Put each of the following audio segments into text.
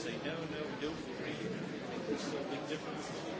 say, no, no, we don't agree. There's still a big difference between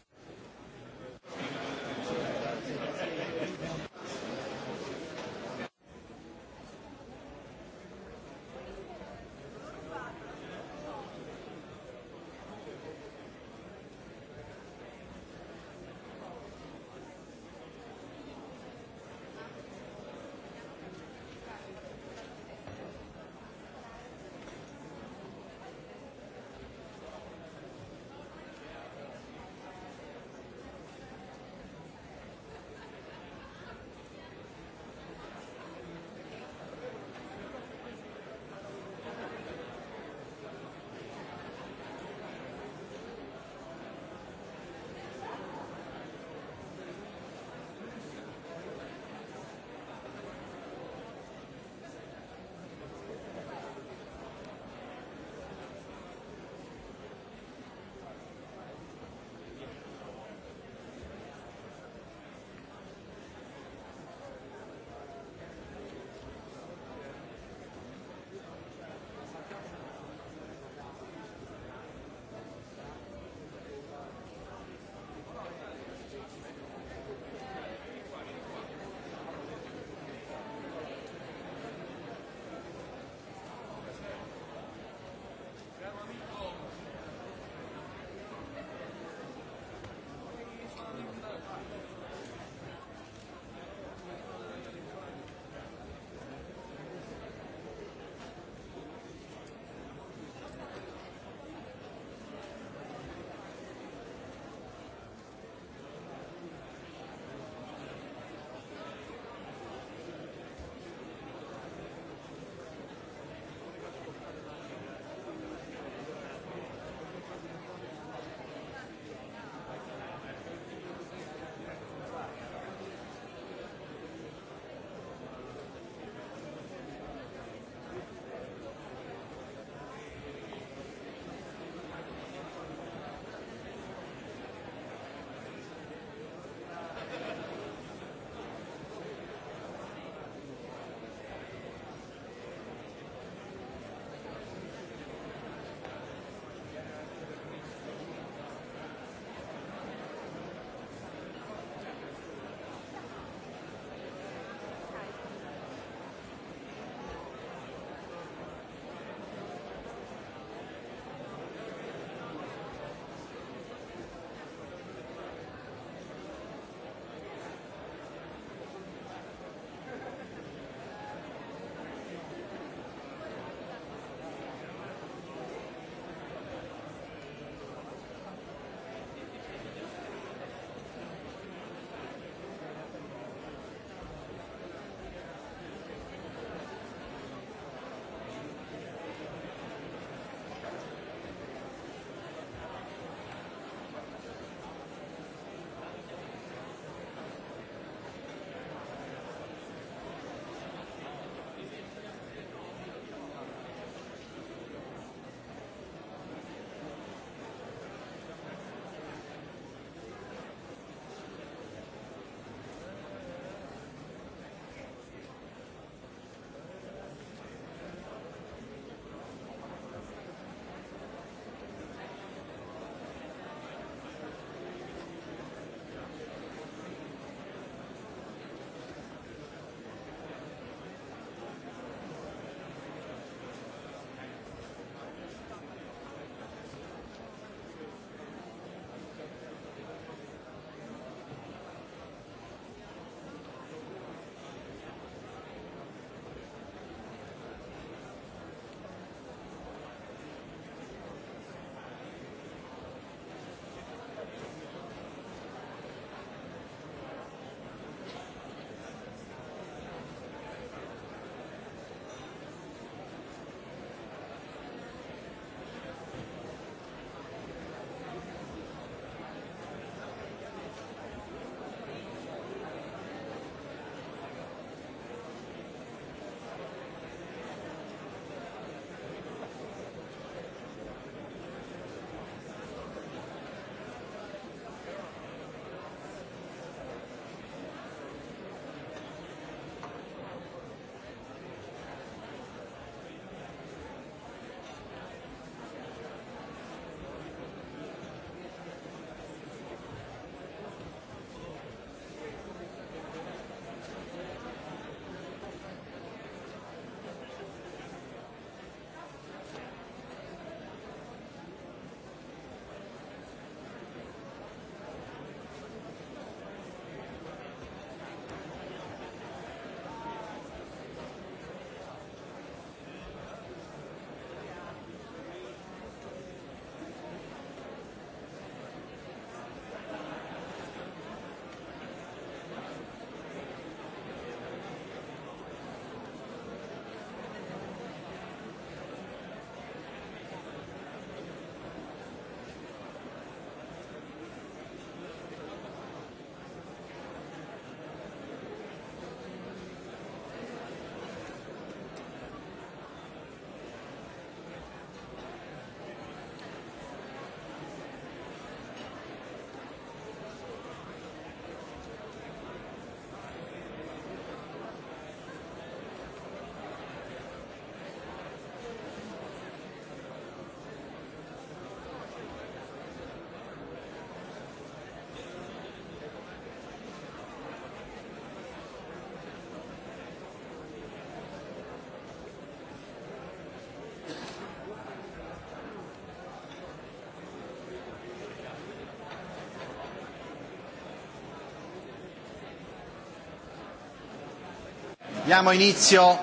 Diamo inizio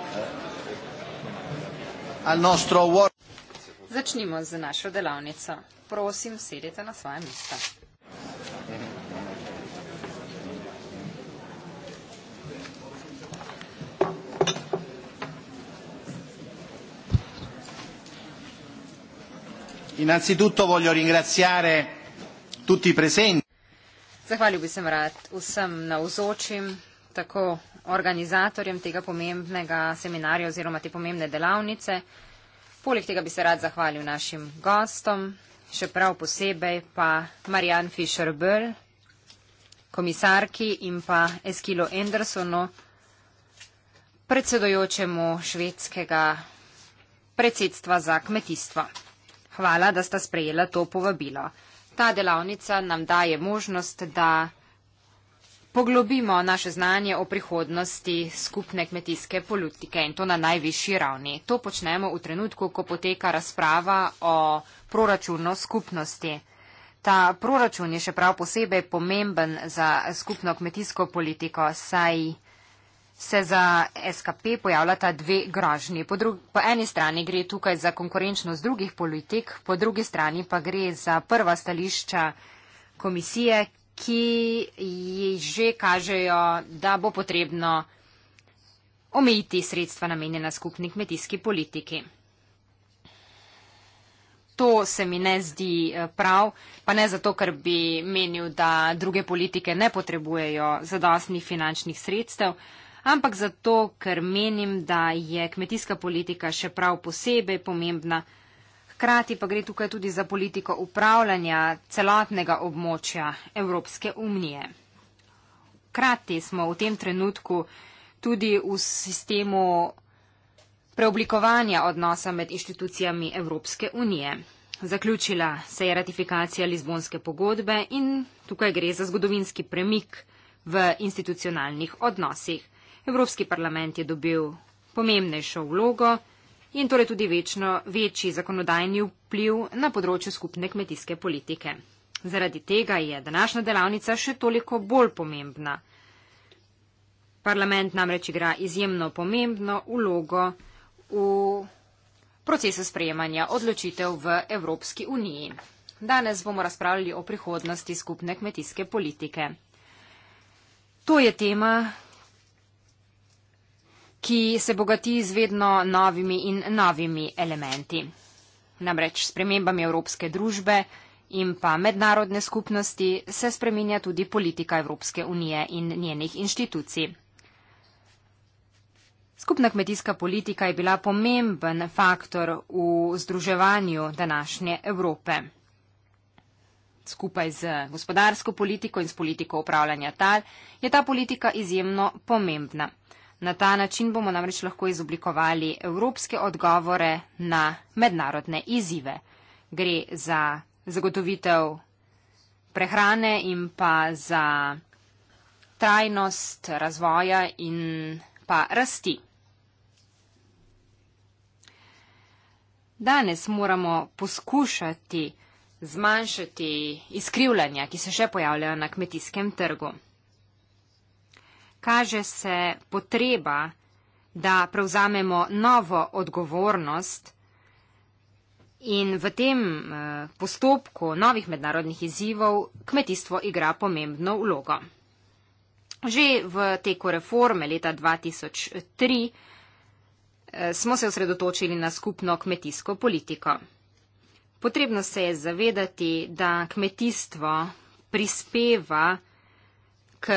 al nostro work. Začnimo z našo delavnico. Prosim, sedite na svoje mesto. Innanzitutto voglio ringraziare tutti i presenti. Zahvalil bi se rad vsem na vzočim, tako organizatorjem tega pomembnega seminarja oziroma te pomembne delavnice. Poleg tega bi se rad zahvalil našim gostom, še prav posebej pa Marjan Fischer-Böll, komisarki in pa Eskilo Andersonu, predsedojočemu švedskega predsedstva za kmetijstvo. Hvala, da sta sprejela to povabilo. Ta delavnica nam daje možnost, da poglobimo naše znanje o prihodnosti skupne kmetijske politike in to na najvišji ravni. To počnemo v trenutku, ko poteka razprava o proračunu skupnosti. Ta proračun je še prav posebej pomemben za skupno kmetijsko politiko, saj se za SKP pojavljata dve grožnji. Po, po eni strani gre tukaj za konkurenčnost drugih politik, po drugi strani pa gre za prva stališča komisije, ki že kažejo, da bo potrebno omejiti sredstva namenjena skupni kmetijski politiki. To se mi ne zdi eh, prav, pa ne zato, ker bi menil, da druge politike ne potrebujejo zadostnih finančnih sredstev, ampak zato, ker menim, da je kmetijska politika še prav posebej pomembna hkrati pa gre tukaj tudi za politiko upravljanja celotnega območja Evropske unije. Hkrati smo v tem trenutku tudi v sistemu preoblikovanja odnosa med inštitucijami Evropske unije. Zaključila se je ratifikacija Lizbonske pogodbe in tukaj gre za zgodovinski premik v institucionalnih odnosih. Evropski parlament je dobil pomembnejšo vlogo, in torej tudi večno večji zakonodajni vpliv na področju skupne kmetijske politike. Zaradi tega je današnja delavnica še toliko bolj pomembna. Parlament namreč igra izjemno pomembno ulogo v procesu sprejemanja odločitev v Evropski uniji. Danes bomo razpravljali o prihodnosti skupne kmetijske politike. To je tema, ki se bogati z vedno novimi in novimi elementi. Namreč s premembami evropske družbe in pa mednarodne skupnosti se spreminja tudi politika Evropske unije in njenih inštitucij. Skupna kmetijska politika je bila pomemben faktor v združevanju današnje Evrope. Skupaj z gospodarsko politiko in s politiko upravljanja tal je ta politika izjemno pomembna. Na ta način bomo namreč lahko izoblikovali evropske odgovore na mednarodne izzive. Gre za zagotovitev prehrane in pa za trajnost razvoja in pa rasti. Danes moramo poskušati zmanjšati izkrivljanja, ki se še pojavljajo na kmetijskem trgu kaže se potreba, da prevzamemo novo odgovornost in v tem eh, postopku novih mednarodnih izzivov kmetijstvo igra pomembno vlogo. Že v teku reforme leta 2003 eh, smo se osredotočili na skupno kmetijsko politiko. Potrebno se je zavedati, da kmetijstvo prispeva k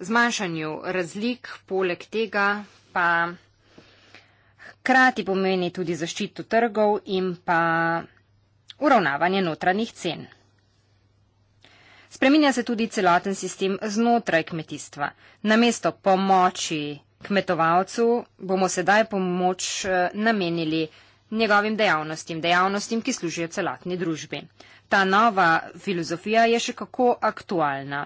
zmanjšanju razlik, poleg tega pa hkrati pomeni tudi zaščito trgov in pa uravnavanje notranjih cen. Spreminja se tudi celoten sistem znotraj kmetijstva. Namesto pomoči kmetovalcu bomo sedaj pomoč eh, namenili njegovim dejavnostim, dejavnostim, ki služijo celotni družbi. Ta nova filozofija je še kako aktualna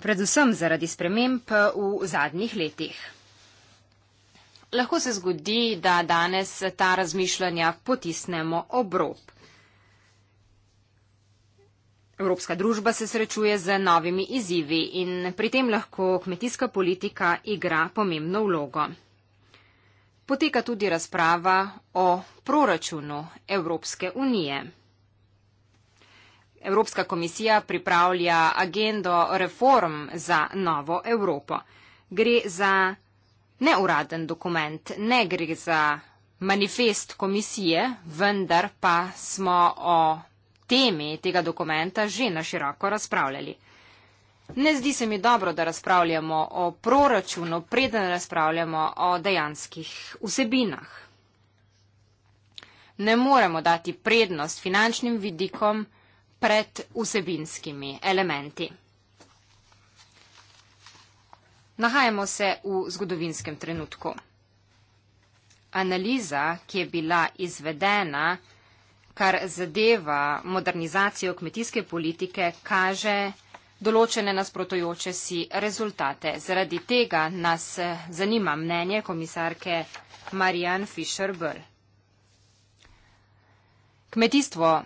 predvsem zaradi sprememb eh, v zadnjih letih. Lahko se zgodi, da danes ta razmišljanja potisnemo ob rob. Evropska družba se srečuje z novimi izzivi in pri tem lahko kmetijska politika igra pomembno vlogo. Poteka tudi razprava o proračunu Evropske unije. Evropska komisija pripravlja agendo reform za novo Evropo. Gre za neuraden dokument, ne gre za manifest komisije, vendar pa smo o temi tega dokumenta že na široko razpravljali. Ne zdi se mi dobro, da razpravljamo o proračunu, preden razpravljamo o dejanskih vsebinah. Ne moremo dati prednost finančnim vidikom, pred vsebinskimi elementi. Nahajamo se v zgodovinskem trenutku. Analiza, ki je bila izvedena, kar zadeva modernizacijo kmetijske politike, kaže določene nasprotojoče si rezultate. Zaradi tega nas zanima mnenje komisarke Marianne Fischer-Böll. Kmetijstvo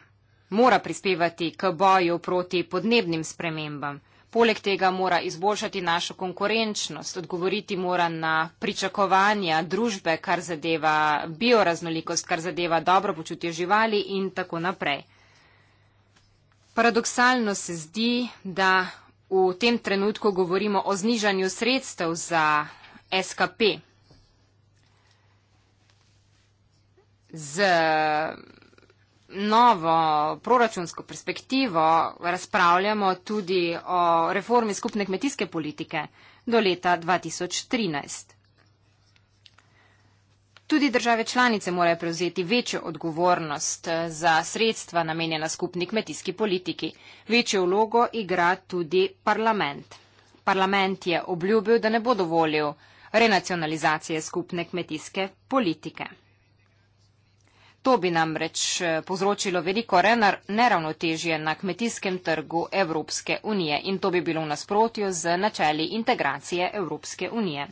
mora prispevati k boju proti podnebnim spremembam. Poleg tega mora izboljšati našo konkurenčnost, odgovoriti mora na pričakovanja družbe, kar zadeva bioraznolikost, kar zadeva dobro počutje živali in tako naprej. Paradoksalno se zdi, da v tem trenutku govorimo o znižanju sredstev za SKP. Z novo proračunsko perspektivo razpravljamo tudi o reformi skupne kmetijske politike do leta 2013. Tudi države članice morajo prevzeti večjo odgovornost eh, za sredstva namenjena skupni kmetijski politiki. Večjo vlogo igra tudi parlament. Parlament je obljubil, da ne bo dovolil renacionalizacije skupne kmetijske politike. To bi namreč eh, povzročilo veliko neravnotežje na kmetijskem trgu Evropske unije in to bi bilo v nasprotju z načeli integracije Evropske unije.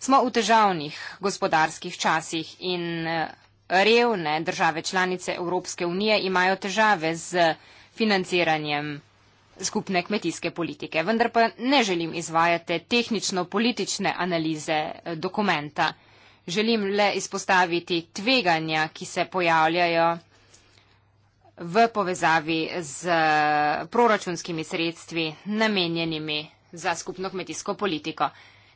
Smo v težavnih gospodarskih časih in eh, revne države članice Evropske unije imajo težave z financiranjem skupne kmetijske politike. Vendar pa ne želim izvajati tehnično-politične analize eh, dokumenta želim le izpostaviti tveganja, ki se pojavljajo v povezavi z eh, proračunskimi sredstvi namenjenimi za skupno kmetijsko politiko.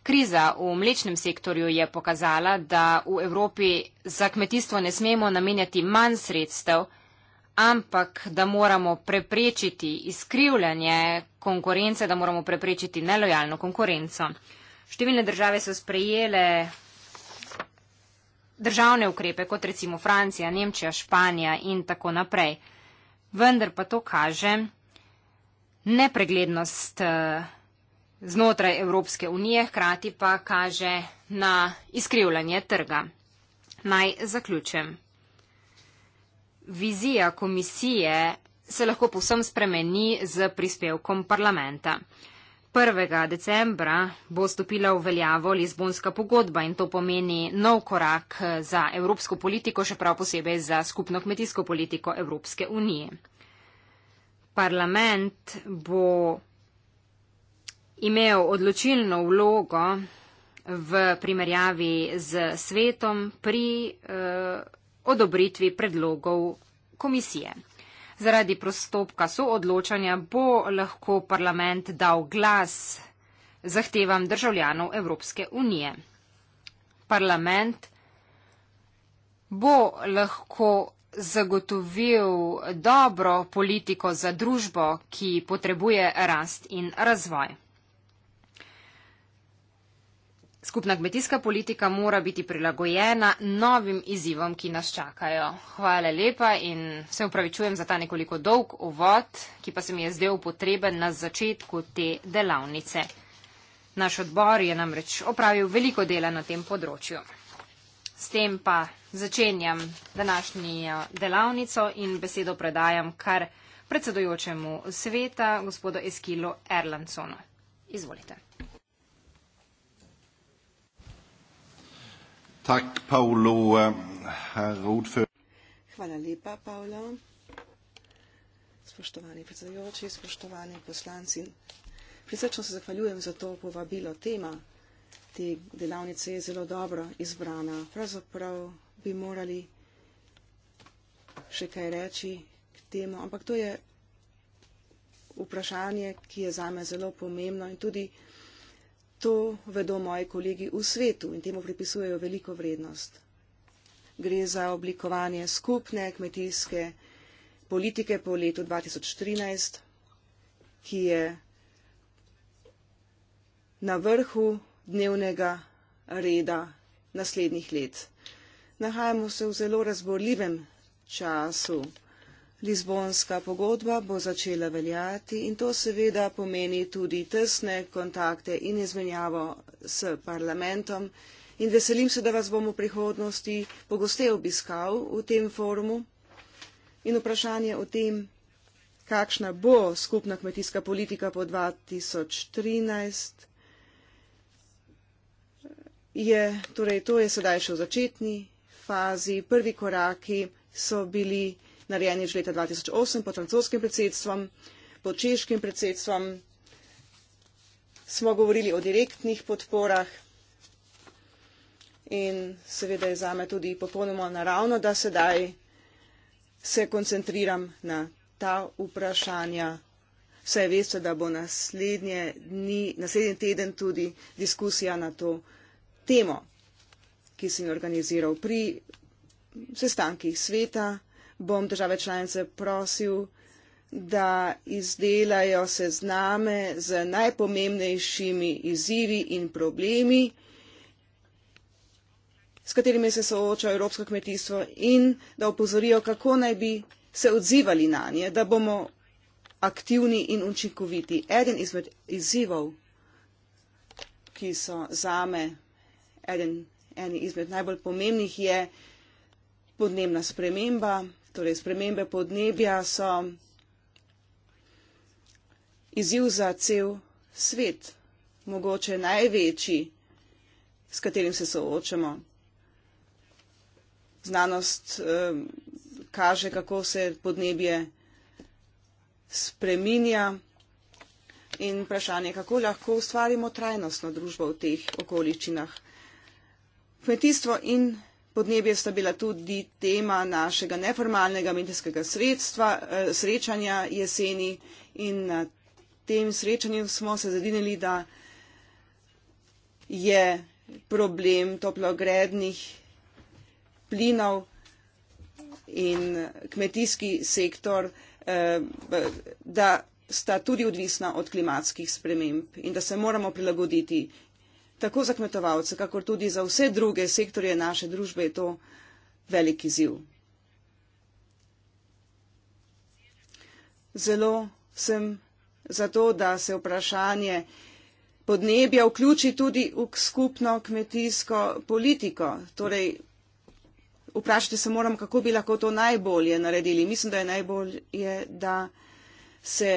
Kriza v mlečnem sektorju je pokazala, da v Evropi za kmetijstvo ne smemo namenjati manj sredstev, ampak da moramo preprečiti izkrivljanje konkurence, da moramo preprečiti nelojalno konkurenco. Številne države so sprejele državne ukrepe, kot recimo Francija, Nemčija, Španija in tako naprej. Vendar pa to kaže nepreglednost eh, znotraj Evropske unije, hkrati pa kaže na izkrivljanje trga. Naj zaključim. Vizija komisije se lahko povsem spremeni z prispevkom parlamenta. 1. decembra bo stopila v veljavo Lizbonska pogodba in to pomeni nov korak za evropsko politiko, še prav posebej za skupno kmetijsko politiko Evropske unije. Parlament bo imel odločilno vlogo v primerjavi z svetom pri eh, odobritvi predlogov komisije. Zaradi prostopka soodločanja bo lahko parlament dal glas zahtevam državljanov Evropske unije. Parlament bo lahko zagotovil dobro politiko za družbo, ki potrebuje rast in razvoj. Skupna kmetijska politika mora biti prilagojena novim izzivom, ki nas čakajo. Hvala lepa in se upravičujem za ta nekoliko dolg uvod, ki pa se mi je zdel potreben na začetku te delavnice. Naš odbor je namreč opravil veliko dela na tem področju. S tem pa začenjam današnjo delavnico in besedo predajam kar predsedojočemu sveta, gospodu Eskilo Erlandsonu. Izvolite. Tak, Paolo, herr eh, Hvala lepa, Paolo. Spoštovani predsedujoči, spoštovani poslanci. Prisrčno se zahvaljujem za to povabilo. Tema te delavnice je zelo dobro izbrana. Pravzaprav bi morali še kaj reči k temu, ampak to je vprašanje, ki je zame zelo pomembno in tudi To vedo moji kolegi v svetu in temu pripisujejo veliko vrednost. Gre za oblikovanje skupne kmetijske politike po letu 2013, ki je na vrhu dnevnega reda naslednjih let. Nahajamo se v zelo razborljivem času. Lizbonska pogodba bo začela veljati in to seveda pomeni tudi tesne kontakte in izmenjavo s parlamentom. In veselim se, da vas bom v prihodnosti pogoste obiskal v tem forumu. In vprašanje o tem, kakšna bo skupna kmetijska politika po 2013, je, torej to je sedaj še v začetni fazi, prvi koraki so bili narejeni že leta 2008 pod francoskim predsedstvom, pod češkim predsedstvom. Smo govorili o direktnih podporah in seveda je zame tudi popolnoma naravno, da sedaj se koncentriram na ta vprašanja. Vse veste, da bo naslednje dni, naslednji teden tudi diskusija na to temo, ki sem jo organiziral pri sestankih sveta bom države članice prosil, da izdelajo sezname z najpomembnejšimi izzivi in problemi, s katerimi se sooča evropsko kmetijstvo in da opozorijo, kako naj bi se odzivali na nje, da bomo aktivni in učinkoviti. Eden izmed izzivov, ki so zame eden, eden izmed najbolj pomembnih, je podnebna sprememba. Torej, spremembe podnebja so izziv za cel svet, mogoče največji, s katerim se soočamo. Znanost eh, kaže, kako se podnebje spreminja in vprašanje, kako lahko ustvarimo trajnostno družbo v teh okoliščinah. Kmetijstvo in Podnebje sta bila tudi tema našega neformalnega medijskega sredstva, eh, srečanja jeseni in na tem srečanju smo se zadinili, da je problem toplogrednih plinov in kmetijski sektor, eh, da sta tudi odvisna od klimatskih sprememb in da se moramo prilagoditi tako za kmetovalce, kakor tudi za vse druge sektorje naše družbe je to veliki ziv. Zelo sem za to, da se vprašanje podnebja vključi tudi v skupno kmetijsko politiko. Torej, vprašati se moram, kako bi lahko to najbolje naredili. Mislim, da je najbolje, da se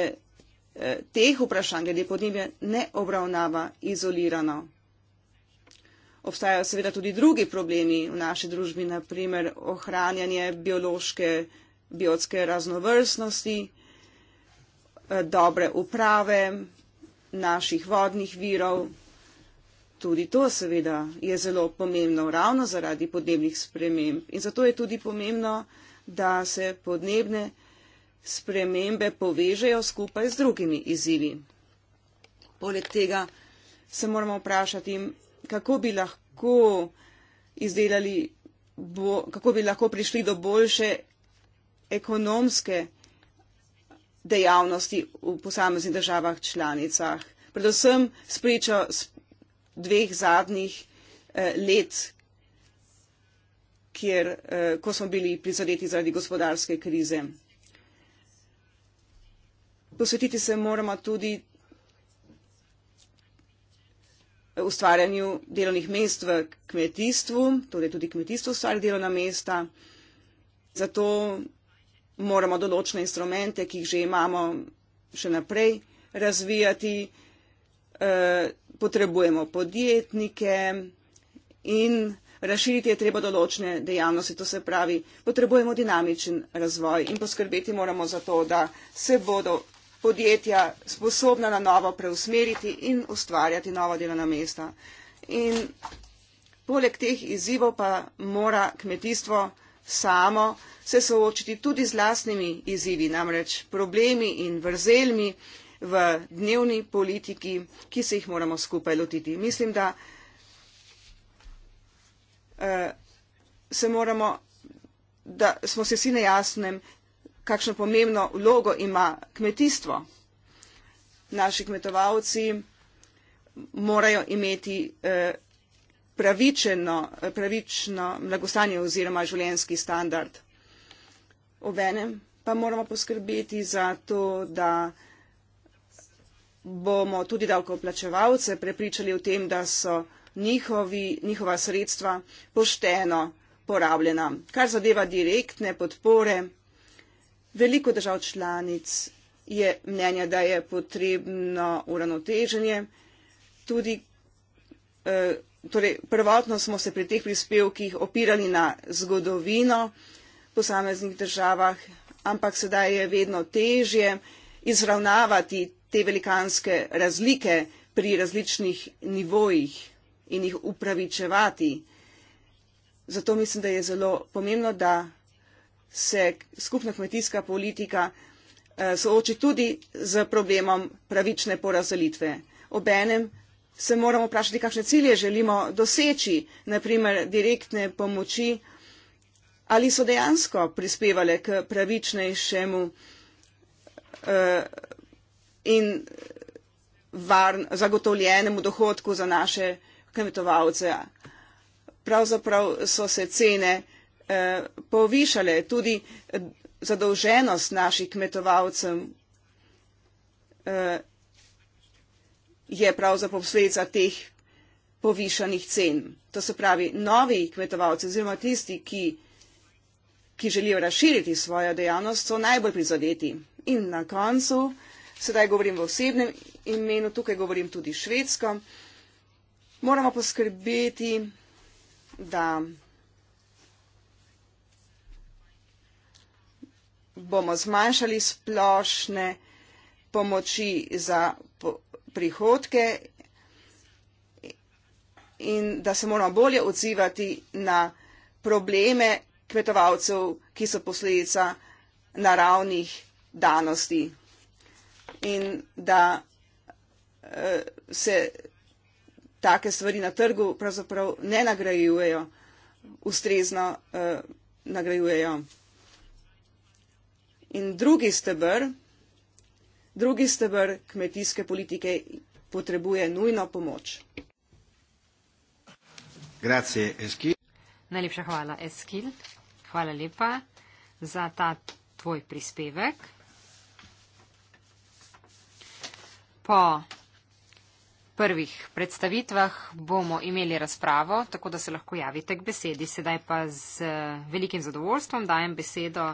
eh, teh vprašanj glede podnebja ne obravnava izolirano obstajajo seveda tudi drugi problemi v naši družbi, naprimer ohranjanje biološke, biotske raznovrstnosti, eh, dobre uprave naših vodnih virov. Tudi to seveda je zelo pomembno ravno zaradi podnebnih sprememb in zato je tudi pomembno, da se podnebne spremembe povežejo skupaj z drugimi izzivi. Poleg tega se moramo vprašati, kako bi lahko izdelali, bo, kako bi lahko prišli do boljše ekonomske dejavnosti v posameznih državah članicah. Predvsem spričo dveh zadnjih eh, let, kjer, eh, ko smo bili prizadeti zaradi gospodarske krize. Posvetiti se moramo tudi ustvarjanju delovnih mest v kmetijstvu, torej tudi kmetijstvo ustvarja delovna mesta. Zato moramo določene instrumente, ki jih že imamo, še naprej razvijati. E, potrebujemo podjetnike in razširiti je treba določene dejavnosti. To se pravi, potrebujemo dinamičen razvoj in poskrbeti moramo za to, da se bodo podjetja sposobna na novo preusmeriti in ustvarjati nova delovna mesta. In poleg teh izzivov pa mora kmetijstvo samo se soočiti tudi z lastnimi izzivi, namreč problemi in vrzelmi v dnevni politiki, ki se jih moramo skupaj lotiti. Mislim, da eh, se moramo, da smo se vsi na jasnem, kakšno pomembno vlogo ima kmetijstvo. Naši kmetovalci morajo imeti eh, pravičeno, eh, pravično blagostanje oziroma življenjski standard. Obenem pa moramo poskrbeti za to, da bomo tudi davkoplačevalce prepričali v tem, da so njihovi, njihova sredstva pošteno porabljena. Kar zadeva direktne podpore, Veliko držav članic je mnenja, da je potrebno uravnoteženje. Tudi eh, torej, prvotno smo se pri teh prispevkih opirali na zgodovino v posameznih državah, ampak sedaj je vedno težje izravnavati te velikanske razlike pri različnih nivojih in jih upravičevati. Zato mislim, da je zelo pomembno, da se skupna kmetijska politika eh, sooči tudi z problemom pravične porazdelitve. Obenem se moramo vprašati, kakšne cilje želimo doseči, naprimer direktne pomoči, ali so dejansko prispevale k pravičnejšemu eh, in varn, zagotovljenemu dohodku za naše kmetovalce. Pravzaprav so se cene Eh, povišale tudi eh, zadolženost naših kmetovalcev eh, je pravzaprav posledica teh povišanih cen. To se pravi, novi kmetovalci oziroma tisti, ki, ki želijo razširiti svojo dejavnost, so najbolj prizadeti. In na koncu, sedaj govorim v osebnem imenu, tukaj govorim tudi švedsko, moramo poskrbeti, da bomo zmanjšali splošne pomoči za prihodke in da se moramo bolje odzivati na probleme kmetovalcev, ki so posledica naravnih danosti in da eh, se take stvari na trgu pravzaprav ne nagrajujejo, ustrezno eh, nagrajujejo. In drugi stebr, drugi stebr kmetijske politike potrebuje nujno pomoč. Grazie, Najlepša hvala, Eskil. Hvala lepa za ta tvoj prispevek. Po prvih predstavitvah bomo imeli razpravo, tako da se lahko javite k besedi. Sedaj pa z velikim zadovoljstvom dajem besedo.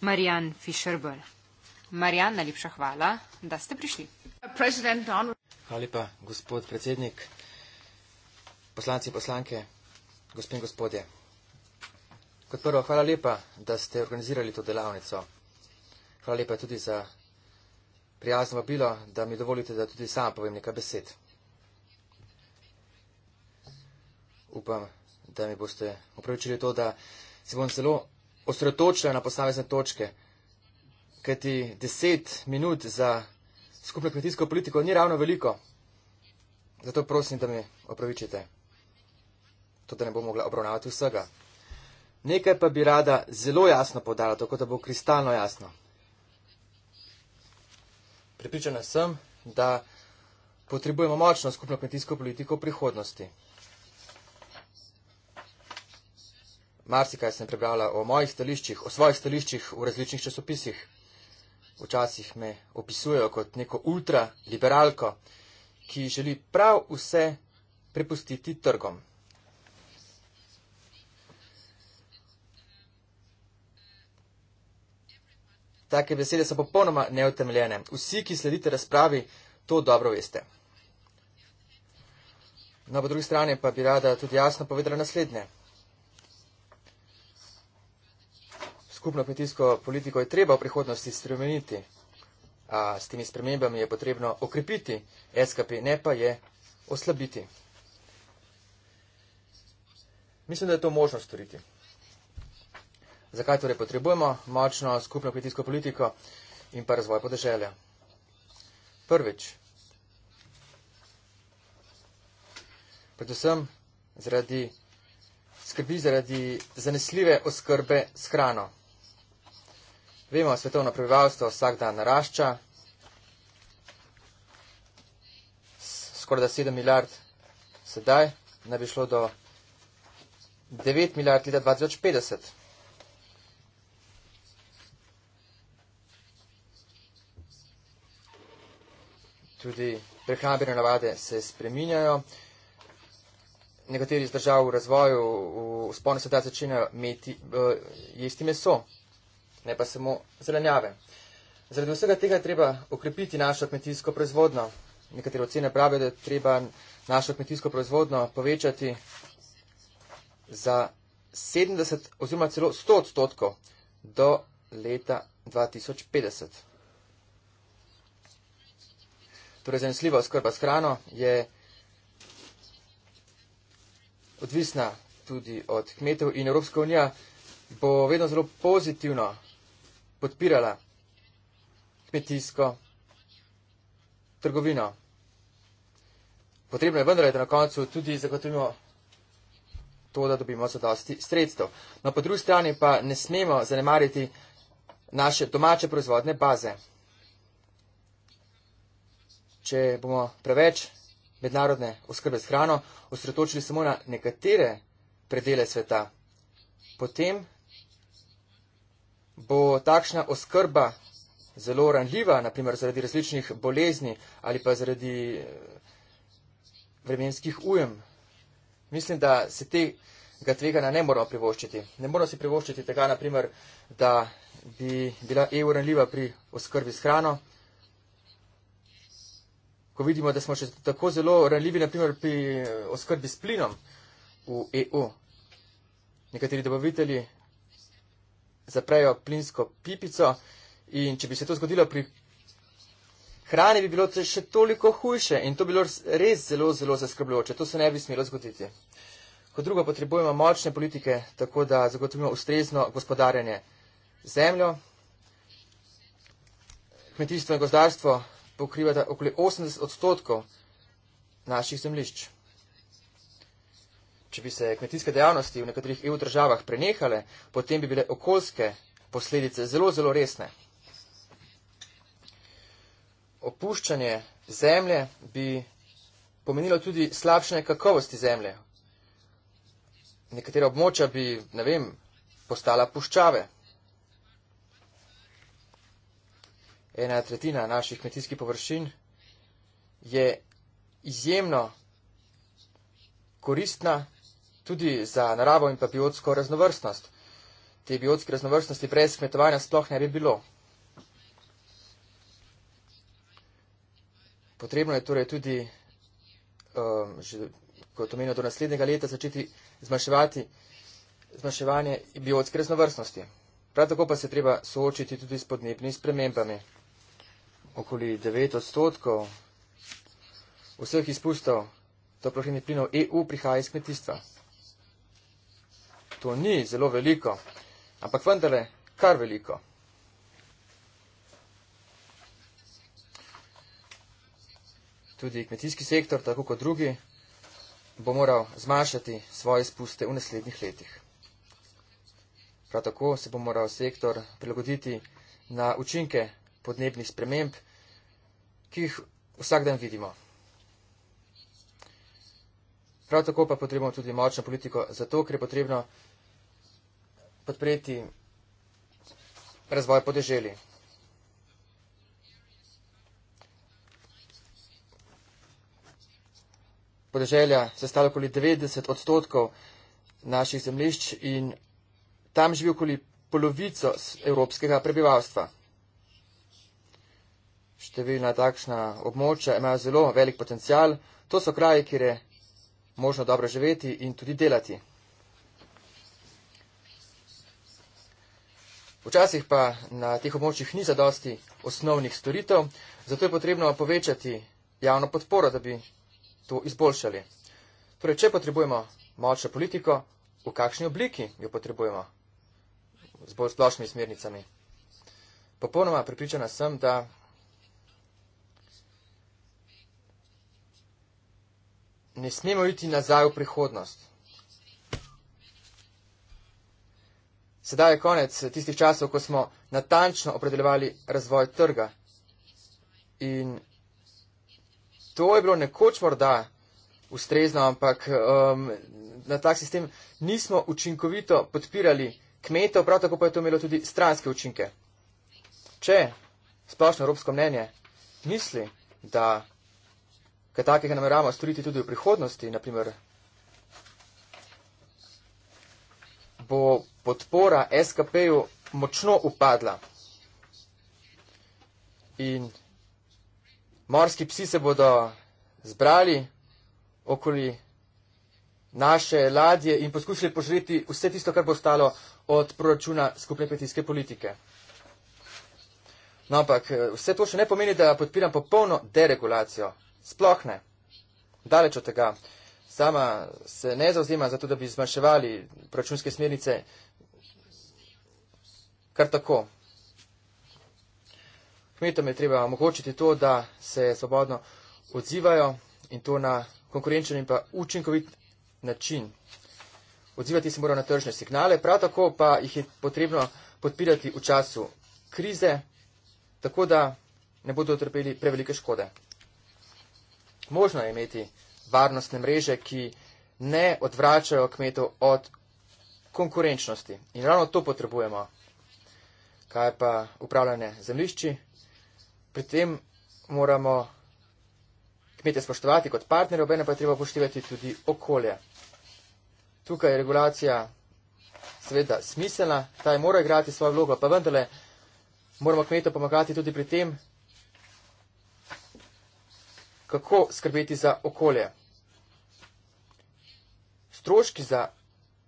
Marjan Fischerbl. Marjan, najlepša hvala, da ste prišli. Hvala lepa, gospod predsednik, poslanci, poslanke, gospe in gospodje. Kot prvo, hvala lepa, da ste organizirali to delavnico. Hvala lepa tudi za prijazno vabilo, da mi dovolite, da tudi sama povem nekaj besed. Upam, da mi boste upravičili to, da si bom zelo osredotočajo na posamezne točke. Kajti deset minut za skupno kmetijsko politiko ni ravno veliko. Zato prosim, da mi opravičite. To, da ne bom mogla obravnavati vsega. Nekaj pa bi rada zelo jasno podala, tako da bo kristalno jasno. Pripričana sem, da potrebujemo močno skupno kmetijsko politiko v prihodnosti. marsikaj sem prebrala o mojih stališčih, o svojih stališčih v različnih časopisih. Včasih me opisujejo kot neko ultraliberalko, ki želi prav vse prepustiti trgom. Take besede so popolnoma neutemeljene. Vsi, ki sledite razpravi, to dobro veste. Na no, drugi strani pa bi rada tudi jasno povedala naslednje. skupno kmetijsko politiko je treba v prihodnosti spremeniti. A s temi spremembami je potrebno okrepiti SKP, ne pa je oslabiti. Mislim, da je to možno storiti. Zakaj torej potrebujemo močno skupno kmetijsko politiko in pa razvoj podeželja? Prvič, predvsem zaradi skrbi zaradi zanesljive oskrbe s hrano. Vemo, svetovno prebivalstvo vsak dan narašča, skoraj da 7 milijard sedaj, ne bi šlo do 9 milijard leta 2050. Tudi prehrambene navade se spreminjajo. Nekateri iz držav v razvoju, v spolni sedaj začenjajo meti, eh, jesti meso ne pa samo zelenjave. Zaradi vsega tega je treba okrepiti našo kmetijsko proizvodno. Nekatere ocene pravijo, da je treba našo kmetijsko proizvodno povečati za 70 oziroma celo 100 odstotkov do leta 2050. Torej, zanesljiva oskrba s hrano je odvisna tudi od kmetov in Evropska unija bo vedno zelo pozitivno podpirala kmetijsko trgovino. Potrebno je vendar, da na koncu tudi zagotovimo to, da dobimo zadosti sredstev. No, po drugi strani pa ne smemo zanemariti naše domače proizvodne baze. Če bomo preveč mednarodne oskrbe s hrano osredotočili samo na nekatere predele sveta, potem bo takšna oskrba zelo ranljiva, naprimer zaradi različnih bolezni ali pa zaradi eh, vremenskih ujem. Mislim, da se tega tvegana ne moramo privoščiti. Ne moramo si privoščiti tega, naprimer, da bi bila EU ranljiva pri oskrbi s hrano. Ko vidimo, da smo še tako zelo ranljivi, naprimer, pri eh, oskrbi s plinom v EU. Nekateri dobavitelji zaprejo plinsko pipico in če bi se to zgodilo pri hrani, bi bilo to še toliko hujše in to bi bilo res zelo, zelo zaskrbljujoče. To se ne bi smelo zgoditi. Kot drugo, potrebujemo močne politike, tako da zagotovimo ustrezno gospodarjanje zemljo. Kmetijstvo in gozdarstvo pokrivata okoli 80 odstotkov naših zemlišč. Če bi se kmetijske dejavnosti v nekaterih EU državah prenehale, potem bi bile okoljske posledice zelo, zelo resne. Opuščanje zemlje bi pomenilo tudi slabšanje kakovosti zemlje. Nekatera območja bi, ne vem, postala puščave. Ena tretjina naših kmetijskih površin je izjemno koristna tudi za naravo in pa biotsko raznovrstnost. Te biotske raznovrstnosti brez kmetovanja sploh ne bi bilo. Potrebno je torej tudi, um, že, kot omenjeno, do naslednjega leta začeti zmanjševati zmanjševanje biotske raznovrstnosti. Prav tako pa se treba soočiti tudi s podnebnimi spremembami. Okoli 9 odstotkov vseh izpustov toplogrednih plinov EU prihaja iz kmetijstva to ni zelo veliko, ampak vendarle kar veliko. Tudi kmetijski sektor, tako kot drugi, bo moral zmanjšati svoje spuste v naslednjih letih. Prav tako se bo moral sektor prilagoditi na učinke podnebnih sprememb, ki jih vsak dan vidimo. Prav tako pa potrebujemo tudi močno politiko, zato ker je potrebno podpreti razvoj podeželi. Podeželja se stalo okoli 90 odstotkov naših zemlišč in tam živi okoli polovico evropskega prebivalstva. Številna takšna območja imajo zelo velik potencial. To so kraji, kjer je možno dobro živeti in tudi delati. Včasih pa na teh območjih ni zadosti osnovnih storitev, zato je potrebno povečati javno podporo, da bi to izboljšali. Torej, če potrebujemo močno politiko, v kakšni obliki jo potrebujemo? Z bolj splošnimi smernicami. Popolnoma pripričana sem, da ne smemo iti nazaj v prihodnost. Sedaj je konec tistih časov, ko smo natančno opredeljevali razvoj trga. In to je bilo nekoč morda ustrezno, ampak um, na tak sistem nismo učinkovito podpirali kmetov, prav tako pa je to imelo tudi stranske učinke. Če splošno evropsko mnenje misli, da kaj takega nameravamo storiti tudi v prihodnosti, naprimer, bo podpora SKP-ju močno upadla. In morski psi se bodo zbrali okoli naše ladje in poskušali požreti vse tisto, kar bo ostalo od proračuna skupne petijske politike. No, ampak eh, vse to še ne pomeni, da podpiram popolno deregulacijo. Sploh ne. Daleč od tega. Sama se ne zauzima za to, da bi zmanjševali proračunske smernice kar tako. Kmetom je treba omogočiti to, da se svobodno odzivajo in to na konkurenčen in pa učinkovit način. Odzivati se morajo na tržne signale, prav tako pa jih je potrebno podpirati v času krize, tako da ne bodo trpeli prevelike škode. Možno je imeti varnostne mreže, ki ne odvračajo kmetov od konkurenčnosti. In ravno to potrebujemo kaj pa upravljanje zemlišči. Pri tem moramo kmete spoštovati kot partnerje, obene pa je treba poštivati tudi okolje. Tukaj je regulacija seveda smiselna, ta je mora igrati svojo vlogo, pa vendarle moramo kmetu pomagati tudi pri tem, kako skrbeti za okolje. Stroški za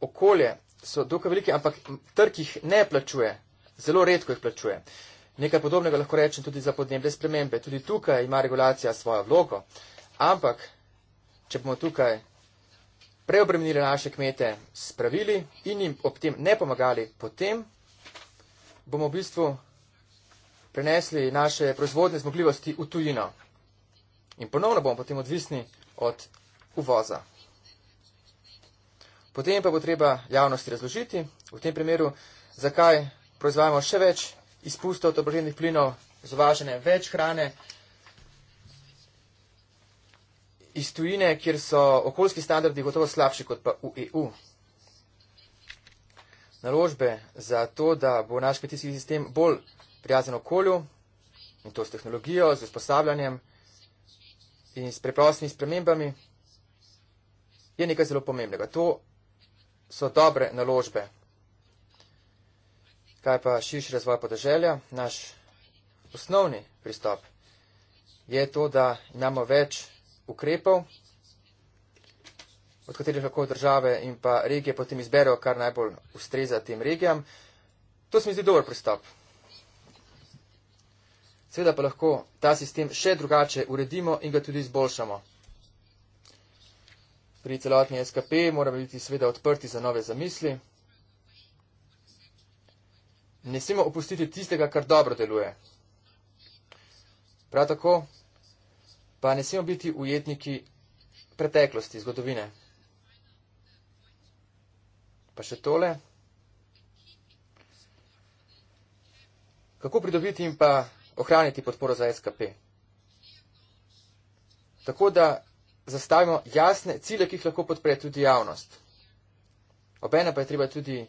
okolje so dokaj veliki, ampak trg jih ne plačuje zelo redko jih plačuje. Nekaj podobnega lahko rečem tudi za podnebne spremembe. Tudi tukaj ima regulacija svojo vlogo. Ampak, če bomo tukaj preobremenili naše kmete s pravili in jim ob tem ne pomagali, potem bomo v bistvu prenesli naše proizvodne zmogljivosti v tujino. In ponovno bomo potem odvisni od uvoza. Potem pa bo treba javnosti razložiti, v tem primeru, zakaj proizvajamo še več izpustov toplogrednih plinov, zvažene več hrane iz tujine, kjer so okoljski standardi gotovo slabši kot pa v EU. Naložbe za to, da bo naš kmetijski sistem bolj prijazen okolju in to s tehnologijo, z usposabljanjem in s preprostnimi spremembami, je nekaj zelo pomembnega. To so dobre naložbe. Kaj pa širši razvoj podeželja? Naš osnovni pristop je to, da imamo več ukrepov, od katerih lahko države in pa regije potem izberejo, kar najbolj ustreza tem regijam. To se mi zdi dober pristop. Seveda pa lahko ta sistem še drugače uredimo in ga tudi izboljšamo. Pri celotni SKP moramo biti seveda odprti za nove zamisli ne smemo opustiti tistega, kar dobro deluje. Prav tako pa ne smemo biti ujetniki preteklosti, zgodovine. Pa še tole. Kako pridobiti in pa ohraniti podporo za SKP? Tako da zastavimo jasne cilje, ki jih lahko podpre tudi javnost. Obena pa je treba tudi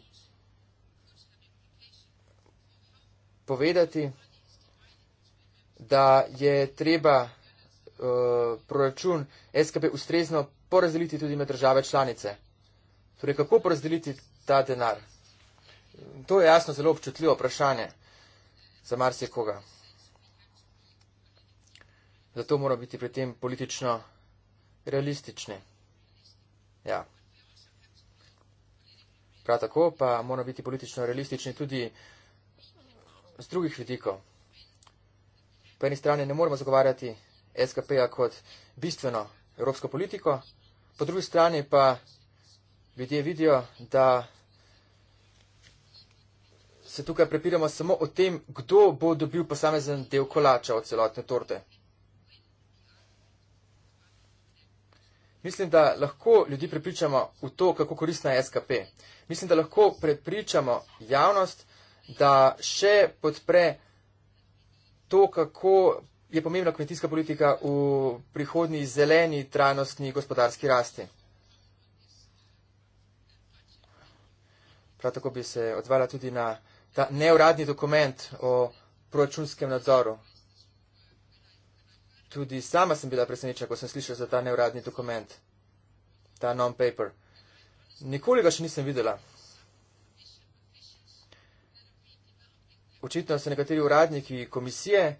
povedati, da je treba uh, proračun SKP ustrezno porazdeliti tudi med države članice. Torej, kako porazdeliti ta denar? To je jasno zelo občutljivo vprašanje za marsikoga. Zato mora biti pri tem politično realistični. Ja. Prav tako pa mora biti politično realistični tudi uh, z drugih vidikov. Po eni strani ne moramo zagovarjati SKP-ja kot bistveno evropsko politiko, po drugi strani pa ljudje vidijo, da se tukaj prepiramo samo o tem, kdo bo dobil posamezen del kolača od celotne torte. Mislim, da lahko ljudi prepričamo v to, kako koristna je SKP. Mislim, da lahko prepričamo javnost, da še podpre to, kako je pomembna kmetijska politika v prihodnji zeleni trajnostni gospodarski rasti. Prav tako bi se odvala tudi na ta neuradni dokument o proračunskem nadzoru. Tudi sama sem bila presenečena, ko sem slišala za ta neuradni dokument, ta non-paper. Nikoli ga še nisem videla. očitno so nekateri uradniki komisije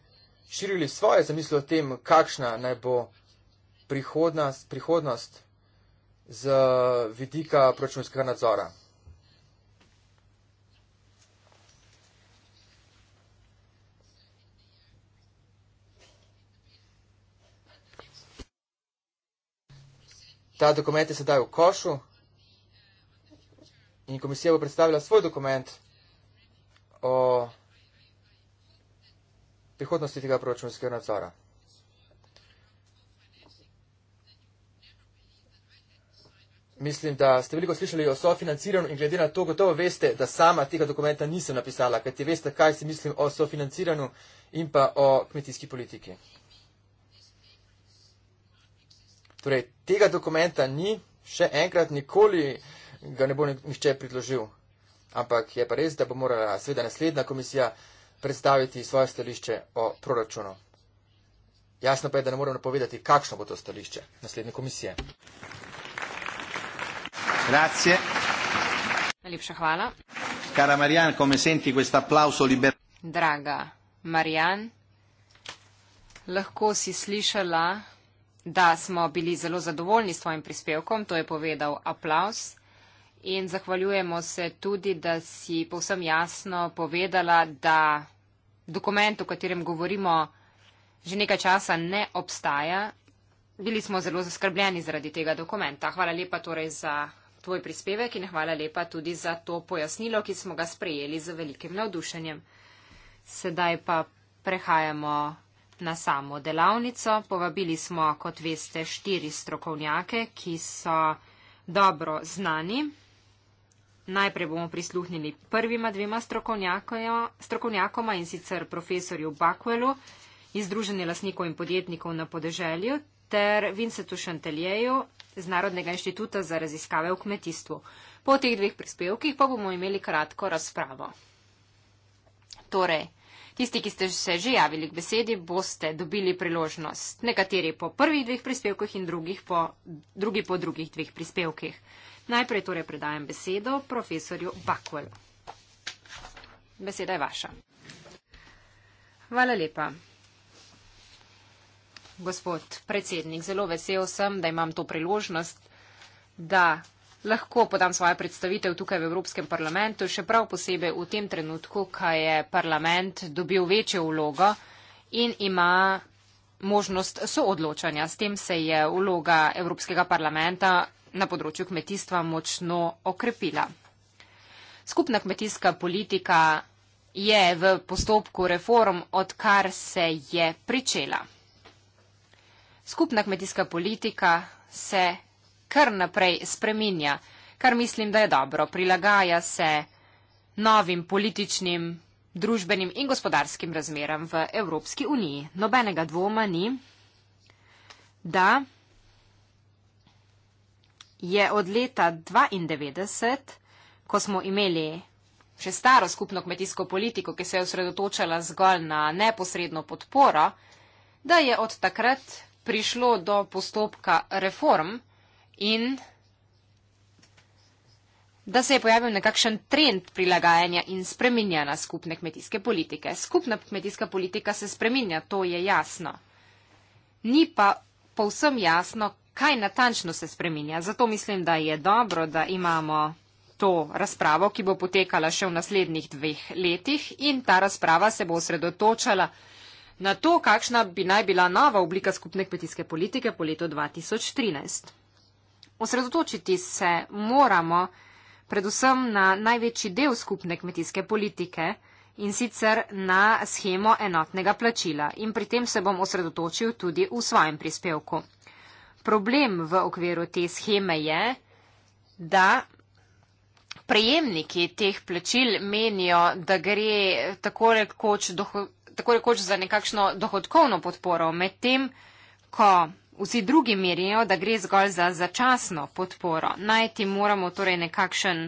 širili svoje zamisli o tem, kakšna naj bo prihodnost, prihodnost z vidika proračunskega nadzora. Ta dokument je sedaj v košu in komisija bo predstavila svoj dokument o prihodnosti tega proračunskega nadzora. Mislim, da ste veliko slišali o sofinanciranju in glede na to gotovo veste, da sama tega dokumenta nisem napisala, ker ti veste, kaj si mislim o sofinanciranju in pa o kmetijski politiki. Torej, tega dokumenta ni, še enkrat nikoli ga ne bo nihče predložil. Ampak je pa res, da bo morala sveda naslednja komisija uh, predstaviti svoje stališče o proračunu. Jasno pa je, da ne moremo napovedati, kakšno bo to stališče naslednje komisije. Grazie. Najlepša hvala. Kara Marjan, come senti questo applauso liber... Draga Marjan, lahko si slišala, da smo bili zelo zadovoljni s tvojim prispevkom, to je povedal aplaus. In zahvaljujemo se tudi, da si povsem jasno povedala, da dokument, o katerem govorimo, že nekaj časa ne obstaja. Bili smo zelo zaskrbljeni zaradi tega dokumenta. Hvala lepa torej za tvoj prispevek in hvala lepa tudi za to pojasnilo, ki smo ga sprejeli z velikim navdušenjem. Sedaj pa prehajamo na samo delavnico. Povabili smo, kot veste, štiri strokovnjake, ki so dobro znani. Najprej bomo prisluhnili prvima dvema strokovnjakoma in sicer profesorju Bakuelu iz Združenja lasnikov in podjetnikov na podeželju ter Vincetu Šanteljeju z Narodnega inštituta za raziskave v kmetijstvu. Po teh dveh prispevkih pa bomo imeli kratko razpravo. Torej, tisti, ki ste se že javili k besedi, boste dobili priložnost. Nekateri po prvih dveh prispevkih in po, drugi po drugih dveh prispevkih. Najprej torej predajam besedo profesorju Bakwell. Beseda je vaša. Hvala lepa. Gospod predsednik, zelo vesel sem, da imam to priložnost, da lahko podam svojo predstavitev tukaj v Evropskem parlamentu, še prav posebej v tem trenutku, kaj je parlament dobil večjo vlogo in ima možnost soodločanja. S tem se je vloga Evropskega parlamenta na področju kmetijstva močno okrepila. Skupna kmetijska politika je v postopku reform, odkar se je pričela. Skupna kmetijska politika se kar naprej spreminja, kar mislim, da je dobro. Prilagaja se novim političnim, družbenim in gospodarskim razmeram v Evropski uniji. Nobenega dvoma ni, da je od leta 1992, ko smo imeli še staro skupno kmetijsko politiko, ki se je osredotočala zgolj na neposredno podporo, da je od takrat prišlo do postopka reform in da se je pojavil nekakšen trend prilagajanja in spreminjanja skupne kmetijske politike. Skupna kmetijska politika se spreminja, to je jasno. Ni pa povsem jasno, kaj natančno se spreminja. Zato mislim, da je dobro, da imamo to razpravo, ki bo potekala še v naslednjih dveh letih in ta razprava se bo osredotočala na to, kakšna bi naj bila nova oblika skupne kmetijske politike po letu 2013. Osredotočiti se moramo predvsem na največji del skupne kmetijske politike in sicer na schemo enotnega plačila. In pri tem se bom osredotočil tudi v svojem prispevku. Problem v okviru te scheme je, da prejemniki teh plačil menijo, da gre tako rekoč za nekakšno dohodkovno podporo, medtem ko vsi drugi merijo, da gre zgolj za začasno podporo. Najti moramo torej nekakšen,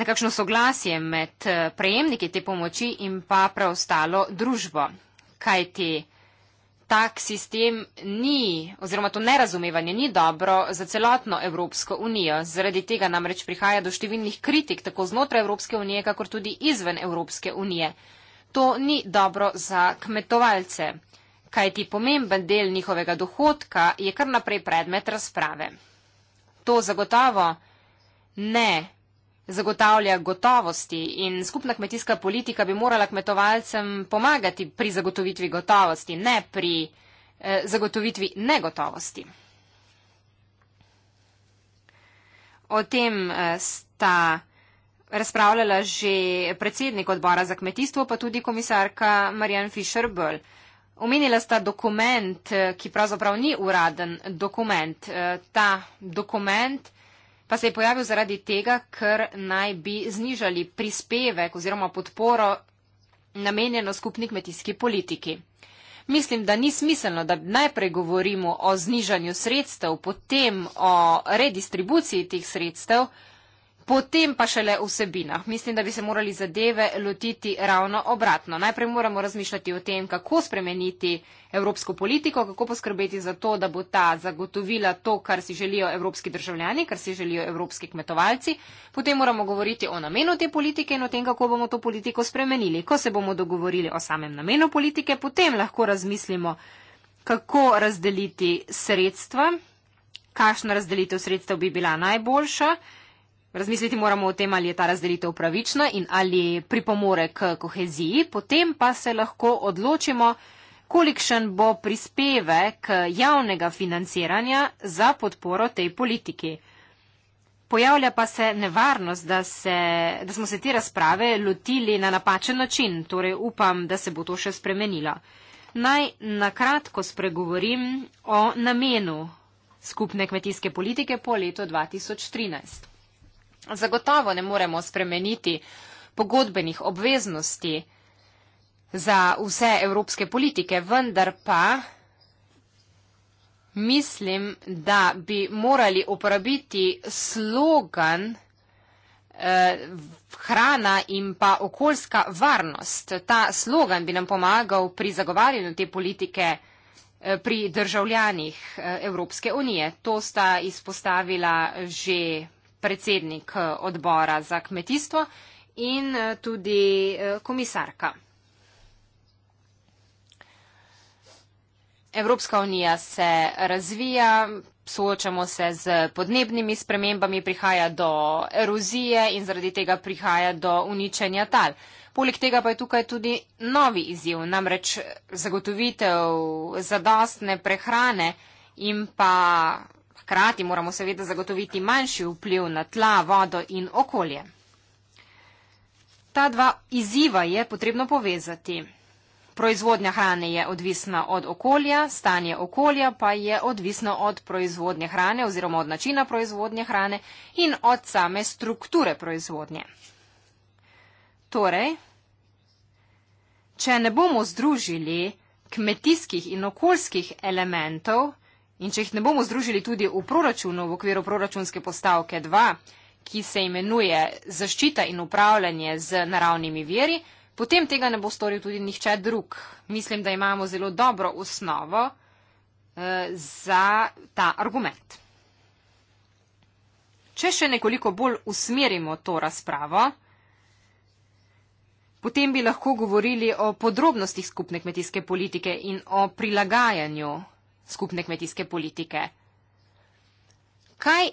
nekakšno soglasje med eh, prejemniki te pomoči in pa preostalo družbo. Kaj ti? tak sistem ni, oziroma to nerazumevanje ni dobro za celotno Evropsko unijo. Zaradi tega namreč prihaja do številnih kritik tako znotraj Evropske unije, kakor tudi izven Evropske unije. To ni dobro za kmetovalce, kaj ti pomemben del njihovega dohodka je kar naprej predmet razprave. To zagotovo ne zagotavlja gotovosti in skupna kmetijska politika bi morala kmetovalcem pomagati pri zagotovitvi gotovosti, ne pri eh, zagotovitvi negotovosti. O tem eh, sta razpravljala že predsednik odbora za kmetijstvo, pa tudi komisarka Marjan Fischer-Böll. Omenila sta dokument, eh, ki pravzaprav ni uraden dokument. Eh, ta dokument pa se je pojavil zaradi tega, ker naj bi znižali prispevek oziroma podporo namenjeno skupni kmetijski politiki. Mislim, da ni smiselno, da najprej govorimo o znižanju sredstev, potem o redistribuciji teh sredstev, Potem pa šele vsebina. Mislim, da bi se morali zadeve lotiti ravno obratno. Najprej moramo razmišljati o tem, kako spremeniti evropsko politiko, kako poskrbeti za to, da bo ta zagotovila to, kar si želijo evropski državljani, kar si želijo evropski kmetovalci. Potem moramo govoriti o namenu te politike in o tem, kako bomo to politiko spremenili. Ko se bomo dogovorili o samem namenu politike, potem lahko razmislimo, kako razdeliti sredstva, kakšna razdelitev sredstev bi bila najboljša. Razmisliti moramo o tem, ali je ta razdelitev pravična in ali pripomore k koheziji, potem pa se lahko odločimo, kolikšen bo prispevek javnega financiranja za podporo tej politiki. Pojavlja pa se nevarnost, da, se, da smo se te razprave lotili na napačen način, torej upam, da se bo to še spremenilo. Naj nakratko spregovorim o namenu skupne kmetijske politike po letu 2013. Zagotovo ne moremo spremeniti pogodbenih obveznosti za vse evropske politike, vendar pa mislim, da bi morali uporabiti slogan eh, hrana in pa okoljska varnost. Ta slogan bi nam pomagal pri zagovarjanju te politike eh, pri državljanih eh, Evropske unije. To sta izpostavila že predsednik eh, odbora za kmetijstvo in eh, tudi eh, komisarka. Evropska unija se razvija, soočamo se z podnebnimi spremembami, prihaja do erozije in zaradi tega prihaja do uničenja tal. Poleg tega pa je tukaj tudi novi izjiv, namreč zagotovitev zadostne prehrane in pa Hkrati moramo seveda zagotoviti manjši vpliv na tla, vodo in okolje. Ta dva izziva je potrebno povezati. Proizvodnja hrane je odvisna od okolja, stanje okolja pa je odvisno od proizvodnje hrane oziroma od načina proizvodnje hrane in od same strukture proizvodnje. Torej, če ne bomo združili kmetijskih in okoljskih elementov, In če jih ne bomo združili tudi v proračunu v okviru proračunske postavke 2, ki se imenuje zaščita in upravljanje z naravnimi veri, potem tega ne bo storil tudi nihče drug. Mislim, da imamo zelo dobro osnovo eh, za ta argument. Če še nekoliko bolj usmerimo to razpravo, potem bi lahko govorili o podrobnostih skupne kmetijske politike in o prilagajanju skupne kmetijske politike. Kaj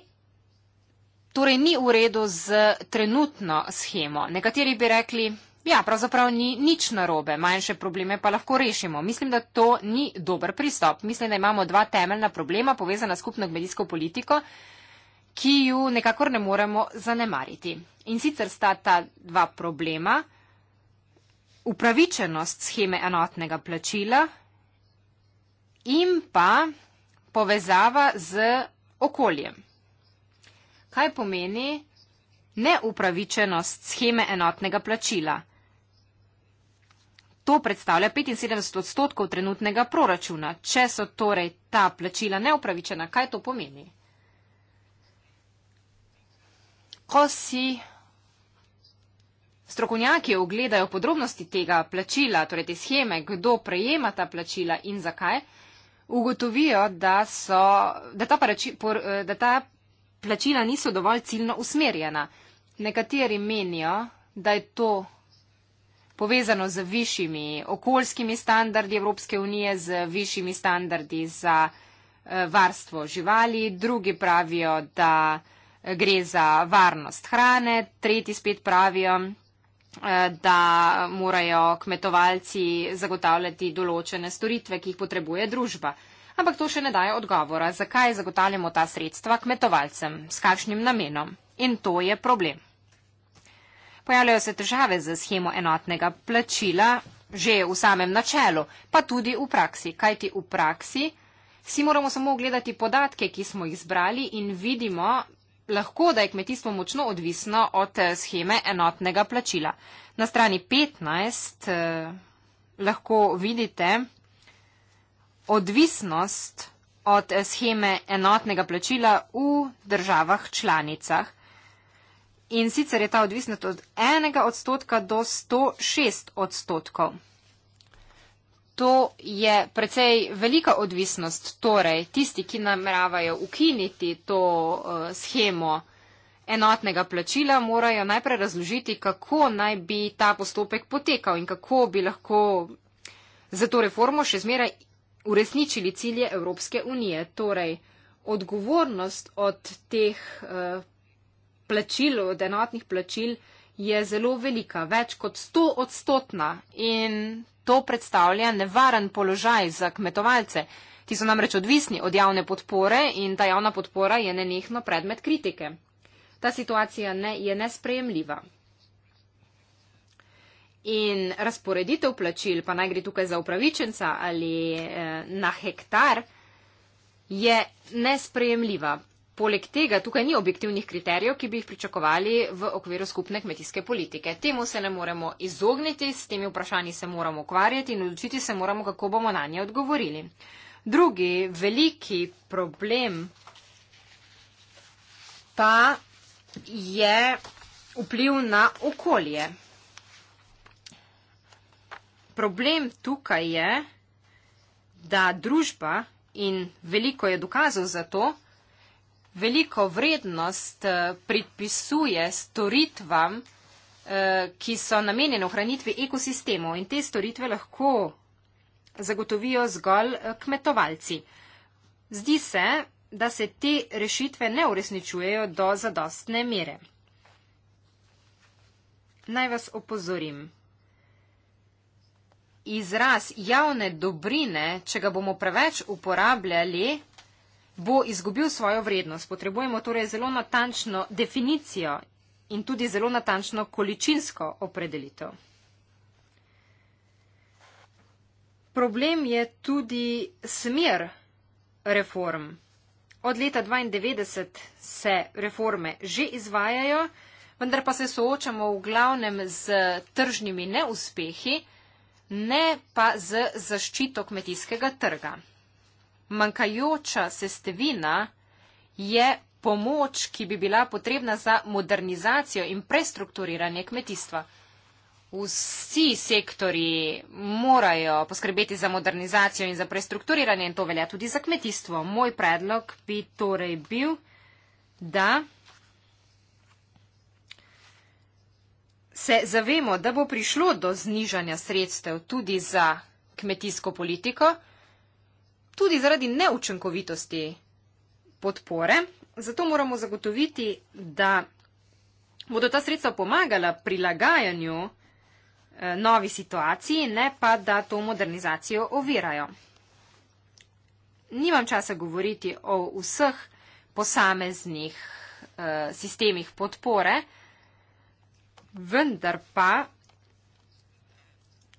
torej ni v redu z trenutno schemo? Nekateri bi rekli, ja, pravzaprav ni nič narobe, manjše probleme pa lahko rešimo. Mislim, da to ni dober pristop. Mislim, da imamo dva temeljna problema povezana skupno kmetijsko politiko, ki ju nekakor ne moremo zanemariti. In sicer sta ta dva problema upravičenost scheme enotnega plačila in pa povezava z okoljem. Kaj pomeni neupravičenost scheme enotnega plačila? To predstavlja 75 odstotkov trenutnega proračuna. Če so torej ta plačila neupravičena, kaj to pomeni? Ko si strokovnjaki ogledajo podrobnosti tega plačila, torej te scheme, kdo prejema ta plačila in zakaj, ugotovijo, da, so, da, ta parači, por, da ta plačila niso dovolj ciljno usmerjena. Nekateri menijo, da je to povezano z višjimi okoljskimi standardi Evropske unije, z višjimi standardi za eh, varstvo živali, drugi pravijo, da eh, gre za varnost hrane, tretji spet pravijo, Eh, da morajo kmetovalci zagotavljati določene storitve, ki jih potrebuje družba. Ampak to še ne daje odgovora, zakaj zagotavljamo ta sredstva kmetovalcem, s kakšnim namenom. In to je problem. Pojavljajo se težave z schemo enotnega plačila že v samem načelu, pa tudi v praksi. Kaj ti v praksi? Vsi moramo samo ogledati podatke, ki smo jih zbrali in vidimo, lahko, da je kmetijstvo močno odvisno od eh, scheme enotnega plačila. Na strani 15 eh, lahko vidite odvisnost od eh, scheme enotnega plačila v državah članicah. In sicer je ta odvisnost od enega odstotka do 106 odstotkov. To je precej velika odvisnost, torej tisti, ki nameravajo ukiniti to eh, schemo enotnega plačila, morajo najprej razložiti, kako naj bi ta postopek potekal in kako bi lahko za to reformo še zmeraj uresničili cilje Evropske unije. Torej, odgovornost od teh eh, plačil, od enotnih plačil, je zelo velika, več kot 100 odstotna in to predstavlja nevaren položaj za kmetovalce. Ti so namreč odvisni od javne podpore in ta javna podpora je nenehno predmet kritike. Ta situacija ne, je nesprejemljiva. In razporeditev plačil, pa naj gre tukaj za upravičenca ali eh, na hektar, je nesprejemljiva. Poleg tega tukaj ni objektivnih kriterijev, ki bi jih pričakovali v okviru skupne kmetijske politike. Temu se ne moremo izogniti, s temi vprašanji se moramo ukvarjati in odločiti se moramo, kako bomo na nje odgovorili. Drugi veliki problem pa je vpliv na okolje. Problem tukaj je, da družba in veliko je dokazov za to, veliko vrednost eh, pripisuje storitvam, eh, ki so namenjene ohranitvi ekosistemov in te storitve lahko zagotovijo zgolj eh, kmetovalci. Zdi se, da se te rešitve ne uresničujejo do zadostne mere. Naj vas opozorim. Izraz javne dobrine, če ga bomo preveč uporabljali, bo izgubil svojo vrednost. Potrebujemo torej zelo natančno definicijo in tudi zelo natančno količinsko opredelitev. Problem je tudi smer reform. Od leta 1992 se reforme že izvajajo, vendar pa se soočamo v glavnem z tržnimi neuspehi, ne pa z zaščito kmetijskega trga manjkajoča sestavina je pomoč, ki bi bila potrebna za modernizacijo in prestrukturiranje kmetijstva. Vsi sektori morajo poskrbeti za modernizacijo in za prestrukturiranje in to velja tudi za kmetijstvo. Moj predlog bi torej bil, da se zavemo, da bo prišlo do znižanja sredstev tudi za kmetijsko politiko tudi zaradi neučinkovitosti podpore. Zato moramo zagotoviti, da bodo ta sredstva pomagala prilagajanju eh, novi situaciji, ne pa da to modernizacijo ovirajo. Nimam časa govoriti o vseh posameznih eh, sistemih podpore, vendar pa,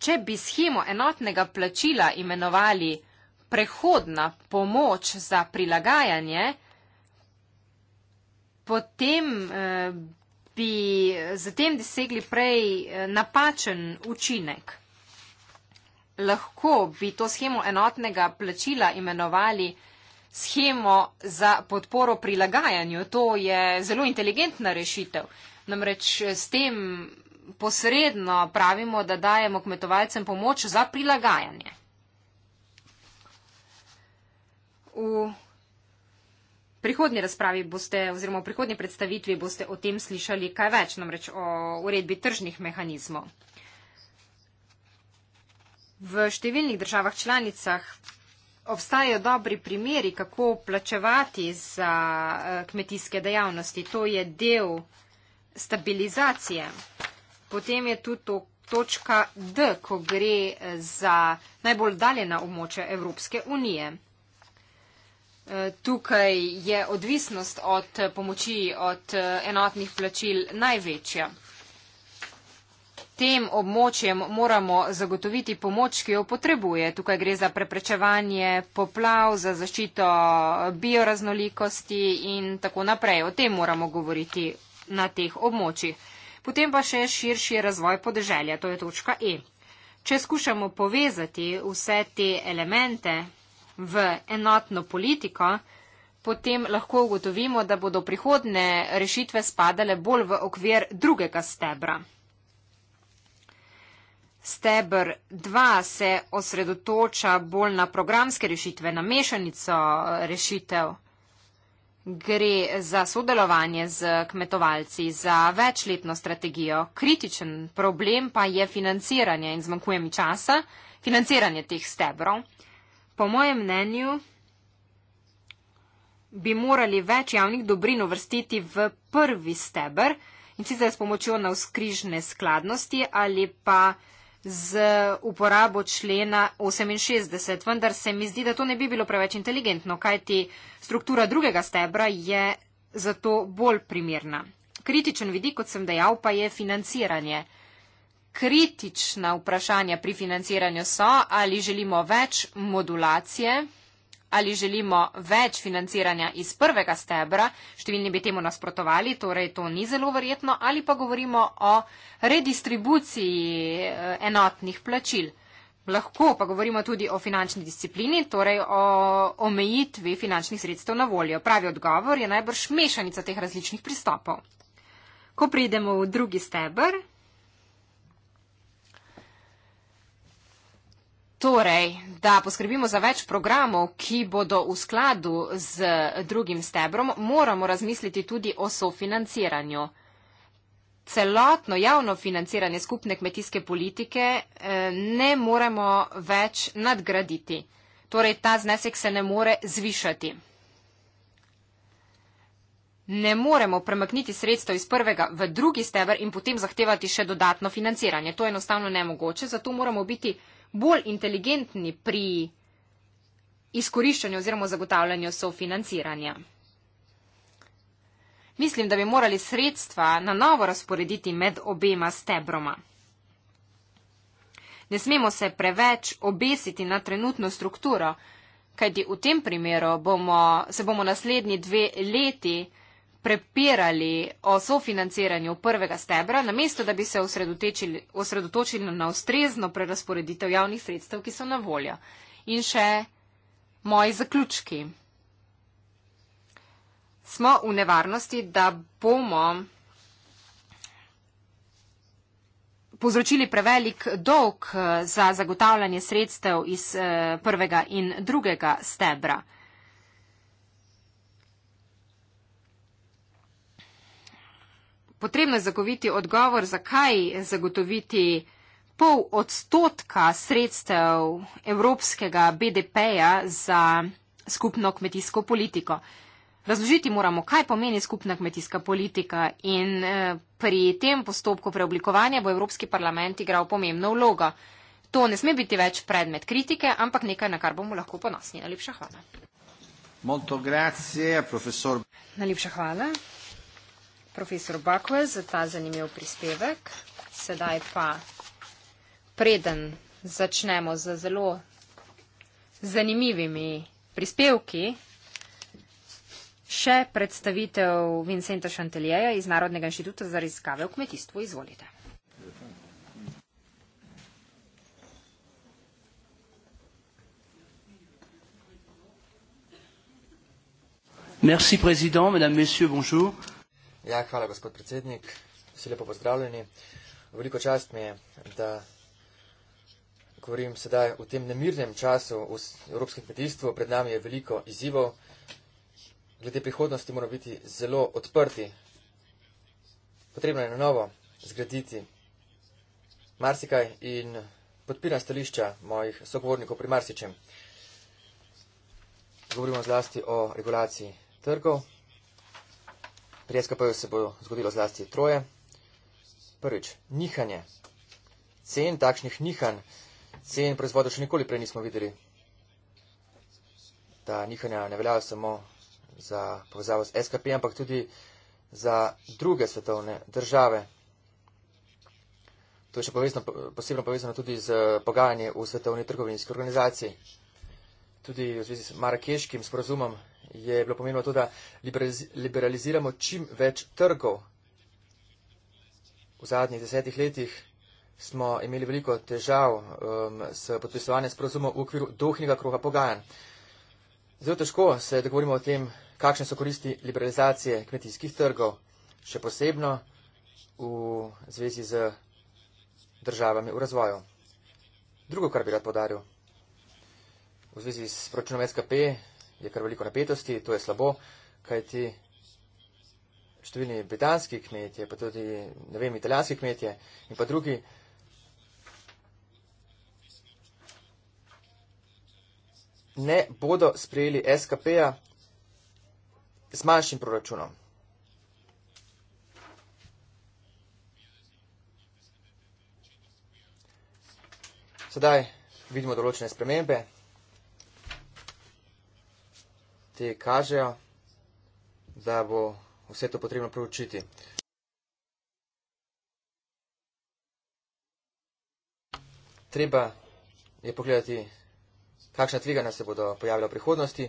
če bi schemo enotnega plačila imenovali prehodna pomoč za prilagajanje, potem eh, bi z tem dosegli prej eh, napačen učinek. Lahko bi to schemo enotnega plačila imenovali schemo za podporo prilagajanju. To je zelo inteligentna rešitev. Namreč eh, s tem posredno pravimo, da dajemo kmetovalcem pomoč za prilagajanje. V prihodnji razpravi boste oziroma v prihodnji predstavitvi boste o tem slišali kaj več, namreč o uredbi tržnih mehanizmov. V številnih državah članicah obstajajo dobri primeri, kako plačevati za eh, kmetijske dejavnosti. To je del stabilizacije. Potem je tu to točka D, ko gre eh, za najbolj daljena območja Evropske unije tukaj je odvisnost od pomoči, od enotnih plačil največja. Tem območjem moramo zagotoviti pomoč, ki jo potrebuje. Tukaj gre za preprečevanje poplav, za zaščito bioraznolikosti in tako naprej. O tem moramo govoriti na teh območjih. Potem pa še širši razvoj podeželja, to je točka E. Če skušamo povezati vse te elemente, v enotno politiko, potem lahko ugotovimo, da bodo prihodne rešitve spadale bolj v okvir drugega stebra. Stebr 2 se osredotoča bolj na programske rešitve, na mešanico rešitev. Gre za sodelovanje z kmetovalci, za večletno strategijo. Kritičen problem pa je financiranje in zmanjkuje mi časa, financiranje teh stebrov po mojem mnenju, bi morali več javnih dobrin uvrstiti v prvi steber in sicer s pomočjo navskrižne skladnosti ali pa z uporabo člena 68, vendar se mi zdi, da to ne bi bilo preveč inteligentno, kajti struktura drugega stebra je zato bolj primerna. Kritičen vidik, kot sem dejal, pa je financiranje kritična vprašanja pri financiranju so, ali želimo več modulacije, ali želimo več financiranja iz prvega stebra, številni bi temu nasprotovali, torej to ni zelo verjetno, ali pa govorimo o redistribuciji eh, enotnih plačil. Lahko pa govorimo tudi o finančni disciplini, torej o omejitvi finančnih sredstev na voljo. Pravi odgovor je najbrž mešanica teh različnih pristopov. Ko pridemo v drugi stebr, Torej, da poskrbimo za več programov, ki bodo v skladu z drugim stebrom, moramo razmisliti tudi o sofinanciranju. Celotno javno financiranje skupne kmetijske politike eh, ne moremo več nadgraditi. Torej, ta znesek se ne more zvišati. Ne moremo premakniti sredstev iz prvega v drugi steber in potem zahtevati še dodatno financiranje. To je enostavno nemogoče, zato moramo biti bolj inteligentni pri izkoriščanju oziroma zagotavljanju sofinanciranja. Mislim, da bi morali sredstva na novo razporediti med obema stebroma. Ne smemo se preveč obesiti na trenutno strukturo, kajti v tem primeru bomo, se bomo naslednji dve leti prepirali o sofinanciranju prvega stebra, namesto da bi se osredotočili, osredotočili na ustrezno prerasporeditev javnih sredstev, ki so na voljo. In še moji zaključki. Smo v nevarnosti, da bomo povzročili prevelik dolg eh, za zagotavljanje sredstev iz eh, prvega in drugega stebra. potrebno je zagotoviti odgovor, zakaj zagotoviti pol odstotka sredstev evropskega BDP-ja za skupno kmetijsko politiko. Razložiti moramo, kaj pomeni skupna kmetijska politika in eh, pri tem postopku preoblikovanja bo Evropski parlament igral pomembno vlogo. To ne sme biti več predmet kritike, ampak nekaj, na kar bomo lahko ponosni. Najlepša hvala. Molto grazie, profesor. Najlepša hvala profesor Bakwell za ta zanimiv prispevek. Sedaj pa preden začnemo z zelo zanimivimi prispevki, še predstavitev Vincenta Šanteljeja iz Narodnega inštituta za raziskave v kmetijstvu. Izvolite. Merci, président, mesdames, messieurs, bonjour. Ja, hvala, gospod predsednik. Vsi lepo pozdravljeni. Veliko čast mi je, da govorim sedaj v tem nemirnem času v evropskem kmetijstvu. Pred nami je veliko izzivov. Glede prihodnosti moramo biti zelo odprti. Potrebno je na novo zgraditi marsikaj in podpira stališča mojih sogovornikov pri marsičem. Govorimo zlasti o regulaciji trgov pri SKP-ju se bo zgodilo zlasti troje. Prvič, nihanje. Cen takšnih nihanj, cen proizvodov še nikoli prej nismo videli. Ta nihanja ne veljajo samo za povezavo s SKP, ampak tudi za druge svetovne države. To je še povezno, posebno povezano tudi z pogajanje v svetovni trgovinski organizaciji. Tudi v zvezi s marakeškim sporazumom je bilo pomembno to, da liberaliziramo čim več trgov. V zadnjih desetih letih smo imeli veliko težav um, s podpisovanjem sporozumov v okviru dohnjega kruha pogajanj. Zelo težko se dogovorimo o tem, kakšne so koristi liberalizacije kmetijskih trgov, še posebno v zvezi z državami v razvoju. Drugo, kar bi rad podaril, v zvezi s proračunom SKP je kar veliko napetosti, to je slabo, kajti številni britanski kmetje, pa tudi, ne vem, italijanski kmetje in pa drugi ne bodo sprejeli SKP-ja z manjšim proračunom. Sedaj vidimo določene spremembe te kažejo, da bo vse to potrebno preučiti. Treba je pogledati, kakšna tvigana se bodo pojavila v prihodnosti.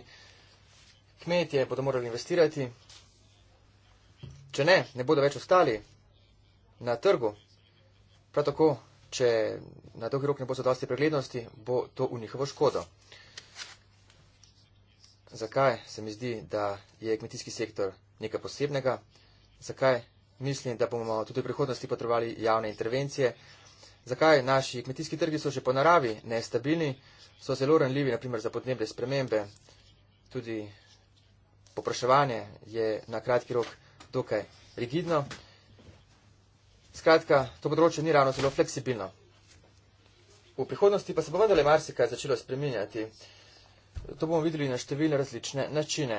Kmetje bodo morali investirati. Če ne, ne bodo več ostali na trgu. Prav tako, če na dolgi rok ne bo zadosti preglednosti, bo to v njihovo škodo zakaj se mi zdi, da je kmetijski sektor nekaj posebnega, zakaj mislim, da bomo tudi v prihodnosti potrebovali javne intervencije, zakaj naši kmetijski trgi so že po naravi nestabilni, so zelo ranljivi, naprimer za podnebne spremembe, tudi popraševanje je na kratki rok dokaj rigidno. Skratka, to področje ni ravno zelo fleksibilno. V prihodnosti pa se bo vendarle marsikaj začelo spreminjati. To bomo videli na številne različne načine.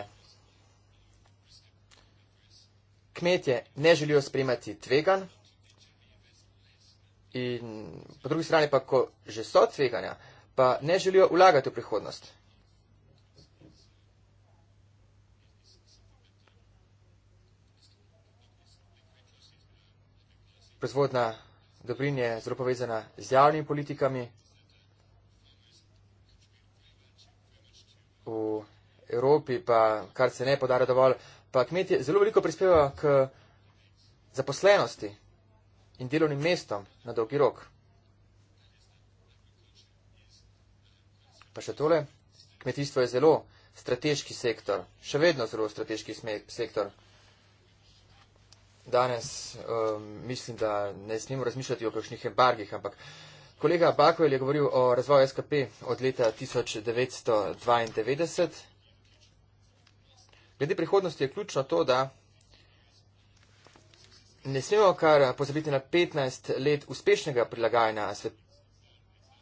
Kmetje ne želijo sprejemati tvegan, in po drugi strani pa, ko že so tveganja, pa ne želijo vlagati v prihodnost. Proizvodna dobrin je zelo povezana z javnimi politikami, v Evropi, pa kar se ne podara dovolj, pa kmetje zelo veliko prispevajo k zaposlenosti in delovnim mestom na dolgi rok. Pa še tole, kmetijstvo je zelo strateški sektor, še vedno zelo strateški sektor. Danes um, mislim, da ne smemo razmišljati o kakšnih embargih, ampak. Kolega Bakovel je govoril o razvoju SKP od leta 1992. Glede prihodnosti je ključno to, da ne smemo kar pozabiti na 15 let uspešnega prilagajanja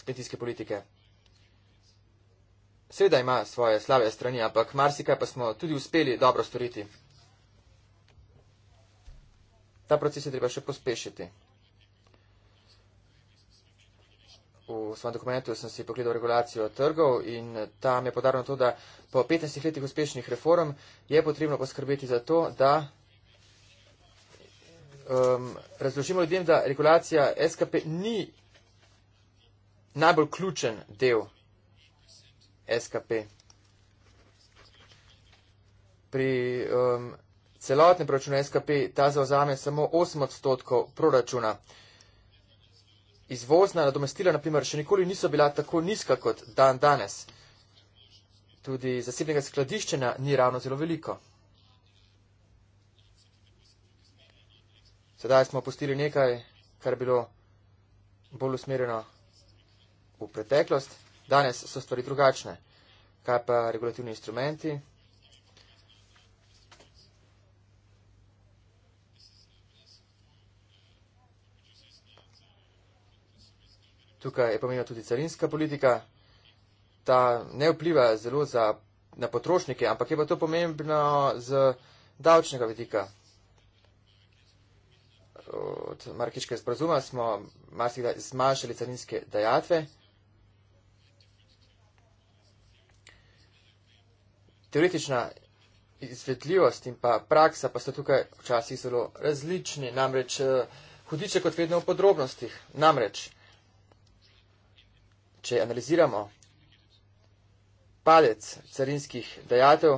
kmetijske politike. Seveda ima svoje slave strani, ampak marsikaj pa smo tudi uspeli dobro storiti. Ta proces je treba še pospešiti. v svojem dokumentu sem si pogledal regulacijo trgov in tam je podarno to, da po 15 letih uspešnih reform je potrebno poskrbeti za to, da um, razložimo ljudem, da regulacija SKP ni najbolj ključen del SKP. Pri um, celotnem proračunu SKP ta zauzame samo 8 odstotkov proračuna izvozna nadomestila, naprimer, še nikoli niso bila tako nizka kot dan danes. Tudi zasebnega skladiščenja ni ravno zelo veliko. Sedaj smo opustili nekaj, kar je bilo bolj usmerjeno v preteklost. Danes so stvari drugačne. Kaj pa regulativni instrumenti? Tukaj je pomembna tudi carinska politika. Ta ne vpliva zelo za, na potrošnike, ampak je pa to pomembno z davčnega vidika. Od Markiške sprazuma smo marsikdaj zmanjšali carinske dajatve. Teoretična izvedljivost in pa praksa pa so tukaj včasih zelo različni, namreč eh, hudiče kot vedno v podrobnostih. Namreč, če analiziramo palec carinskih dejatev,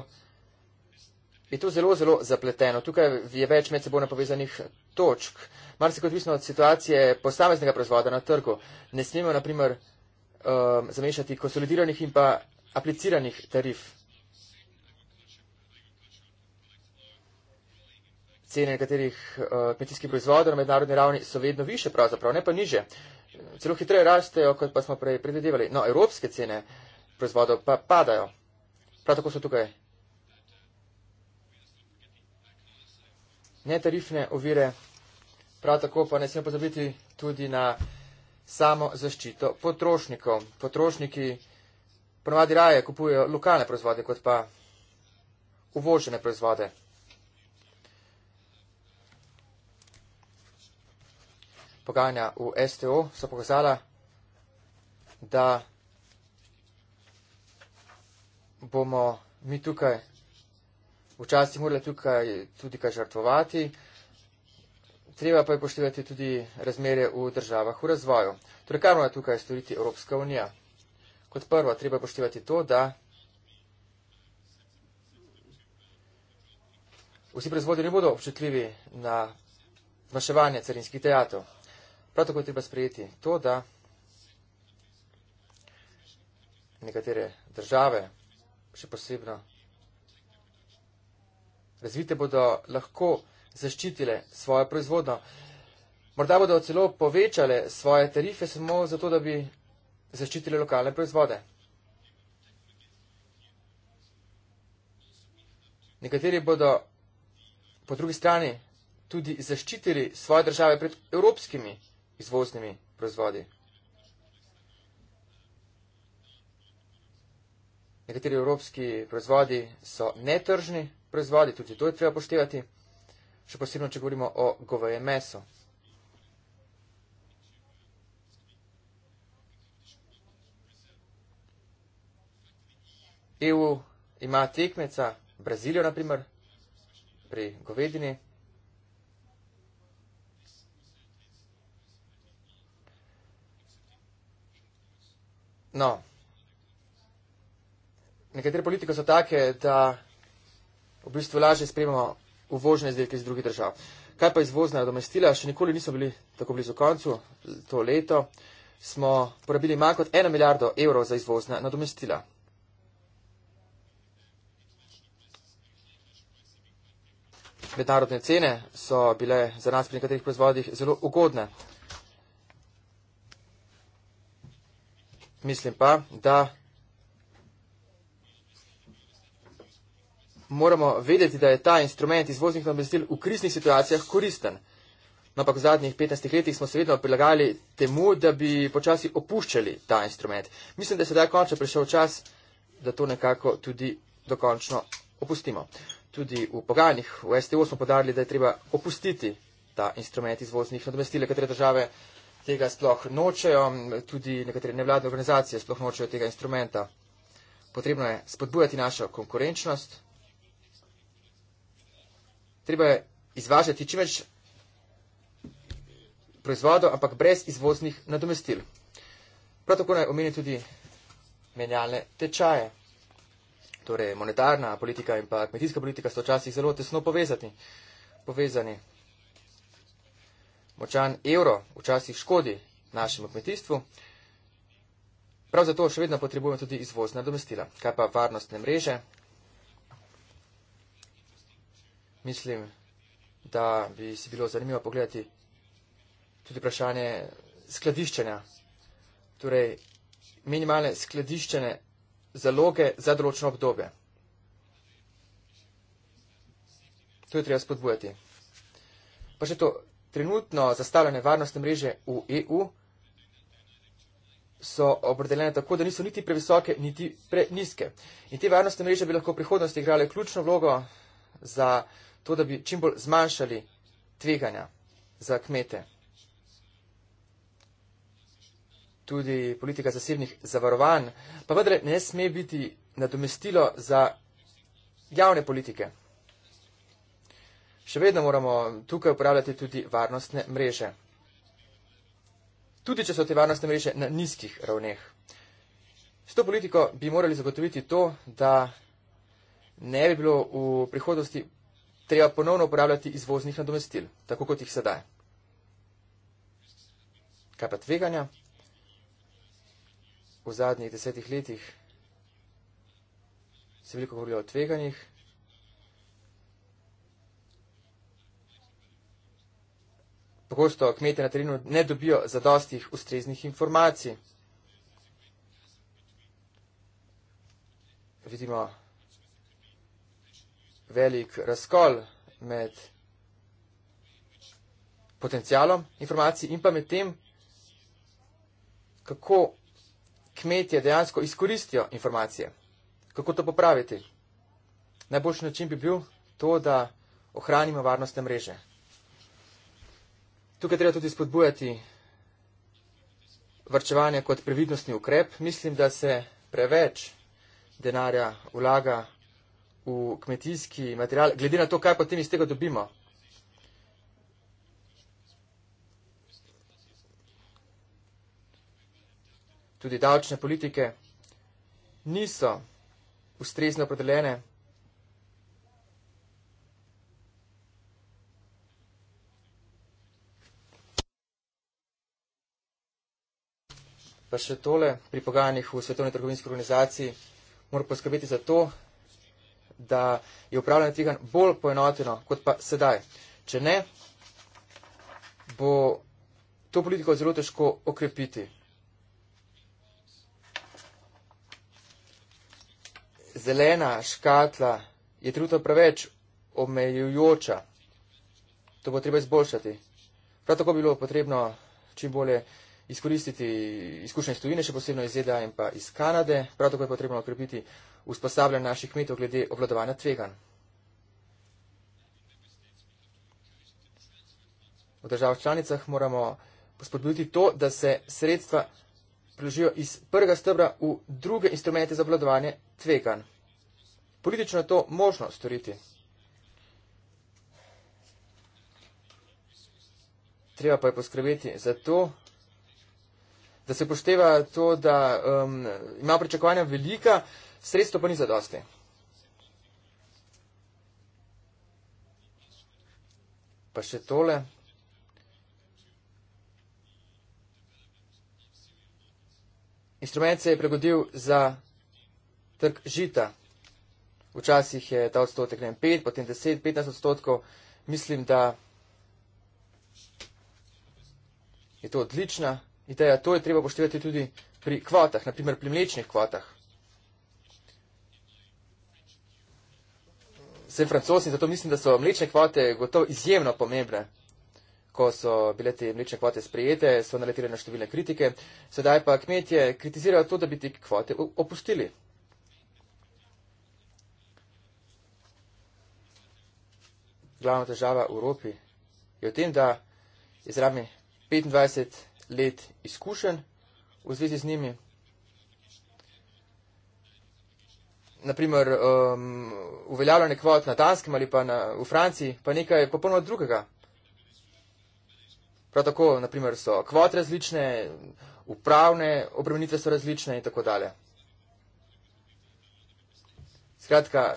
je to zelo, zelo zapleteno. Tukaj je več med seboj napovezanih točk. Mar se kot visno od situacije posameznega proizvoda na trgu. Ne smemo, na primer, um, zamešati konsolidiranih in pa apliciranih tarif. cene nekaterih uh, kmetijskih proizvodov na mednarodni ravni so vedno više, pravzaprav ne pa niže. Celo hitreje rastejo, kot pa smo prej predvidevali. No, evropske cene proizvodov pa padajo. Prav tako so tukaj netarifne ovire, prav tako pa ne smemo pozabiti tudi na samo zaščito potrošnikov. Potrošniki ponovadi raje kupujejo lokalne proizvode, kot pa uvožene proizvode. pogajanja v STO so pokazala, da bomo mi tukaj včasih morali tukaj tudi kaj žrtvovati. Treba pa je poštevati tudi razmere v državah v razvoju. Torej, kar mora tukaj storiti Evropska unija? Kot prvo, treba poštevati to, da vsi proizvodi ne bodo občutljivi na zmaševanje carinskih dejatov. Prav tako je treba sprejeti to, da nekatere države, še posebno razvite, bodo lahko zaščitile svojo proizvodno. Morda bodo celo povečale svoje tarife samo zato, da bi zaščitile lokalne proizvode. Nekateri bodo po drugi strani tudi zaščitili svoje države pred evropskimi izvoznimi proizvodi. Nekateri evropski proizvodi so netržni proizvodi, tudi to je treba poštevati, še posebno, če govorimo o goveje meso. EU ima tekmeca, Brazilijo naprimer, pri govedini. No. Nekatere politike so take, da v bistvu lažje sprejemamo uvožene izdelke iz drugih držav. Kaj pa izvozna domestila? Še nikoli nismo bili tako blizu koncu to leto. Smo porabili manj kot eno milijardo evrov za izvozna nadomestila. Mednarodne cene so bile za nas pri nekaterih proizvodih zelo ugodne. mislim pa, da moramo vedeti, da je ta instrument izvoznih nadomestil v kriznih situacijah koristen. No, ampak v zadnjih 15 letih smo se vedno prilagali temu, da bi počasi opuščali ta instrument. Mislim, da je sedaj končno prišel čas, da to nekako tudi dokončno opustimo. Tudi v pogajanjih v STO smo podarili, da je treba opustiti ta instrument izvoznih nadomestil, katere države tega sploh nočejo, tudi nekatere nevladne organizacije sploh nočejo tega instrumenta. Potrebno je spodbujati našo konkurenčnost. Treba je izvažati čim več proizvodov, ampak brez izvoznih nadomestil. Prav tako naj omeni tudi menjalne tečaje. Torej, monetarna politika in pa kmetijska politika so včasih zelo tesno povezani. povezani močan evro včasih škodi našemu kmetijstvu. Prav zato še vedno potrebujemo tudi izvozna domestila. Kaj pa varnostne mreže? Mislim, da bi si bilo zanimivo pogledati tudi vprašanje skladiščenja. Torej, minimalne skladiščene zaloge za določeno obdobje. To je treba spodbujati. Pa še to, Trenutno zastavljene varnostne mreže v EU so opredeljene tako, da niso niti previsoke, niti preniske. In te varnostne mreže bi lahko v prihodnosti igrale ključno vlogo za to, da bi čim bolj zmanjšali tveganja za kmete. Tudi politika zasebnih zavarovanj pa vendar ne sme biti nadomestilo za javne politike. Še vedno moramo tukaj uporabljati tudi varnostne mreže. Tudi, če so te varnostne mreže na nizkih ravneh. S to politiko bi morali zagotoviti to, da ne bi bilo v prihodnosti treba ponovno uporabljati izvoznih nadomestil, tako kot jih sedaj. Kaj pa tveganja? V zadnjih desetih letih se veliko govorijo o tveganjih. Pogosto kmete na terenu ne dobijo zadostih ustreznih informacij. Vidimo velik razkol med potencialom informacij in pa med tem, kako kmetje dejansko izkoristijo informacije. Kako to popraviti? Najboljši način bi bil to, da ohranimo varnostne mreže. Tukaj treba tudi spodbujati vrčevanje kot previdnostni ukrep. Mislim, da se preveč denarja vlaga v kmetijski material, glede na to, kaj potem iz tega dobimo. Tudi davčne politike niso ustrezno opredeljene. Pa še tole, pri pogajanjih v Svetovni trgovinski organizaciji mora poskrbeti za to, da je upravljanje tveganj bolj poenoteno kot pa sedaj. Če ne, bo to politiko zelo težko okrepiti. Zelena škatla je trenutno preveč omejujoča. To bo treba izboljšati. Prav tako bi bilo potrebno čim bolje izkoristiti izkušnje iz tujine, še posebno iz ZDA in pa iz Kanade. Prav tako je potrebno okrepiti usposabljanje naših kmetov glede obladovanja tvegan. V državah članicah moramo spodbuditi to, da se sredstva priložijo iz prvega stebra v druge instrumente za obladovanje tvegan. Politično je to možno storiti. Treba pa je poskrbeti za to, da se pošteva to, da um, ima pričakovanja velika, sredstvo pa ni za dosti. Pa še tole. Instrument se je pregodil za trg žita. Včasih je ta odstotek ne 5, potem 10, 15 odstotkov. Mislim, da je to odlična. Ideja, to je treba poštevati tudi pri kvatah, naprimer pri mlečnih kvatah. Sem francosin, zato mislim, da so mlečne kvate gotovo izjemno pomembne. Ko so bile te mlečne kvate sprejete, so naletile na številne kritike, sedaj pa kmetje kritizirajo to, da bi te kvate opustili. Glavna težava v Evropi je v tem, da je z rami 25 let izkušenj v zvezi z njimi. Naprimer, um, uveljavljanje kvot na Danskem ali pa na, v Franciji, pa nekaj popolnoma drugega. Prav tako, naprimer, so kvot različne, upravne obremenitve so različne in tako dalje. Skratka,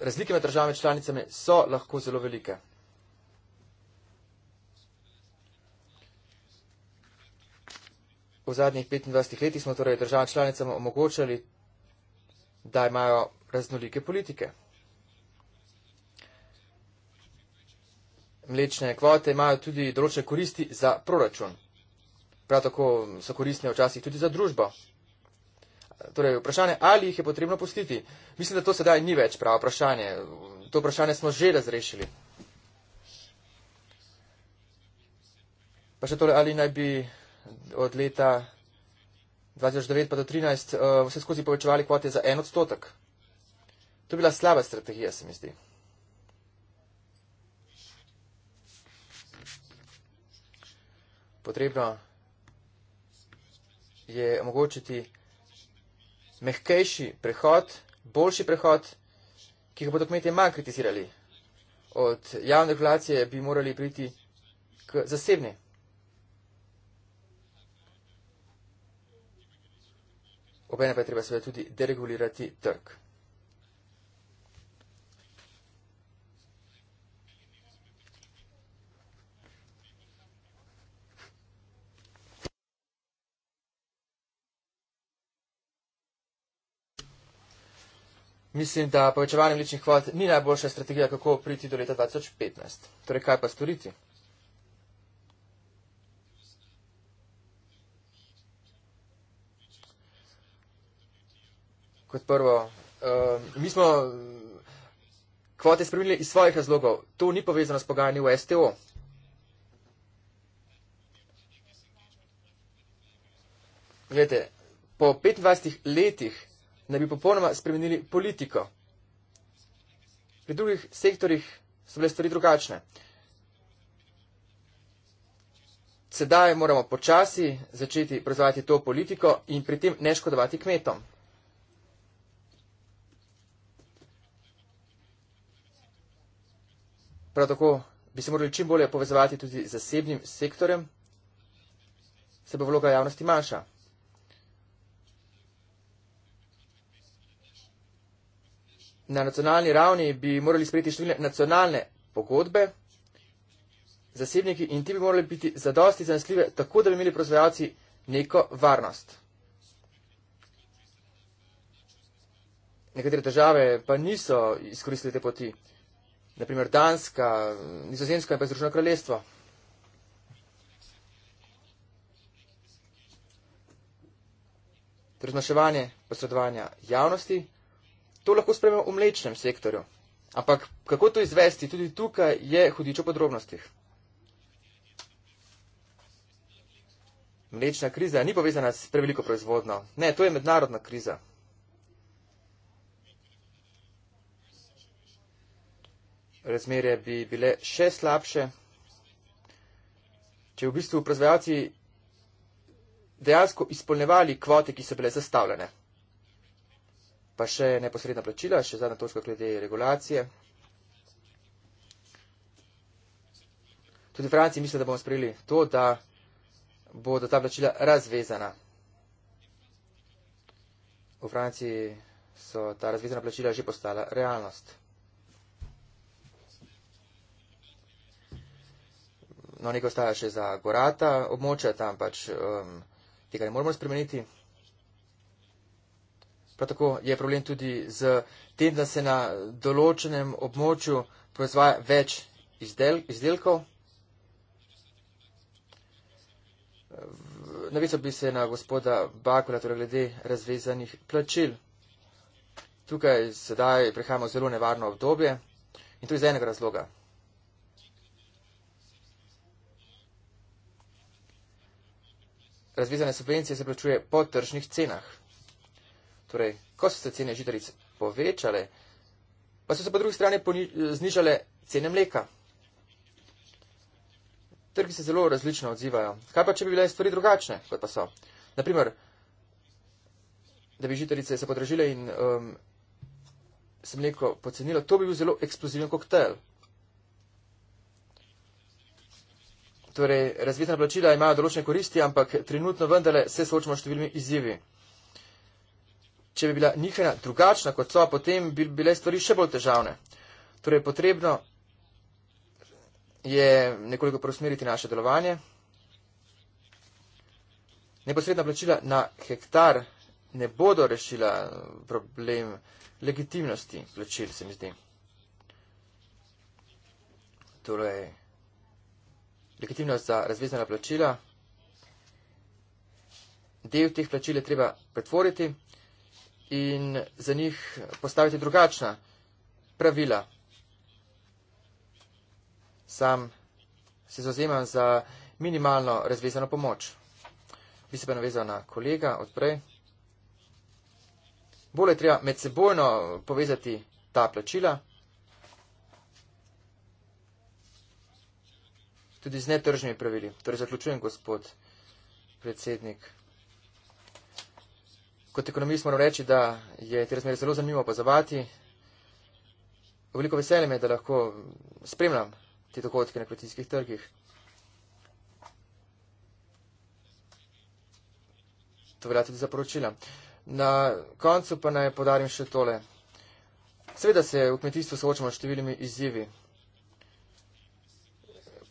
razlike med državami članicami so lahko zelo velike. v zadnjih 25 letih smo torej državam članicam omogočali, da imajo raznolike politike. Mlečne kvote imajo tudi določene koristi za proračun. Prav tako so koristne včasih tudi za družbo. Torej, vprašanje, ali jih je potrebno pustiti. Mislim, da to sedaj ni več pravo vprašanje. To vprašanje smo že razrešili. Pa še tole, ali naj bi od leta 2009 pa do 2013 uh, eh, vse skozi povečevali kvote za en odstotek. To je bila slaba strategija, se mi zdi. Potrebno je omogočiti mehkejši prehod, boljši prehod, ki ga bodo kmetje manj kritizirali. Od javne regulacije bi morali priti k zasebni. Obene pa je treba seveda tudi deregulirati trg. Mislim, da povečevanje mličnih kvot ni najboljša strategija, kako priti do leta 2015. Torej, kaj pa storiti? kot prvo. Uh, mi smo kvote spremenili iz svojih razlogov. To ni povezano s pogajanji v STO. Glede, po 25 letih naj bi popolnoma spremenili politiko. Pri drugih sektorjih so bile stvari drugačne. Sedaj moramo počasi začeti proizvajati to politiko in pri tem ne škodovati kmetom. Prav tako bi se morali čim bolje povezovati tudi z zasebnim sektorem, se bo vloga javnosti manjša. Na nacionalni ravni bi morali sprejeti številne nacionalne pogodbe, zasebniki in ti bi morali biti zadosti zanesljive, tako da bi imeli proizvajalci neko varnost. Nekatere države pa niso izkoristili te poti naprimer Danska, Nizozemska in pa Združeno kraljestvo. Raznaševanje posredovanja javnosti, to lahko spremljamo v mlečnem sektorju. Ampak kako to izvesti, tudi tukaj je hudič o podrobnostih. Mlečna kriza ni povezana s preveliko proizvodno. Ne, to je mednarodna kriza. razmere bi bile še slabše. Če v bistvu proizvajalci dejansko izpolnevali kvote, ki so bile zastavljene. Pa še neposredna plačila, še zadnja točka glede regulacije. Tudi Franci mislijo, da bomo sprejeli to, da bodo ta plačila razvezana. V Franciji so ta razvezana plačila že postala realnost. No, nekaj ostaja še za gorata območja, tam pač um, tega ne moremo spremeniti. Prav tako je problem tudi z tem, da se na določenem območju proizvaja več izdel, izdelkov. Navisal bi se na gospoda Bakula, torej glede razvezanih plačil. Tukaj sedaj prihajamo v zelo nevarno obdobje in to iz enega razloga. razvezane subvencije se plačuje po tržnih cenah. Torej, ko so se cene žitaric povečale, pa so se po drugi strani znižale cene mleka. Trgi se zelo različno odzivajo. Kaj pa, če bi bile stvari drugačne, kot pa so? Naprimer, da bi žitarice se podražile in um, se mleko pocenilo, to bi bil zelo eksplozivni koktejl. Torej, razvita plačila imajo določene koristi, ampak trenutno vendarle se soočamo s številnimi izzivi. Če bi bila njihena drugačna kot so, potem bi bile stvari še bolj težavne. Torej, potrebno je nekoliko prosmeriti naše delovanje. Neposredna plačila na hektar ne bodo rešila problem legitimnosti plačil, se mi zdi. Torej, legitimnost za razvezana plačila. Del teh plačil je treba pretvoriti in za njih postaviti drugačna pravila. Sam se zazemam za minimalno razvezano pomoč. Bi se pa navezal na kolega odprej. Bolje treba med sebojno povezati ta plačila. tudi z netržnimi pravili. Torej zaključujem, gospod predsednik. Kot ekonomist moram reči, da je te razmere zelo zanimivo opazovati. Veliko veselje me, da lahko spremljam te dohodke na kmetijskih trgih. To velja tudi za poročila. Na koncu pa naj podarim še tole. Seveda se v kmetijstvu soočamo s številnimi izzivi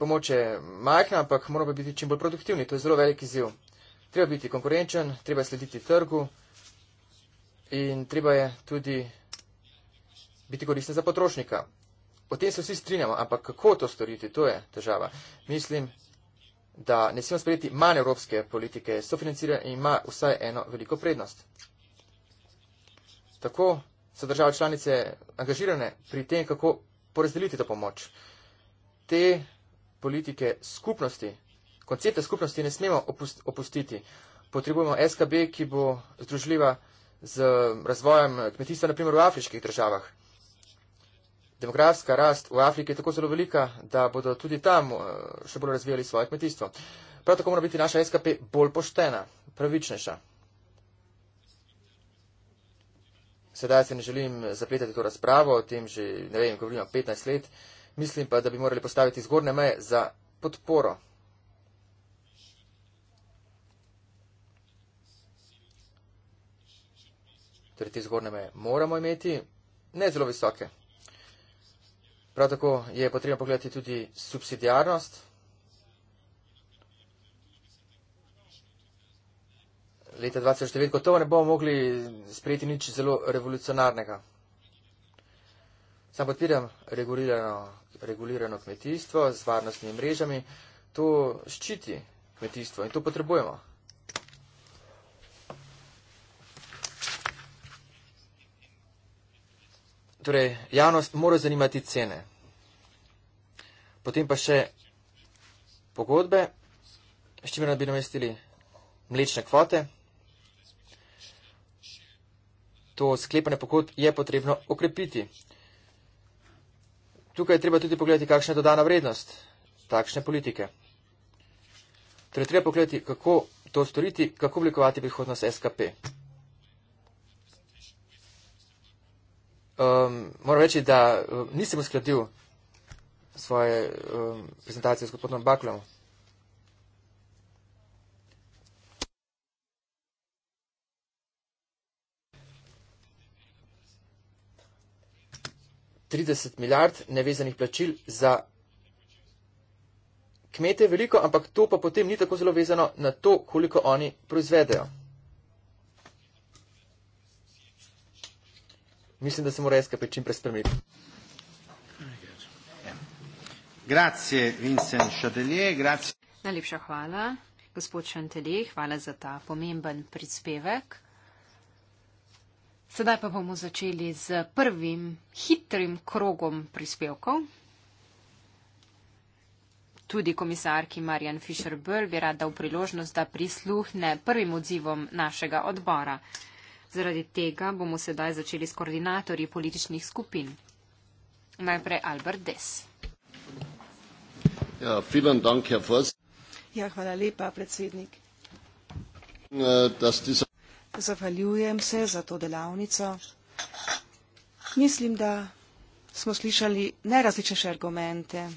pomoč je majhna, ampak moramo biti čim bolj produktivni. To je zelo velik izziv. Treba biti konkurenčen, treba slediti trgu in treba je tudi biti koristen za potrošnika. O tem se vsi strinjamo, ampak kako to storiti, to je težava. Mislim, da ne smemo sprejeti manj evropske politike, sofinanciranje ima vsaj eno veliko prednost. Tako so države članice angažirane pri tem, kako porazdeliti to pomoč. Te politike skupnosti, koncepte skupnosti ne smemo opustiti. Potrebujemo SKB, ki bo združljiva z razvojem kmetijstva, naprimer v afriških državah. Demografska rast v Afriki je tako zelo velika, da bodo tudi tam eh, še bolj razvijali svoje kmetijstvo. Prav tako mora biti naša SKP bolj poštena, pravičnejša. Sedaj se ne želim zapletati to razpravo, o tem že, ne vem, govorimo 15 let. Uh, Mislim pa, da bi morali postaviti zgornje meje za podporo. Torej, te zgornje meje moramo imeti, ne zelo visoke. Prav tako je potrebno pogledati tudi subsidijarnost. Leta 2009 gotovo ne bomo mogli sprejeti nič zelo revolucionarnega. Sam podpiram regulirano regulirano kmetijstvo z varnostnimi mrežami, to ščiti kmetijstvo in to potrebujemo. Torej, javnost mora zanimati cene. Potem pa še pogodbe, s čimer bi namestili mlečne kvote. To sklepanje pogodb je potrebno okrepiti. Tukaj je treba tudi pogledati, kakšna je dodana vrednost takšne politike. Torej, treba pogledati, kako to storiti, kako oblikovati prihodnost SKP. Um, moram reči, da um, nisem uskladil svoje um, prezentacije s gospodom Baklom. 30 milijard nevezanih plačil za kmete veliko, ampak to pa potem ni tako zelo vezano na to, koliko oni proizvedejo. Mislim, da se mora SKP čim prej spremeniti. Grazie, Vincent Chatelier, grazie. Najlepša hvala, gospod Chantelier, hvala za ta pomemben prispevek. Sedaj pa bomo začeli z prvim hitrim krogom prispevkov. Tudi komisarki Marjan Fischer-Böll bi rada v priložnost, da prisluhne prvim odzivom našega odbora. Zaradi tega bomo sedaj začeli s koordinatorji političnih skupin. Najprej Albert Des. Ja, vielen dank, Herr Voss. Ja, hvala lepa, predsednik. Uh, Zahvaljujem se za to delavnico. Mislim, da smo slišali najrazličnejše argumente.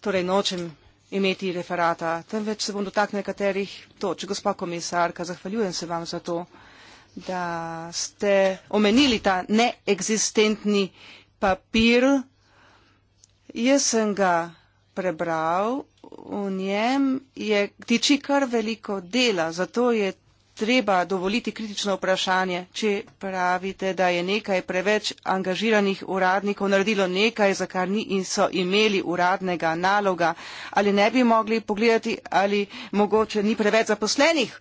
Torej, nočem imeti referata, temveč se bom dotaknil nekaterih toč. Gospa komisarka, zahvaljujem se vam za to, da ste omenili ta neeksistentni papir. Jaz sem ga prebral, v njem je tiči kar veliko dela, zato je treba dovoliti kritično vprašanje, če pravite, da je nekaj preveč angažiranih uradnikov naredilo nekaj, za kar niso imeli uradnega naloga, ali ne bi mogli pogledati, ali mogoče ni preveč zaposlenih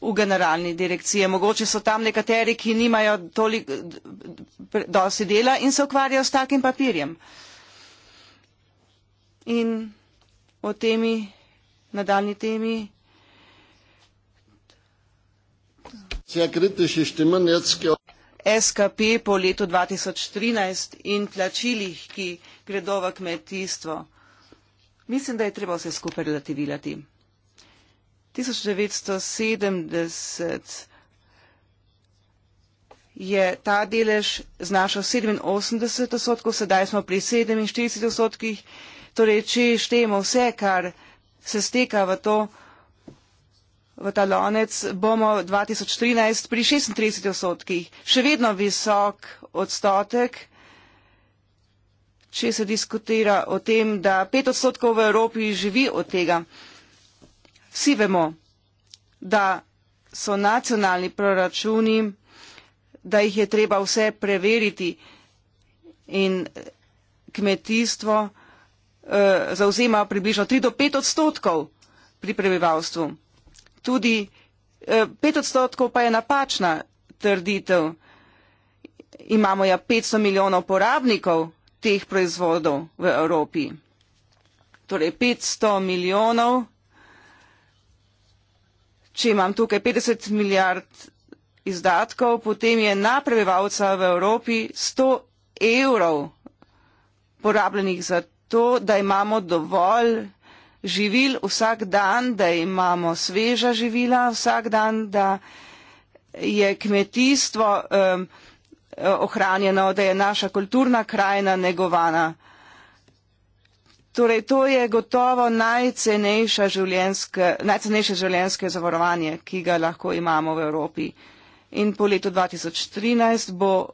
v generalni direkciji. Mogoče so tam nekateri, ki nimajo toliko dosti dela in se ukvarjajo s takim papirjem. In o temi, nadaljni temi, SKP po letu 2013 in plačilih, ki gredo v kmetijstvo. Mislim, da je treba vse skupaj relativirati. 1970 je ta delež znašal 87 odstotkov, sedaj smo pri 47 odstotkih, torej če štejemo vse, kar se steka v to, v ta lonec, bomo 2013 pri 36 odstotkih. Še vedno visok odstotek, če se diskutira o tem, da pet odstotkov v Evropi živi od tega. Vsi vemo, da so nacionalni proračuni, da jih je treba vse preveriti in kmetijstvo eh, zauzema približno 3 do 5 odstotkov pri prebivalstvu tudi eh, pet odstotkov pa je napačna trditev. Imamo ja 500 milijonov porabnikov teh proizvodov v Evropi. Torej 500 milijonov, če imam tukaj 50 milijard izdatkov, potem je na prebivalca v Evropi 100 evrov porabljenih za to, da imamo dovolj živil vsak dan, da imamo sveža živila vsak dan, da je kmetijstvo um, ohranjeno, da je naša kulturna krajina negovana. Torej, to je gotovo najcenejše življenjske zavarovanje, ki ga lahko imamo v Evropi. In po letu 2013 bo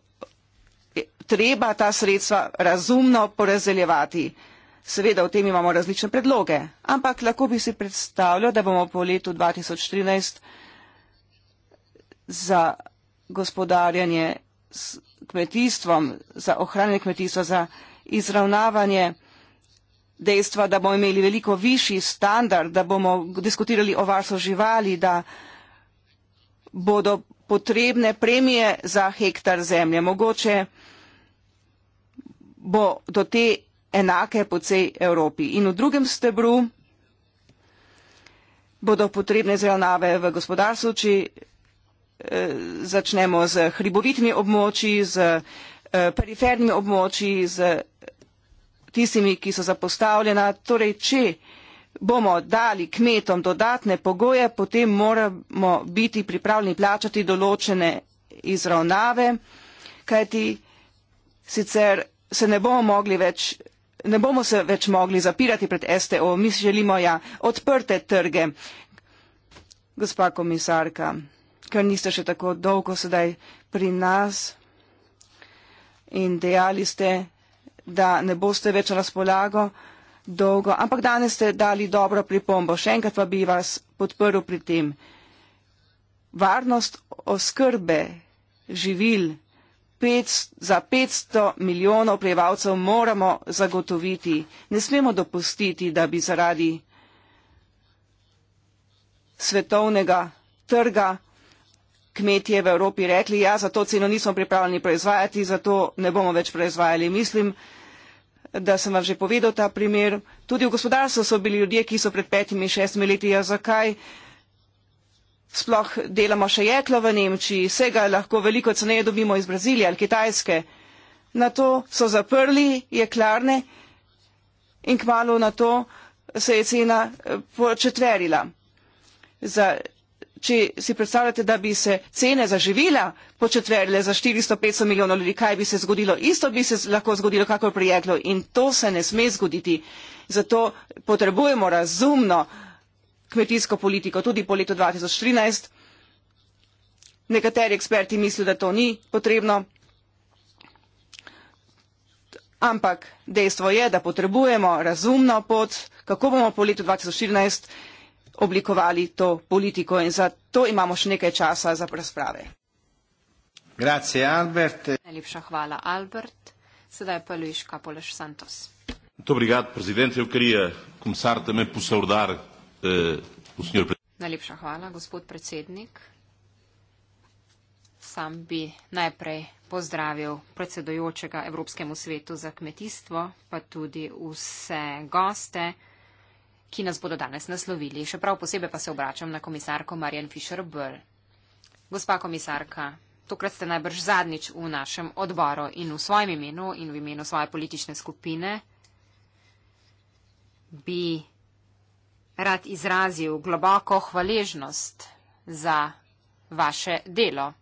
treba ta sredstva razumno porazdeljevati. Seveda o tem imamo različne predloge, ampak lahko bi si predstavljal, da bomo po letu 2013 za gospodarjanje s kmetijstvom, za ohranjanje kmetijstva, za izravnavanje dejstva, da bomo imeli veliko višji standard, da bomo diskutirali o varstvu živali, da bodo potrebne premije za hektar zemlje. Mogoče bo do te enake po cej Evropi. In v drugem stebru bodo potrebne zravnave v gospodarstvu, če eh, začnemo z hribovitmi območji, z eh, perifernimi območji, z tistimi, ki so zapostavljena. Torej, če bomo dali kmetom dodatne pogoje, potem moramo biti pripravljeni plačati določene izravnave, kajti sicer se ne bomo mogli več ne bomo se več mogli zapirati pred STO, mi želimo ja odprte trge. Gospa komisarka, ker niste še tako dolgo sedaj pri nas in dejali ste, da ne boste več razpolago dolgo, ampak danes ste dali dobro pripombo. Še enkrat pa bi vas podprl pri tem. Varnost oskrbe živil pet, za 500 milijonov prebivalcev moramo zagotoviti. Ne smemo dopustiti, da bi zaradi svetovnega trga kmetije v Evropi rekli, ja, za to ceno nismo pripravljeni proizvajati, zato ne bomo več proizvajali. Mislim, da sem vam že povedal ta primer. Tudi v gospodarstvu so bili ljudje, ki so pred petimi, šestimi leti, ja, zakaj sploh delamo še jeklo v Nemčiji, vsega lahko veliko ceneje dobimo iz Brazilije ali Kitajske. Na to so zaprli jeklarne in kmalo na to se je cena eh, početverila. Za, če si predstavljate, da bi se cene za živila početverile za 400-500 milijonov ljudi, kaj bi se zgodilo? Isto bi se lahko zgodilo, kakor prijeklo. In to se ne sme zgoditi. Zato potrebujemo razumno kmetijsko politiko tudi po letu 2013. Nekateri eksperti mislijo, da to ni potrebno, ampak dejstvo je, da potrebujemo razumno pot, kako bomo po letu 2014 oblikovali to politiko in zato imamo še nekaj časa za razprave. Grazie, Albert. Najlepša hvala, Albert. Sedaj pa Luiška Poleš Santos. Dobrigat, prezident, jo krije, komisar, da me posaudar. Eh, Najlepša hvala, gospod predsednik. Sam bi najprej pozdravil predsedojočega Evropskemu svetu za kmetijstvo, pa tudi vse goste, ki nas bodo danes naslovili. Še prav posebej pa se obračam na komisarko Marjan Fischer-Böll. Gospa komisarka, tokrat ste najbrž zadnjič v našem odboru in v svojem imenu in v imenu svoje politične skupine bi rad izrazil globoko hvaležnost za vaše delo.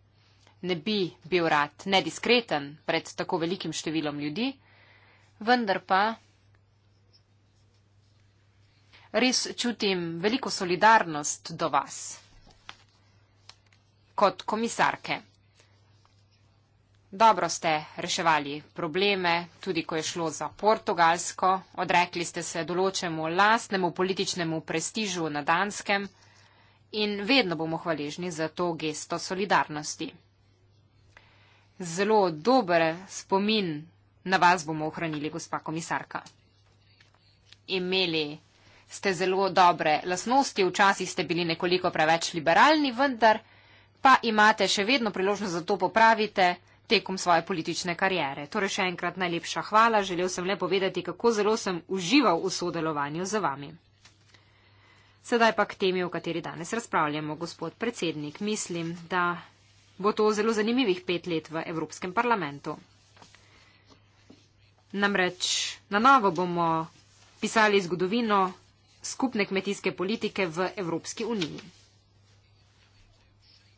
Ne bi bil rad nediskreten pred tako velikim številom ljudi, vendar pa res čutim veliko solidarnost do vas kot komisarke. Dobro ste reševali probleme, tudi ko je šlo za Portugalsko, odrekli ste se določemu lastnemu političnemu prestižu na Danskem in vedno bomo hvaležni za to gesto solidarnosti. Zelo dober spomin na vas bomo ohranili, gospa komisarka. Imeli ste zelo dobre lasnosti, včasih ste bili nekoliko preveč liberalni, vendar pa imate še vedno priložnost za to popravite, tekom svoje politične kariere. Torej še enkrat najlepša hvala, želel sem le povedati, kako zelo sem užival v sodelovanju z vami. Sedaj pa k temi, o kateri danes razpravljamo, gospod predsednik. Mislim, da bo to zelo zanimivih pet let v Evropskem parlamentu. Namreč na novo bomo pisali zgodovino skupne kmetijske politike v Evropski uniji.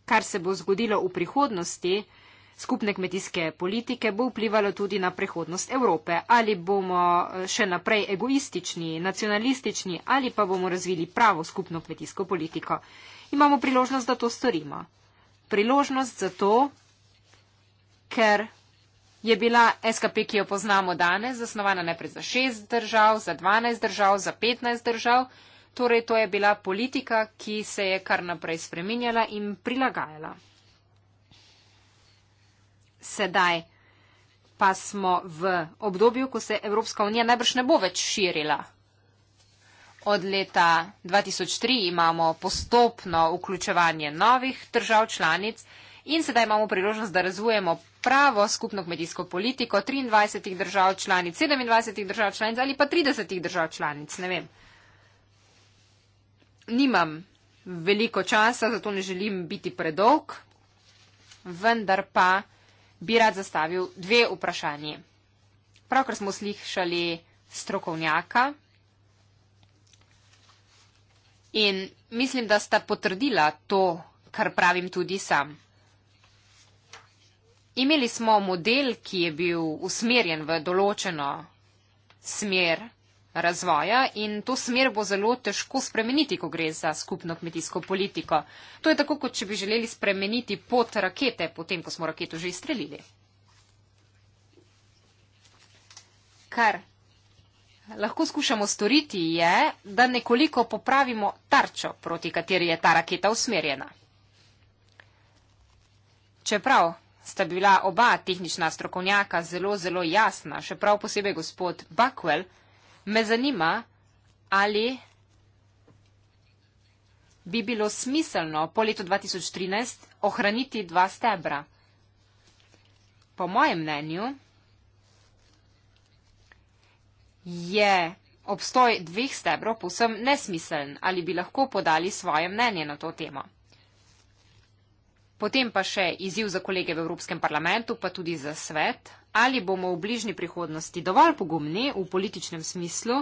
Kar se bo zgodilo v prihodnosti, skupne kmetijske politike bo vplivalo tudi na prihodnost Evrope. Ali bomo eh, še naprej egoistični, nacionalistični ali pa bomo razvili pravo skupno kmetijsko politiko. Imamo priložnost, da to storimo. Priložnost zato, ker je bila SKP, ki jo poznamo danes, zasnovana najprej za šest držav, za dvanajst držav, za petnajst držav. Torej, to je bila politika, ki se je kar naprej spreminjala in prilagajala sedaj pa smo v obdobju, ko se Evropska unija najbrž ne bo več širila. Od leta 2003 imamo postopno vključevanje novih držav članic in sedaj imamo priložnost, da razvijemo pravo skupno kmetijsko politiko 23 držav članic, 27 držav članic ali pa 30 držav članic, ne vem. Nimam veliko časa, zato ne želim biti predolg, vendar pa bi rad zastavil dve vprašanji. Pravkar smo slišali strokovnjaka in mislim, da sta potrdila to, kar pravim tudi sam. Imeli smo model, ki je bil usmerjen v določeno smer razvoja in to smer bo zelo težko spremeniti, ko gre za skupno kmetijsko politiko. To je tako, kot če bi želeli spremeniti pot rakete, potem, ko smo raketo že izstrelili. Kar lahko skušamo storiti je, da nekoliko popravimo tarčo, proti kateri je ta raketa usmerjena. Čeprav sta bila oba tehnična strokovnjaka zelo, zelo jasna, še prav posebej gospod Buckwell, Me zanima, ali bi bilo smiselno po letu 2013 ohraniti dva stebra. Po mojem mnenju je obstoj dveh stebrov povsem nesmiseln ali bi lahko podali svoje mnenje na to temo. Potem pa še izziv za kolege v Evropskem parlamentu, pa tudi za svet, ali bomo v bližnji prihodnosti dovolj pogumni v političnem smislu,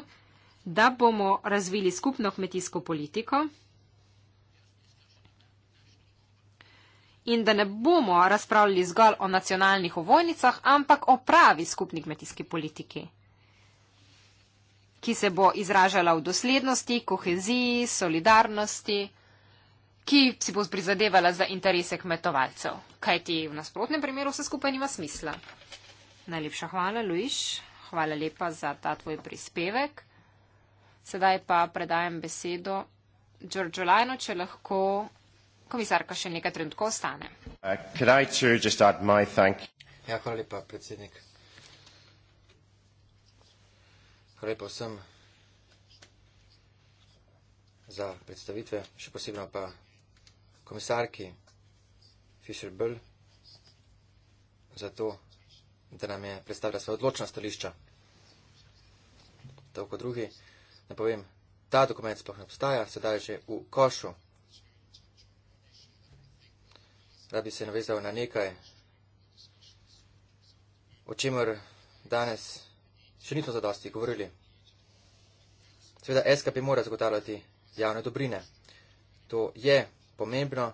da bomo razvili skupno kmetijsko politiko in da ne bomo razpravljali zgolj o nacionalnih ovojnicah, ampak o pravi skupni kmetijski politiki, ki se bo izražala v doslednosti, koheziji, solidarnosti ki si bo prizadevala za interese kmetovalcev. Kaj ti v nasprotnem primeru vse skupaj nima smisla? Najlepša hvala, Luiš. Hvala lepa za ta tvoj prispevek. Sedaj pa predajem besedo Giorgio Lajno, če lahko komisarka še nekaj trenutkov ostane. Uh, ja, hvala lepa, predsednik. Hvala lepa vsem za predstavitve, še posebno pa komisarki Fisherbull za to, da nam je predstavila svoje odločna stališča. Tako kot drugi, ne povem, ta dokument sploh ne obstaja, sedaj že v košu. Rad bi se navezal na nekaj, o čemer danes še nismo zadosti govorili. Seveda SKP mora zagotavljati javne dobrine. To je pomembno.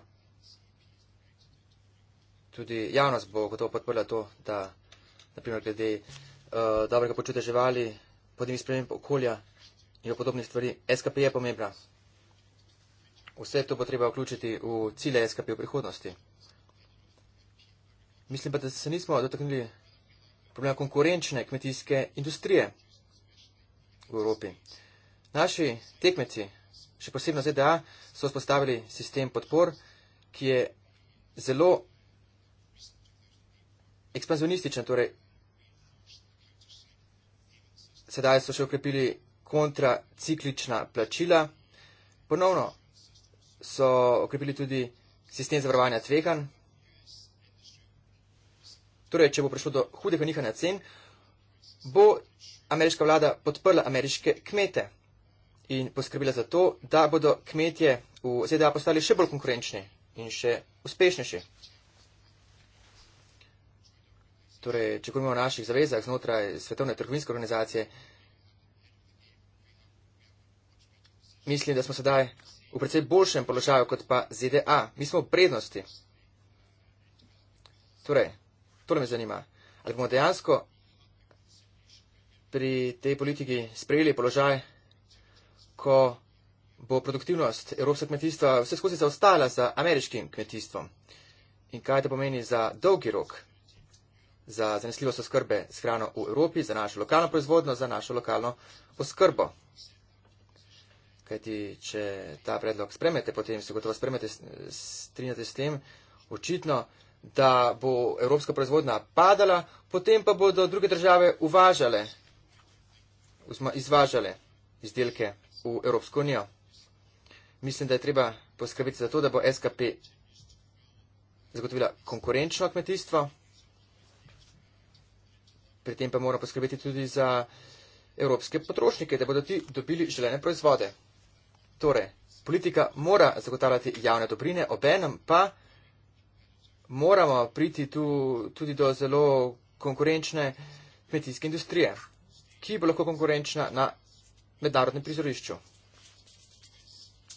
Tudi javnost bo gotovo podprla to, da naprimer glede uh, dobrega počutja živali, podnebnih sprememb okolja in podobnih stvari, SKP je pomembna. Vse to bo treba vključiti v cilje SKP v prihodnosti. Mislim pa, da se nismo dotaknili problema konkurenčne kmetijske industrije v Evropi. Naši tekmeci, še posebno ZDA, so spostavili sistem podpor, ki je zelo ekspanzionističen. Torej, sedaj so še ukrepili kontraciklična plačila. Ponovno so ukrepili tudi sistem zavarovanja tvegan. Torej, če bo prišlo do hudega nihanja cen, bo ameriška vlada podprla ameriške kmete in poskrbila za to, da bodo kmetje v ZDA postali še bolj konkurenčni in še uspešnejši. Torej, če govorimo o naših zavezah znotraj Svetovne trgovinske organizacije, mislim, da smo sedaj v predvsej boljšem položaju kot pa ZDA. Mi smo v prednosti. Torej, tole me zanima. Ali bomo dejansko pri tej politiki sprejeli položaj ko bo produktivnost evropskega kmetijstva vse skozi zaostala za ameriškim kmetijstvom. In kaj to pomeni za dolgi rok, za zanesljivost oskrbe s hrano v Evropi, za našo lokalno proizvodno, za našo lokalno oskrbo. Kajti, če ta predlog spremete, potem se gotovo spremete, strinjate s tem, očitno, da bo evropska proizvodna padala, potem pa bodo druge države uvažale, izvažale izdelke v Evropsko unijo. Mislim, da je treba poskrbeti za to, da bo SKP zagotovila konkurenčno kmetijstvo. Pri tem pa mora poskrbeti tudi za evropske potrošnike, da bodo ti dobili želene proizvode. Torej, politika mora zagotavljati javne dobrine, obenem pa moramo priti tu, tudi do zelo konkurenčne kmetijske industrije, ki bo lahko konkurenčna na mednarodnem prizorišču.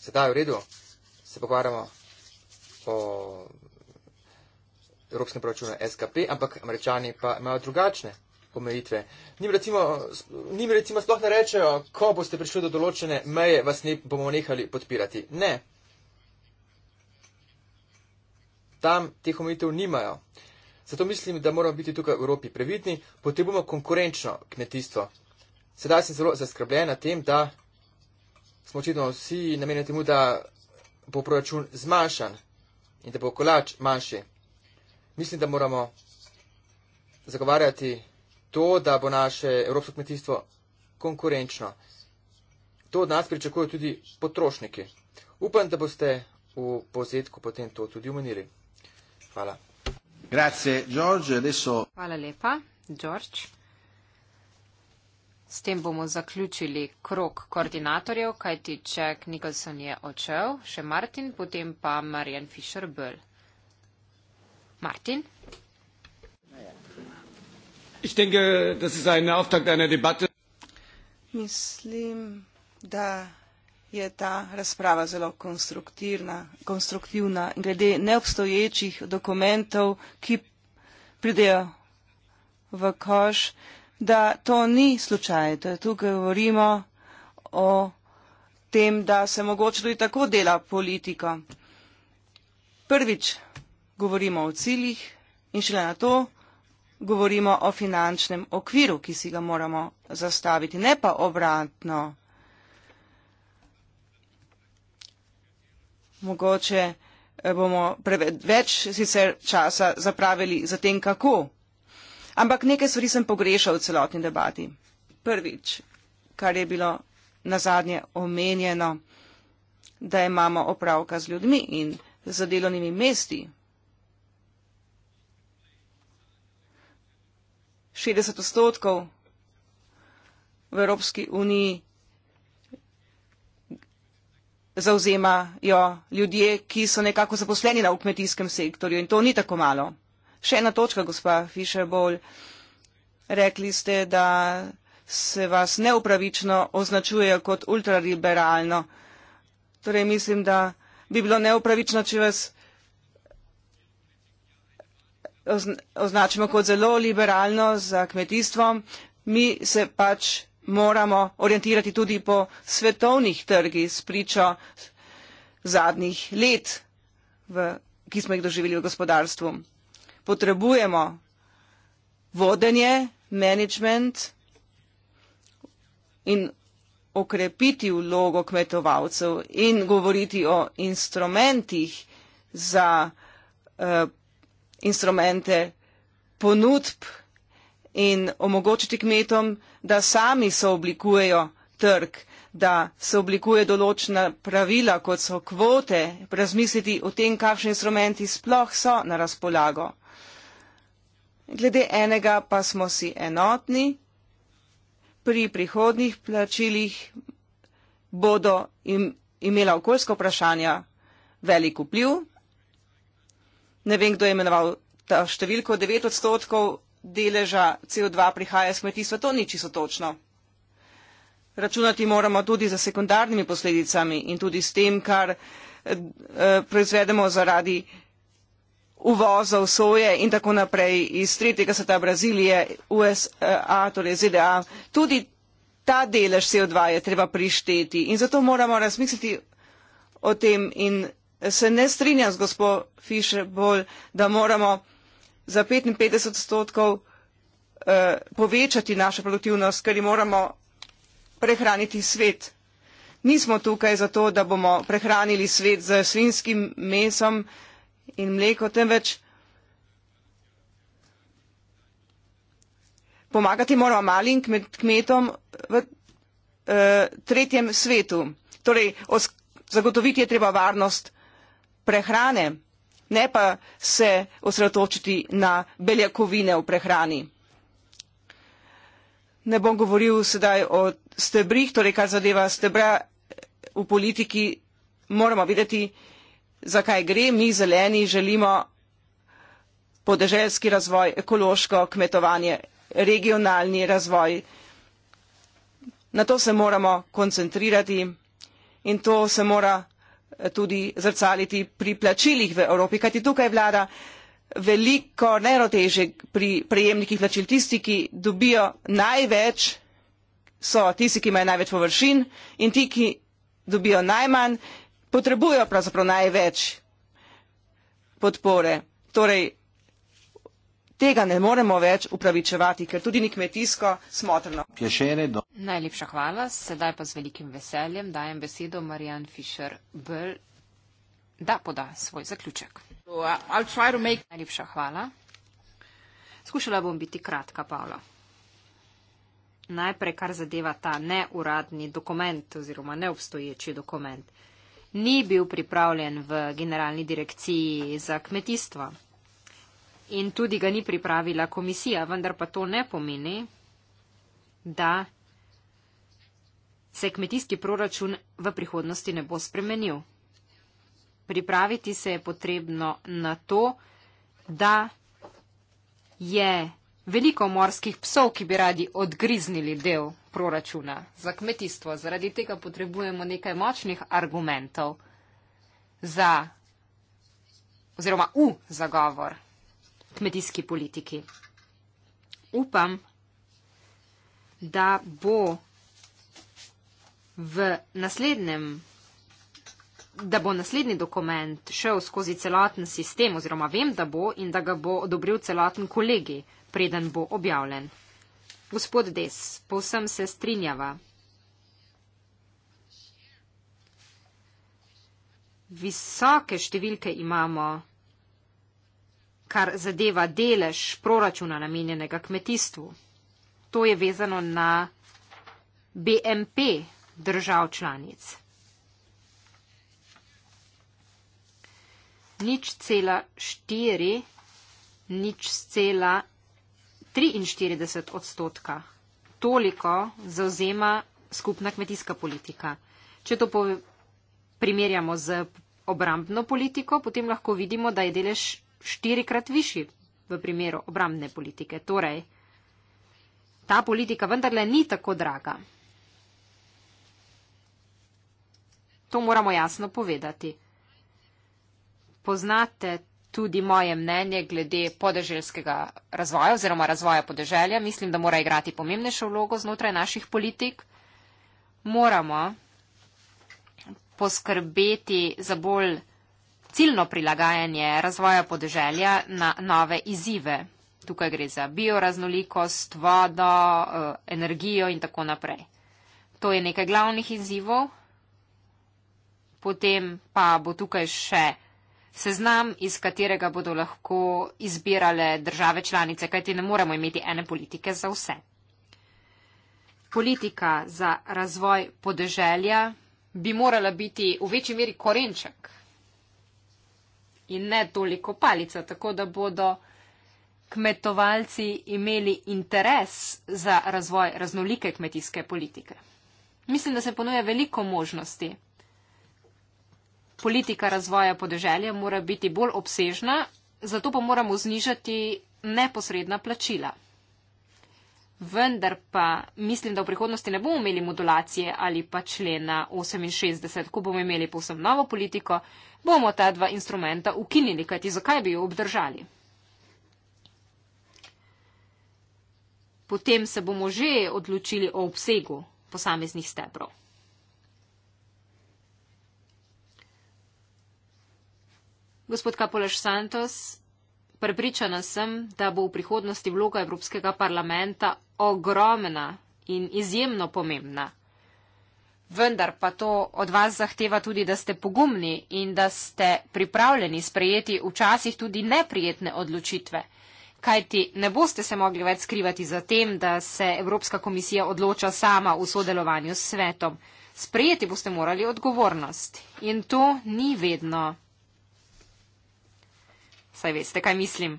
Sedaj v redu se pogovarjamo o evropskem proračunu SKP, ampak američani pa imajo drugačne omejitve. Njim recimo, njim recimo sploh ne rečejo, ko boste prišli do določene meje, vas ne bomo nehali podpirati. Ne. Tam teh omejitev nimajo. Zato mislim, da moramo biti tukaj v Evropi previdni, potrebujemo konkurenčno kmetijstvo, sedaj sem zelo zaskrbljen na tem, da smo očitno vsi namenjeni temu, da bo proračun zmanjšan in da bo kolač manjši. Mislim, da moramo zagovarjati to, da bo naše evropsko kmetijstvo konkurenčno. To od nas pričakujejo tudi potrošniki. Upam, da boste v povzetku potem to tudi umenili. Hvala. Grazie, George. Adesso... Hvala lepa, George. S tem bomo zaključili krok koordinatorjev, kajti Jack Nicholson je odšel, še Martin, potem pa Marian Fisher Bell. Martin? Ich denke, das ist ein Auftakt einer Debatte. Mislim, da je ta razprava zelo konstruktivna glede neobstoječih dokumentov, ki pridejo v koš. Uh, da to ni slučaj, da tukaj govorimo o tem, da se mogoče tudi tako dela politika. Prvič govorimo o ciljih in šele na to govorimo o finančnem okviru, ki si ga moramo zastaviti, ne pa obratno. Mogoče eh, bomo preveč sicer časa zapravili za tem, kako Ampak nekaj stvari sem pogrešal v celotni debati. Prvič, kar je bilo nazadnje omenjeno, da imamo opravka z ljudmi in z delovnimi mesti. 60 odstotkov v Evropski uniji zauzemajo ljudje, ki so nekako zaposleni na kmetijskem sektorju in to ni tako malo. Še ena točka, gospa Fischer-Bowl. Rekli ste, da se vas neupravično označuje kot ultraliberalno. Torej mislim, da bi bilo neupravično, če vas označimo kot zelo liberalno za kmetijstvom. Mi se pač moramo orientirati tudi po svetovnih trgi s pričo zadnjih let, v, ki smo jih doživeli v gospodarstvu potrebujemo vodenje, management in okrepiti vlogo kmetovalcev in govoriti o instrumentih za uh, instrumente ponudb in omogočiti kmetom, da sami se oblikujejo trg, da se oblikuje določena pravila, kot so kvote, razmisliti o tem, kakšni instrumenti sploh so na razpolago glede enega pa smo si enotni, pri prihodnih plačilih bodo im, imela okoljsko vprašanja velik vpliv. Ne vem, kdo je imenoval ta številko 9 odstotkov deleža CO2 prihaja iz kmetijstva, to ni čisto točno. Računati moramo tudi za sekundarnimi posledicami in tudi s tem, kar eh, eh proizvedemo zaradi eh, uvozov soje in tako naprej iz tretjega sveta brazilije usa torej zda tudi ta delež co dva je treba prišteti in zato moramo razmisliti o tem in se ne strinjam z gospo fisher bolj da moramo za petinpetdeset odstotkov eh, povečati našo produktivnost ker moramo prehraniti svet nismo tukaj zato da bomo prehranili svet s svinjskim mesom in mleko, temveč pomagati moramo malim kmetom v eh, tretjem svetu. Torej, zagotoviti je treba varnost prehrane, ne pa se osredotočiti na beljakovine v prehrani. Ne bom govoril sedaj o stebrih, torej kar zadeva stebra eh, v politiki, moramo videti, za kaj gre mi zeleni želimo podeželski razvoj ekološko kmetovanje regionalni razvoj na to se moramo koncentrirati in to se mora eh, tudi zrcaliti pri plačilih v Evropi, kajti tukaj vlada veliko neroteže pri prejemnikih plačil. Tisti, ki dobijo največ, so tisti, ki imajo največ površin in ti, ki dobijo najmanj, potrebujejo pravzaprav največ podpore. Torej, tega ne moremo več upravičevati, ker tudi ni kmetijsko smotrno. Najlepša hvala. Sedaj pa z velikim veseljem dajem besedo Marjan Fischer Bell, da poda svoj zaključek. Uh, make... Najlepša hvala. Skušala bom biti kratka, Pavla. Najprej, kar zadeva ta neuradni dokument oziroma neobstoječi dokument ni bil pripravljen v generalni direkciji za kmetijstvo. In tudi ga ni pripravila komisija, vendar pa to ne pomeni, da se kmetijski proračun v prihodnosti ne bo spremenil. Pripraviti se je potrebno na to, da je veliko morskih psov, ki bi radi odgriznili del proračuna za kmetijstvo. Zaradi tega potrebujemo nekaj močnih argumentov za oziroma v zagovor kmetijski politiki. Upam, da bo v naslednjem, da bo naslednji dokument šel skozi celoten sistem oziroma vem, da bo in da ga bo odobril celoten kolegi, preden bo objavljen. Gospod Des, povsem se strinjava. Visoke številke imamo, kar zadeva delež proračuna namenjenega kmetijstvu. To je vezano na BMP držav članic. Nič cela štiri, nič cela 43 odstotka. Toliko zauzema skupna kmetijska politika. Če to primerjamo z obrambno politiko, potem lahko vidimo, da je delež štirikrat višji v primeru obrambne politike. Torej, ta politika vendarle ni tako draga. To moramo jasno povedati. Poznate tudi moje mnenje glede podeželskega razvoja oziroma razvoja podeželja. Mislim, da mora igrati pomembnejšo vlogo znotraj naših politik. Moramo poskrbeti za bolj ciljno prilagajanje razvoja podeželja na nove izzive. Tukaj gre za bioraznolikost, vodo, eh, energijo in tako naprej. To je nekaj glavnih izzivov. Potem pa bo tukaj še seznam, iz katerega bodo lahko izbirale države članice, kajti ne moremo imeti ene politike za vse. Politika za razvoj podeželja bi morala biti v večji meri korenček in ne toliko palica, tako da bodo kmetovalci imeli interes za razvoj raznolike kmetijske politike. Mislim, da se ponuja veliko možnosti politika razvoja podeželja mora biti bolj obsežna, zato pa moramo znižati neposredna plačila. Vendar pa mislim, da v prihodnosti ne bomo imeli modulacije ali pa člena 68, ko bomo imeli povsem novo politiko, bomo ta dva instrumenta ukinili, kajti zakaj bi jo obdržali? Potem se bomo že odločili o obsegu posameznih stebrov. Gospod Kapoleš Santos, prepričana sem, da bo v prihodnosti vloga Evropskega parlamenta ogromna in izjemno pomembna. Vendar pa to od vas zahteva tudi, da ste pogumni in da ste pripravljeni sprejeti včasih tudi neprijetne odločitve. Kajti ne boste se mogli več skrivati za tem, da se Evropska komisija odloča sama v sodelovanju s svetom. Sprejeti boste morali odgovornost. In to ni vedno saj veste, kaj mislim.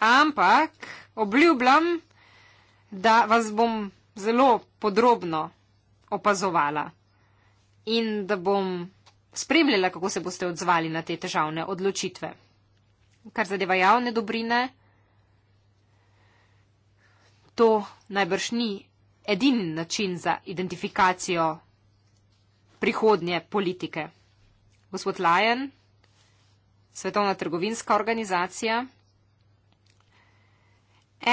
Ampak obljubljam, da vas bom zelo podrobno opazovala in da bom spremljala, kako se boste odzvali na te težavne odločitve. Kar zadeva javne dobrine, to najbrž ni edini način za identifikacijo prihodnje politike. Gospod Lajen, Svetovna trgovinska organizacija.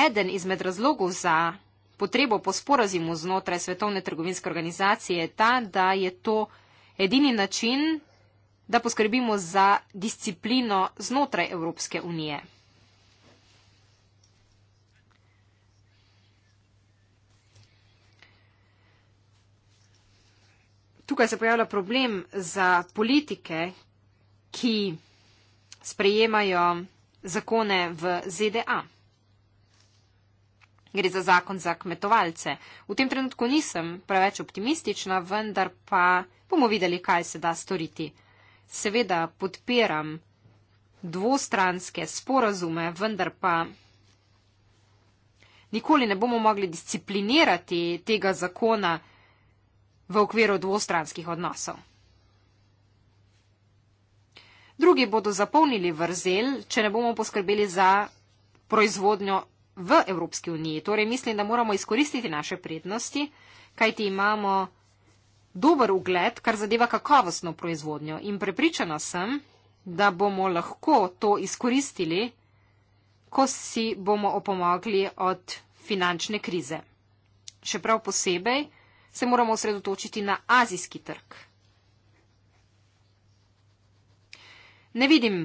Eden izmed razlogov za potrebo po sporazumu znotraj Svetovne trgovinske organizacije je ta, da je to edini način, da poskrbimo za disciplino znotraj Evropske unije. Tukaj se pojavlja problem za politike, ki sprejemajo zakone v ZDA. Gre za zakon za kmetovalce. V tem trenutku nisem preveč optimistična, vendar pa bomo videli, kaj se da storiti. Seveda podpiram dvostranske sporazume, vendar pa nikoli ne bomo mogli disciplinirati tega zakona v okviru dvostranskih odnosov drugi bodo zapolnili vrzel, če ne bomo poskrbeli za proizvodnjo v Evropski uniji. Torej mislim, da moramo izkoristiti naše prednosti, kajti imamo dober ugled, kar zadeva kakovostno proizvodnjo. In prepričana sem, da bomo lahko to izkoristili, ko si bomo opomogli od finančne krize. Še prav posebej se moramo osredotočiti na azijski trg. Ne vidim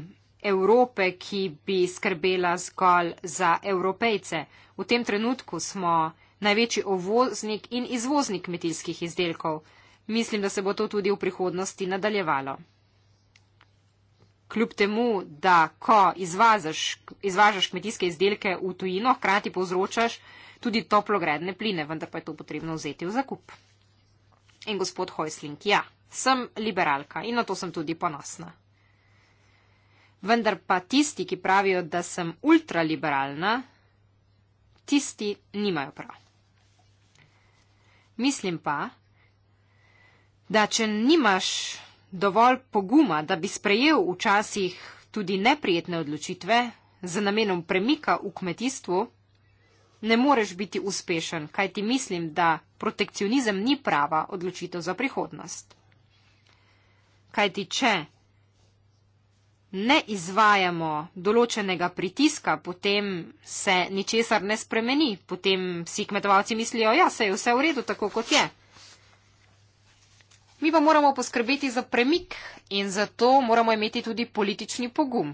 Evrope, ki bi skrbela zgolj za evropejce. V tem trenutku smo največji ovoznik in izvoznik kmetijskih izdelkov. Mislim, da se bo to tudi v prihodnosti nadaljevalo. Kljub temu, da ko izvažaš, izvažaš kmetijske izdelke v tujino, hkrati povzročaš tudi toplogredne pline, vendar pa je to potrebno vzeti v zakup. In gospod Hojsling, ja, sem liberalka in na to sem tudi ponosna. Vendar pa tisti, ki pravijo, da sem ultraliberalna, tisti nimajo prav. Mislim pa, da če nimaš dovolj poguma, da bi sprejel včasih tudi neprijetne odločitve za namenom premika v kmetijstvu, ne moreš biti uspešen, kaj ti mislim, da protekcionizem ni prava odločitev za prihodnost. Kaj ti če? ne izvajamo določenega pritiska, potem se ničesar ne spremeni, potem vsi kmetovalci mislijo, ja, se je vse v redu, tako kot je. Mi pa moramo poskrbeti za premik in zato moramo imeti tudi politični pogum.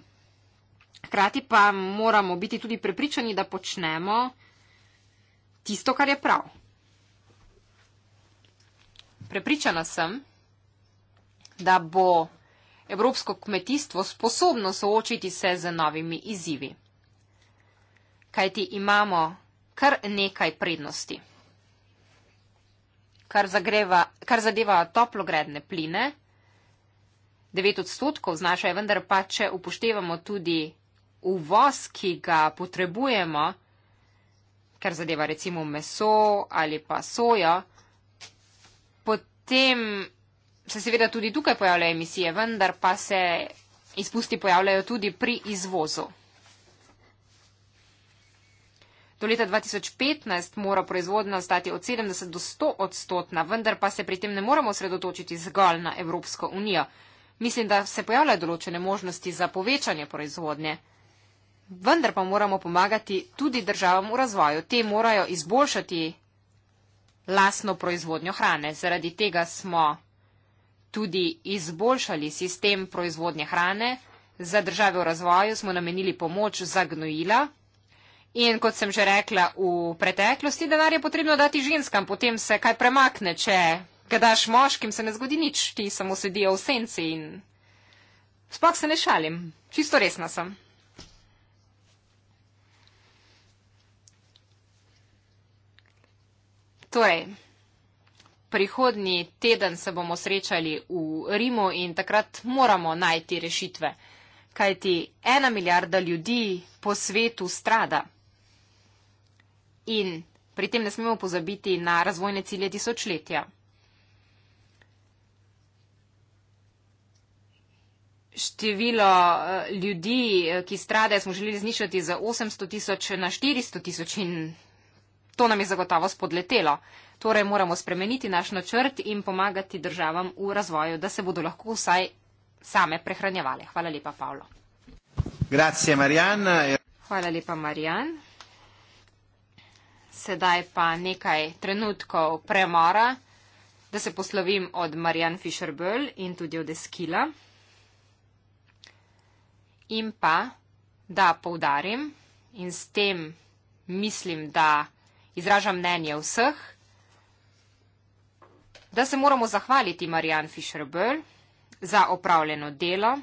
Hkrati pa moramo biti tudi prepričani, da počnemo tisto, kar je prav. Prepričana sem, da bo evropsko kmetijstvo sposobno soočiti se z novimi izzivi. Kajti imamo kar nekaj prednosti. Kar, zagreva, kar zadeva toplogredne pline, 9 odstotkov znašajo, vendar pa če upoštevamo tudi uvoz, ki ga potrebujemo, kar zadeva recimo meso ali pa sojo, potem se seveda tudi tukaj pojavljajo emisije, vendar pa se izpusti pojavljajo tudi pri izvozu. Do leta 2015 mora proizvodnja stati od 70 do 100 odstotna, vendar pa se pri tem ne moremo sredotočiti zgolj na Evropsko unijo. Mislim, da se pojavljajo določene možnosti za povečanje proizvodnje. Vendar pa moramo pomagati tudi državam v razvoju. Te morajo izboljšati lasno proizvodnjo hrane. Zaradi tega smo tudi izboljšali sistem proizvodnje hrane. Za države v razvoju smo namenili pomoč za gnojila. In kot sem že rekla v preteklosti, denar je potrebno dati ženskam, potem se kaj premakne, če ga daš moškim, se ne zgodi nič, ti samo sedijo v senci in spak se ne šalim. Čisto resna sem. Torej, prihodni teden se bomo srečali v Rimu in takrat moramo najti rešitve, kajti ena milijarda ljudi po svetu strada. In pri tem ne smemo pozabiti na razvojne cilje tisočletja. Število eh, ljudi, eh, ki strade, smo želeli znišati za 800 tisoč na 400 tisoč in to nam je zagotovo spodletelo. Torej moramo spremeniti naš načrt in pomagati državam v razvoju, da se bodo lahko vsaj same prehranjevale. Hvala lepa, Pavlo. Grazie, Hvala lepa, Marjan. Sedaj pa nekaj trenutkov premora, da se poslovim od Marjan Fisherbull in tudi od Eskila. In pa, da poudarim in s tem mislim, da izražam mnenje vseh, da se moramo zahvaliti Marijan Fischer-Böll za opravljeno delo.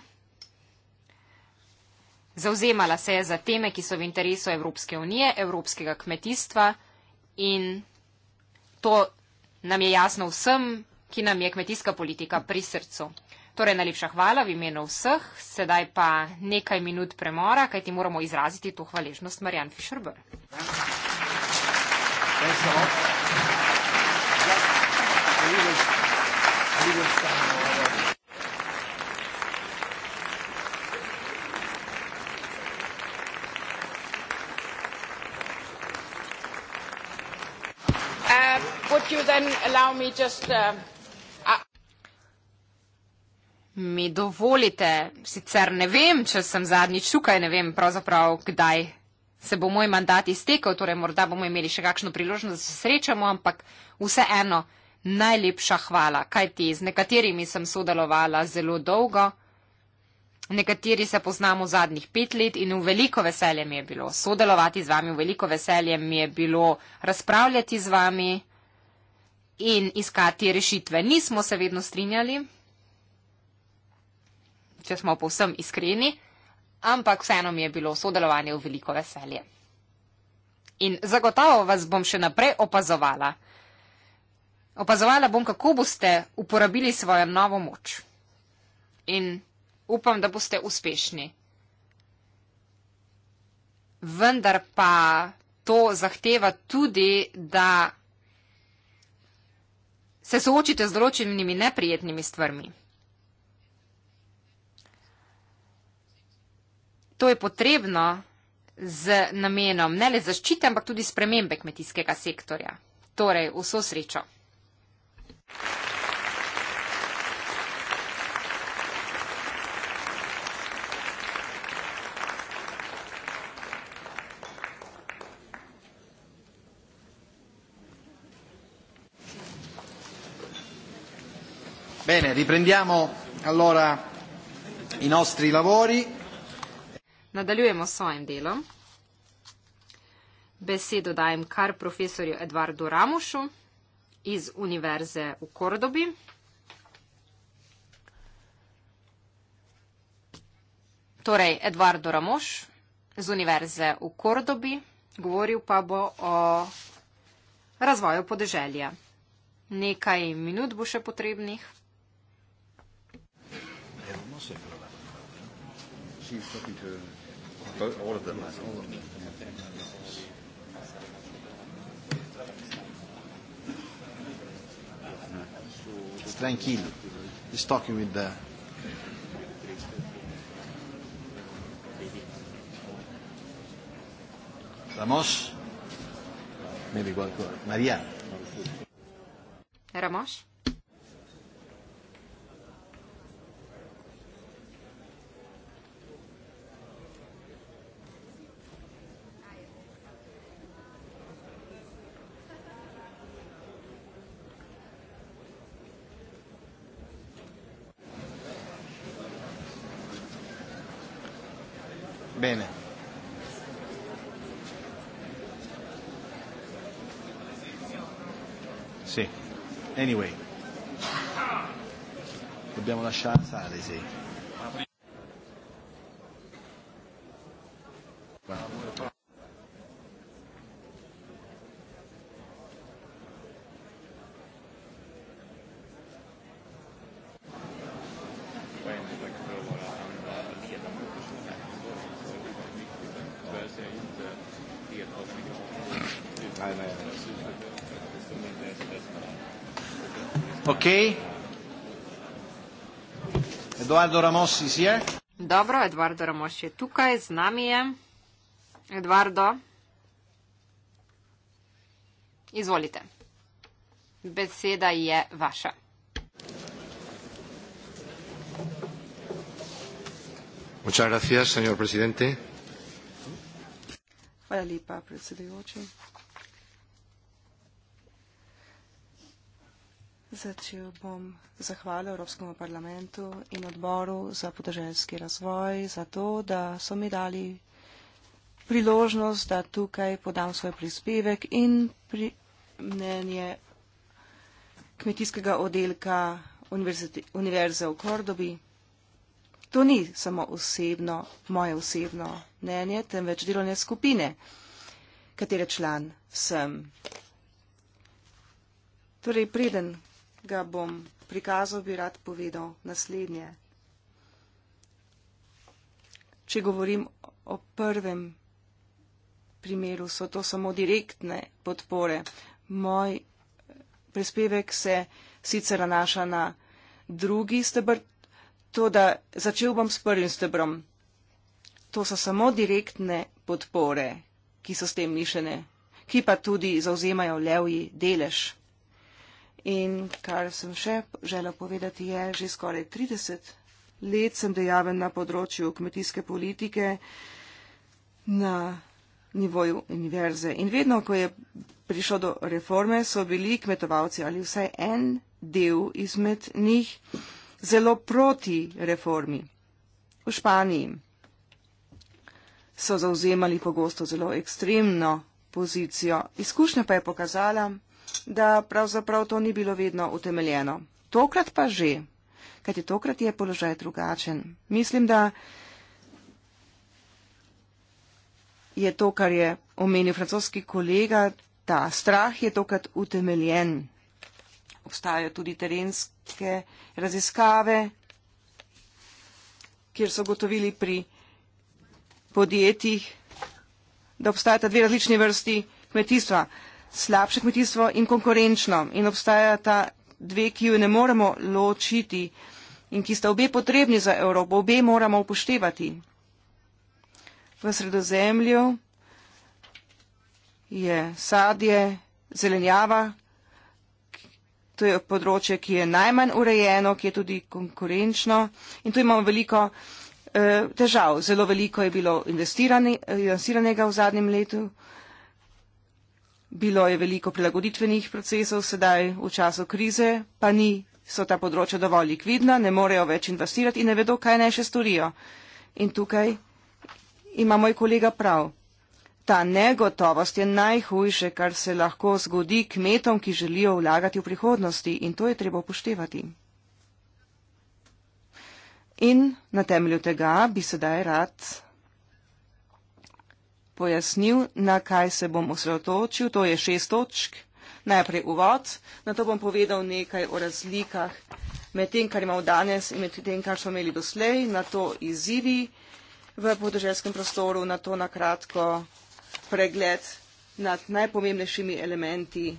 Zauzemala se je za teme, ki so v interesu Evropske unije, evropskega kmetijstva in to nam je jasno vsem, ki nam je kmetijska politika pri srcu. Torej, najlepša hvala v imenu vseh, sedaj pa nekaj minut premora, kajti moramo izraziti to hvaležnost Marjan Fischerber. Ja. Uh, would you then allow me just, uh, uh, Mi dovolite, sicer ne vem, če sem zadnjič tukaj, ne vem pravzaprav, kdaj se bo moj mandat iztekel, torej morda bomo imeli še kakšno priložnost, da se srečamo, ampak vseeno najlepša hvala, kajti z nekaterimi sem sodelovala zelo dolgo, nekateri se poznamo zadnjih pet let in v veliko veselje mi je bilo sodelovati z vami, v veliko veselje mi je bilo razpravljati z vami in iskati rešitve. Nismo se vedno strinjali, če smo povsem iskreni, ampak vseeno mi je bilo sodelovanje v veliko veselje. In zagotovo vas bom še naprej opazovala. Opazovala bom, kako boste uporabili svojo novo moč. In upam, da boste uspešni. Vendar pa to zahteva tudi, da se soočite z določenimi neprijetnimi stvarmi. To je potrebno z namenom ne le zaščite, ampak tudi spremembe kmetijskega sektorja. Torej, vso srečo. Bene, riprendiamo allora i nostri lavori. Nadaljujemo s svojim delom. Besedo dajem kar profesorju Edvardu Ramušu iz Univerze v Kordobi. Torej, Eduardo Ramoš z Univerze v Kordobi govoril pa bo o razvoju podeželja. Nekaj minut bo še potrebnih. Eh, sì, ho capito. Ora da me, ora da me. It's tranquilo. He's talking with the. Ramos? Maybe Maria. Ramos? Bene. Sì. Anyway. Dobbiamo lasciare stare, sì. Eduardo Ramosi si je? Dobro, Eduardo Ramosi je tukaj, z nami je. Eduardo, izvolite. Beseda je vaša. Muchas gracias, señor presidente. Hvala lepa, predsedujoči. Mesečju bom zahvalil Evropskemu parlamentu in odboru za podeželjski razvoj za to, da so mi dali priložnost, da tukaj podam svoj prispevek in pri mnenje kmetijskega oddelka Univerze v Kordobi. To ni samo osebno, moje osebno mnenje, temveč delovne skupine, katere član sem. Torej, preden ga bom prikazal, bi rad povedal naslednje. Če govorim o prvem primeru, so to samo direktne podpore. Moj eh, prispevek se sicer nanaša na drugi stebr, to da začel bom s prvim stebrom. To so samo direktne podpore, ki so s tem mišljene, ki pa tudi zauzemajo levji delež. In kar sem še želel povedati je, že skoraj 30 let sem dejaven na področju kmetijske politike na nivoju univerze. In vedno, ko je prišlo do reforme, so bili kmetovalci ali vsaj en del izmed njih zelo proti reformi. V Španiji so zauzemali pogosto zelo ekstremno pozicijo. Izkušnja pa je pokazala, da pravzaprav to ni bilo vedno utemeljeno. Tokrat pa že, kajti tokrat je položaj drugačen. Mislim, da je to, kar je omenil francoski kolega, ta strah je tokrat utemeljen. Obstajajo tudi terenske raziskave, kjer so gotovili pri podjetjih, da obstajata dve različni vrsti kmetijstva slabše kmetijstvo in konkurenčno. In obstajata dve, ki jo ne moremo ločiti in ki sta obe potrebni za Evropo, obe moramo upoštevati. V sredozemlju je sadje, zelenjava, to je področje, ki je najmanj urejeno, ki je tudi konkurenčno in tu imamo veliko eh, težav. Zelo veliko je bilo investiranega eh, v zadnjem letu. Eh, Bilo je veliko prilagoditvenih procesov, sedaj v času krize pa ni, so ta področja dovolj likvidna, ne morejo več investirati in ne vedo, kaj naj še storijo. In tukaj ima moj kolega prav. Ta negotovost je najhujše, kar se lahko zgodi kmetom, ki želijo vlagati v prihodnosti in to je treba upoštevati. In na temelju tega bi sedaj rad pojasnil, na kaj se bom osredotočil. To je šest točk. Najprej uvod, na to bom povedal nekaj o razlikah med tem, kar imamo danes in med tem, kar smo imeli doslej, na to izzivi v podeželjskem prostoru, na to na kratko pregled nad najpomembnejšimi elementi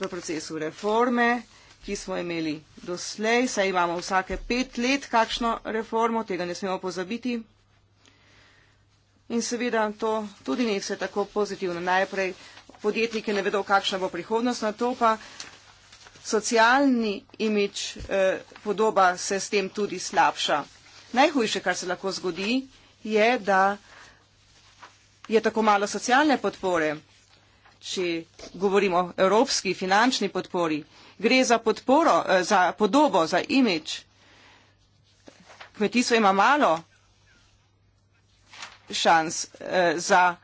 v procesu reforme, ki smo imeli doslej, saj imamo vsake pet let kakšno reformo, tega ne smemo pozabiti. In seveda to tudi ni vse tako pozitivno. Najprej podjetniki ne vedo, kakšna bo prihodnost, na to pa socialni imič eh, podoba se s tem tudi slabša. Najhujše, kar se lahko zgodi, je, da je tako malo socialne podpore, če govorimo o evropski finančni podpori. Gre za, podporo, eh, za podobo, za imič. Kmetijstvo ima malo šans eh, za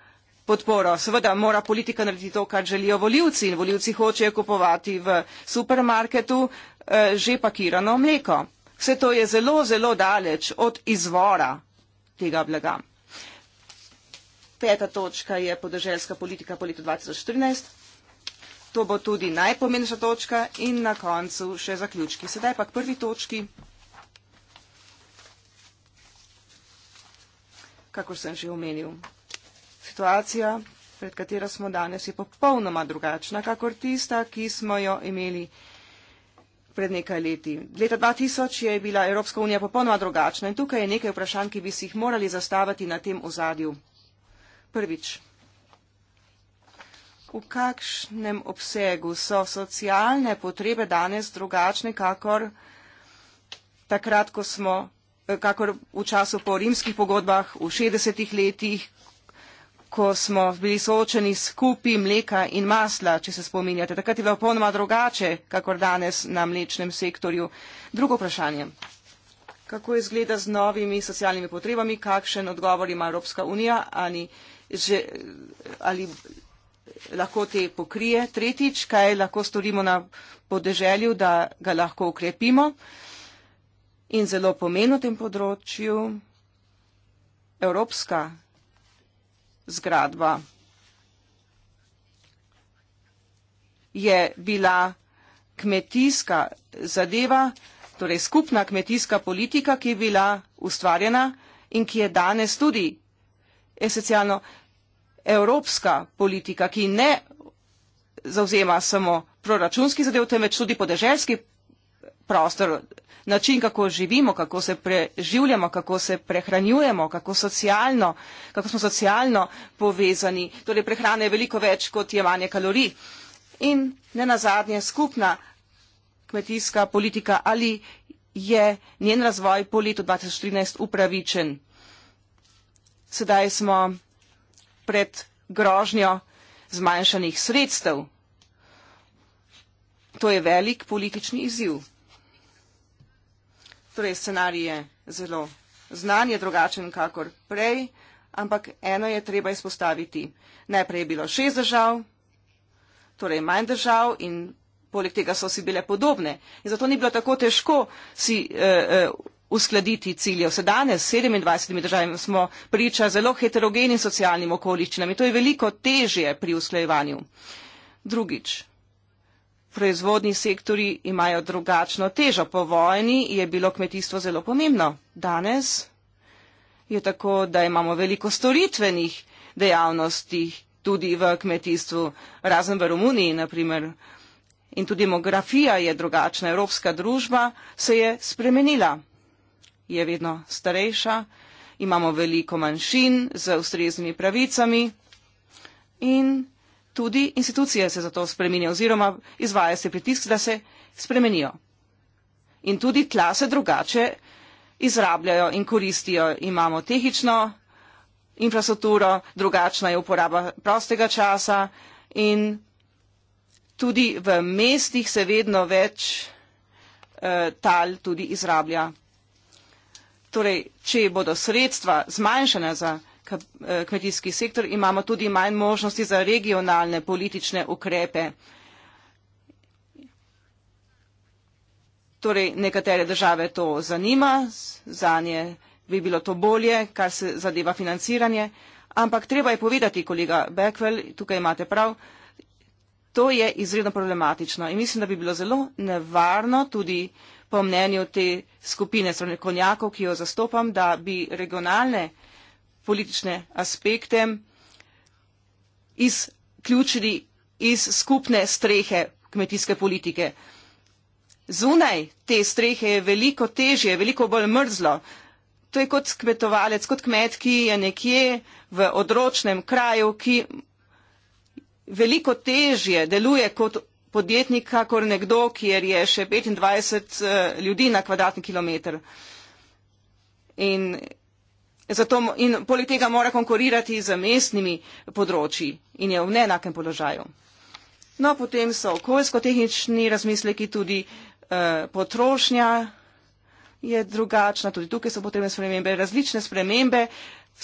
podporo. Seveda mora politika narediti to, kar želijo voljivci in voljivci hočejo kupovati v supermarketu eh, že pakirano mleko. Vse to je zelo, zelo daleč od izvora tega blaga. Peta točka je podrželjska politika po letu 2014. To bo tudi najpomembnejša točka in na koncu še zaključki. Sedaj pa k prvi točki. kakor sem že omenil. Situacija, pred katero smo danes, je popolnoma drugačna, kakor tista, ki smo jo imeli pred nekaj leti. Leta 2000 je bila Evropska unija popolnoma drugačna in tukaj je nekaj vprašanj, ki bi si jih morali zastavati na tem ozadju. Prvič, v kakšnem obsegu so socialne potrebe danes drugačne, kakor takrat, ko smo kakor v času po rimskih pogodbah v 60-ih letih, ko smo bili soočeni s kupi mleka in masla, če se spominjate. Takrat je bilo ponoma drugače, kakor danes na mlečnem sektorju. Drugo vprašanje. Kako izgleda z novimi socialnimi potrebami, kakšen odgovor ima Evropska unija ali, že, ali lahko te pokrije? Tretjič, kaj lahko storimo na podeželju, da ga lahko ukrepimo? Uh, in zelo pomenu tem področju evropska zgradba je bila kmetijska zadeva, torej skupna kmetijska politika, ki je bila ustvarjena in ki je danes tudi esencialno evropska politika, ki ne zauzema samo proračunski zadev, temveč tudi podeželski prostor, način, kako živimo, kako se preživljamo, kako se prehranjujemo, kako, socialno, kako smo socialno povezani. Torej, prehrana je veliko več kot jemanje kalorij. In ne nazadnje, skupna kmetijska politika, ali je njen razvoj po letu 2013 upravičen. Sedaj smo pred grožnjo zmanjšanih sredstev. To je velik politični izziv. Torej, scenarij je zelo znan, je drugačen kakor prej, ampak eno je treba izpostaviti. Najprej je bilo šest držav, torej manj držav in poleg tega so si bile podobne. In zato ni bilo tako težko si eh, eh, uskladiti ciljev. Se danes s 27 državami smo priča zelo heterogenim socialnim okoliščinam in to je veliko težje pri usklajevanju. Drugič proizvodni sektori imajo drugačno težo. Po vojni je bilo kmetijstvo zelo pomembno. Danes je tako, da imamo veliko storitvenih dejavnosti tudi v kmetijstvu, razen v Romuniji, naprimer. In tudi demografija je drugačna. Evropska družba se je spremenila. Je vedno starejša, imamo veliko manjšin z ustreznimi pravicami in tudi institucije se zato spremenijo oziroma izvaja se pritisk, da se spremenijo. In tudi tla se drugače izrabljajo in koristijo. Imamo tehnično infrastrukturo, drugačna je uporaba prostega časa in tudi v mestih se vedno več eh, tal tudi izrablja. Torej, če bodo sredstva zmanjšana za Eh, kmetijski sektor, imamo tudi manj možnosti za regionalne politične ukrepe. Torej, nekatere države to zanima, zanje bi bilo to bolje, kar se zadeva financiranje, ampak treba je povedati, kolega Beckwell, tukaj imate prav, to je izredno problematično in mislim, da bi bilo zelo nevarno tudi po mnenju te skupine strokovnjakov, ki jo zastopam, da bi regionalne politične aspekte izključili iz skupne strehe kmetijske politike. Zunaj te strehe je veliko težje, veliko bolj mrzlo. To je kot kmetovalec, kot kmet, ki je nekje v odročnem kraju, ki veliko težje deluje kot podjetnik, kakor nekdo, kjer je še 25 eh, ljudi na kvadratni kilometr. In Zato in poleg tega mora konkurirati z mestnimi področji in je v neenakem položaju. No, potem so okoljsko-tehnični razmisleki, tudi eh, potrošnja je drugačna, tudi tukaj so potrebne spremembe. Različne spremembe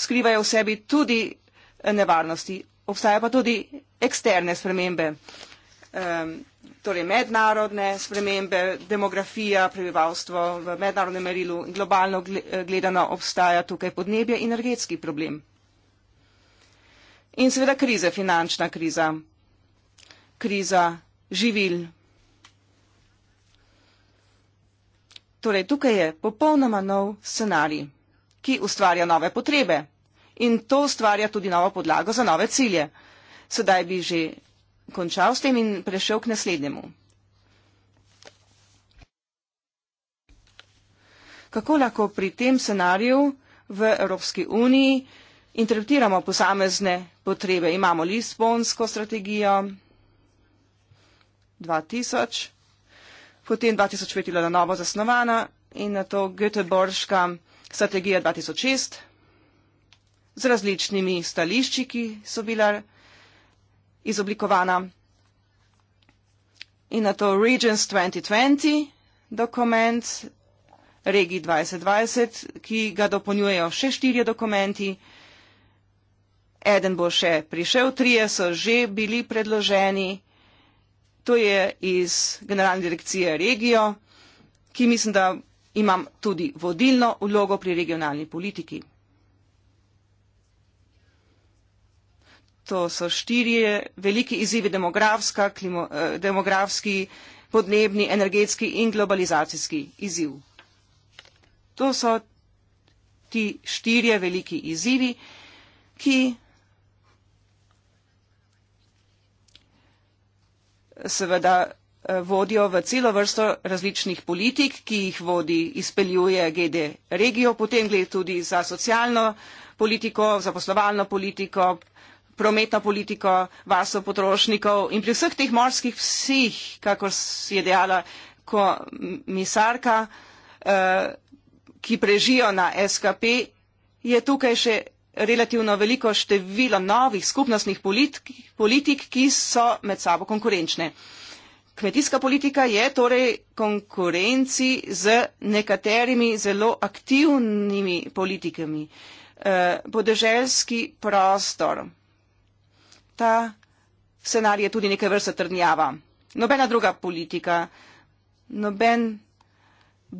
skrivajo v sebi tudi eh, nevarnosti. Obstajajo pa tudi eksterne spremembe. Eh, torej mednarodne spremembe, demografija, prebivalstvo v mednarodnem merilu, globalno eh, gledano obstaja tukaj podnebje, energetski problem. In seveda krize, finančna kriza, kriza živil. Torej, tukaj je popolnoma nov scenarij, ki ustvarja nove potrebe in to ustvarja tudi novo podlago za nove cilje. Sedaj bi že končal s tem in prešel k naslednjemu. Kako lahko pri tem scenariju v Evropski uniji interpretiramo posamezne potrebe? Imamo Lisbonsko strategijo 2000, potem 2005 je bila novo zasnovana in na to Göteborška strategija 2006 z različnimi stališči, ki so bila izoblikovana. In na to Regions 2020 dokument, Regi 2020, ki ga dopolnjujejo še štirje dokumenti. Eden bo še prišel, trije so že bili predloženi. To je iz generalne direkcije Regijo, ki mislim, da imam tudi vodilno vlogo pri regionalni politiki. To so štiri veliki izzivi demografska, klimo, eh, demografski, podnebni, energetski in globalizacijski izziv. To so ti štirje veliki izzivi, ki seveda eh, vodijo v celo vrsto različnih politik, ki jih vodi, izpeljuje GD regijo, potem gre tudi za socialno politiko, za poslovalno politiko, prometno politiko, varstvo potrošnikov in pri vseh teh morskih psih, kako je dejala komisarka, eh, ki prežijo na SKP, je tukaj še relativno veliko število novih skupnostnih politik, politik ki so med sabo konkurenčne. Kmetijska politika je torej konkurenci z nekaterimi zelo aktivnimi politikami. Eh, podeželski prostor, ta scenarij je tudi neke vrste trdnjava. Nobena druga politika, noben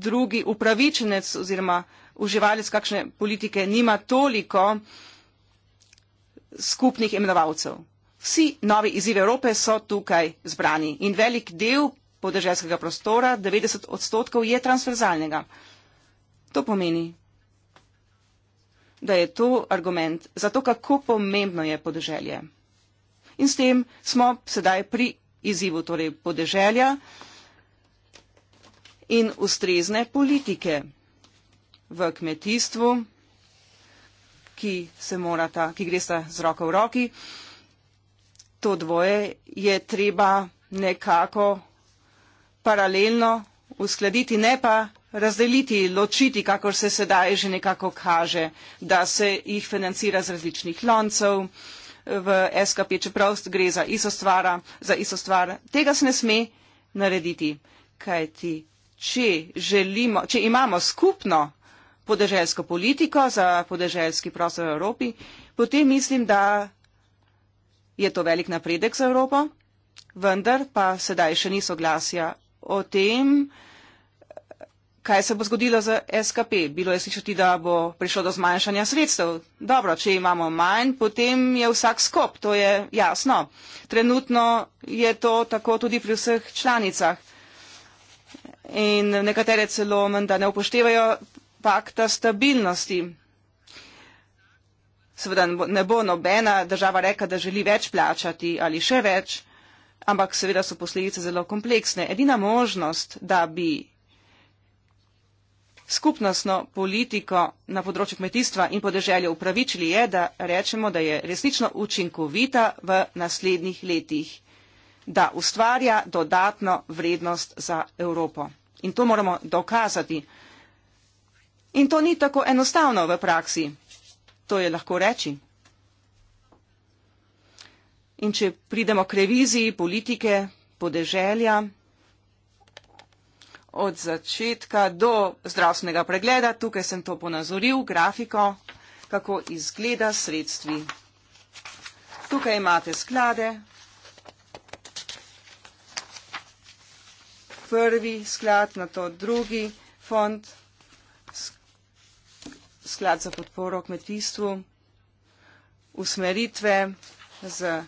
drugi upravičenec oziroma uživalec kakšne politike nima toliko skupnih imenovalcev. Vsi novi izzivi Evrope so tukaj zbrani in velik del podeželjskega prostora, 90 odstotkov, je transverzalnega. To pomeni, da je to argument za to, kako pomembno je podeželje in s tem smo sedaj pri izzivu torej podeželja in ustrezne politike v kmetijstvu, ki se morata, ki gresta z roko v roki. To dvoje je treba nekako paralelno uskladiti, ne pa razdeliti, ločiti, kakor se sedaj že nekako kaže, da se jih financira z različnih loncev, v SKP, čeprav gre za isto stvar, za isto stvar. Tega se ne sme narediti, kajti če, želimo, če imamo skupno podeželsko politiko za podeželski prostor v Evropi, potem mislim, da je to velik napredek za Evropo, vendar pa sedaj še ni soglasja o tem, kaj se bo zgodilo z SKP. Bilo je slišati, da bo prišlo do zmanjšanja sredstev. Dobro, če imamo manj, potem je vsak skop, to je jasno. Trenutno je to tako tudi pri vseh članicah. In nekatere celo menda ne upoštevajo pakta stabilnosti. Seveda ne bo nobena država reka, da želi več plačati ali še več, ampak seveda so posledice zelo kompleksne. Edina možnost, da bi skupnostno politiko na področju kmetijstva in podeželja upravičili je, da rečemo, da je resnično učinkovita v naslednjih letih, da ustvarja dodatno vrednost za Evropo. In to moramo dokazati. In to ni tako enostavno v praksi. To je lahko reči. In če pridemo k reviziji politike podeželja, od začetka do zdravstvenega pregleda. Tukaj sem to ponazoril, grafiko, kako izgleda sredstvi. Tukaj imate sklade. Prvi sklad, na to drugi fond, sklad za podporo kmetijstvu, usmeritve z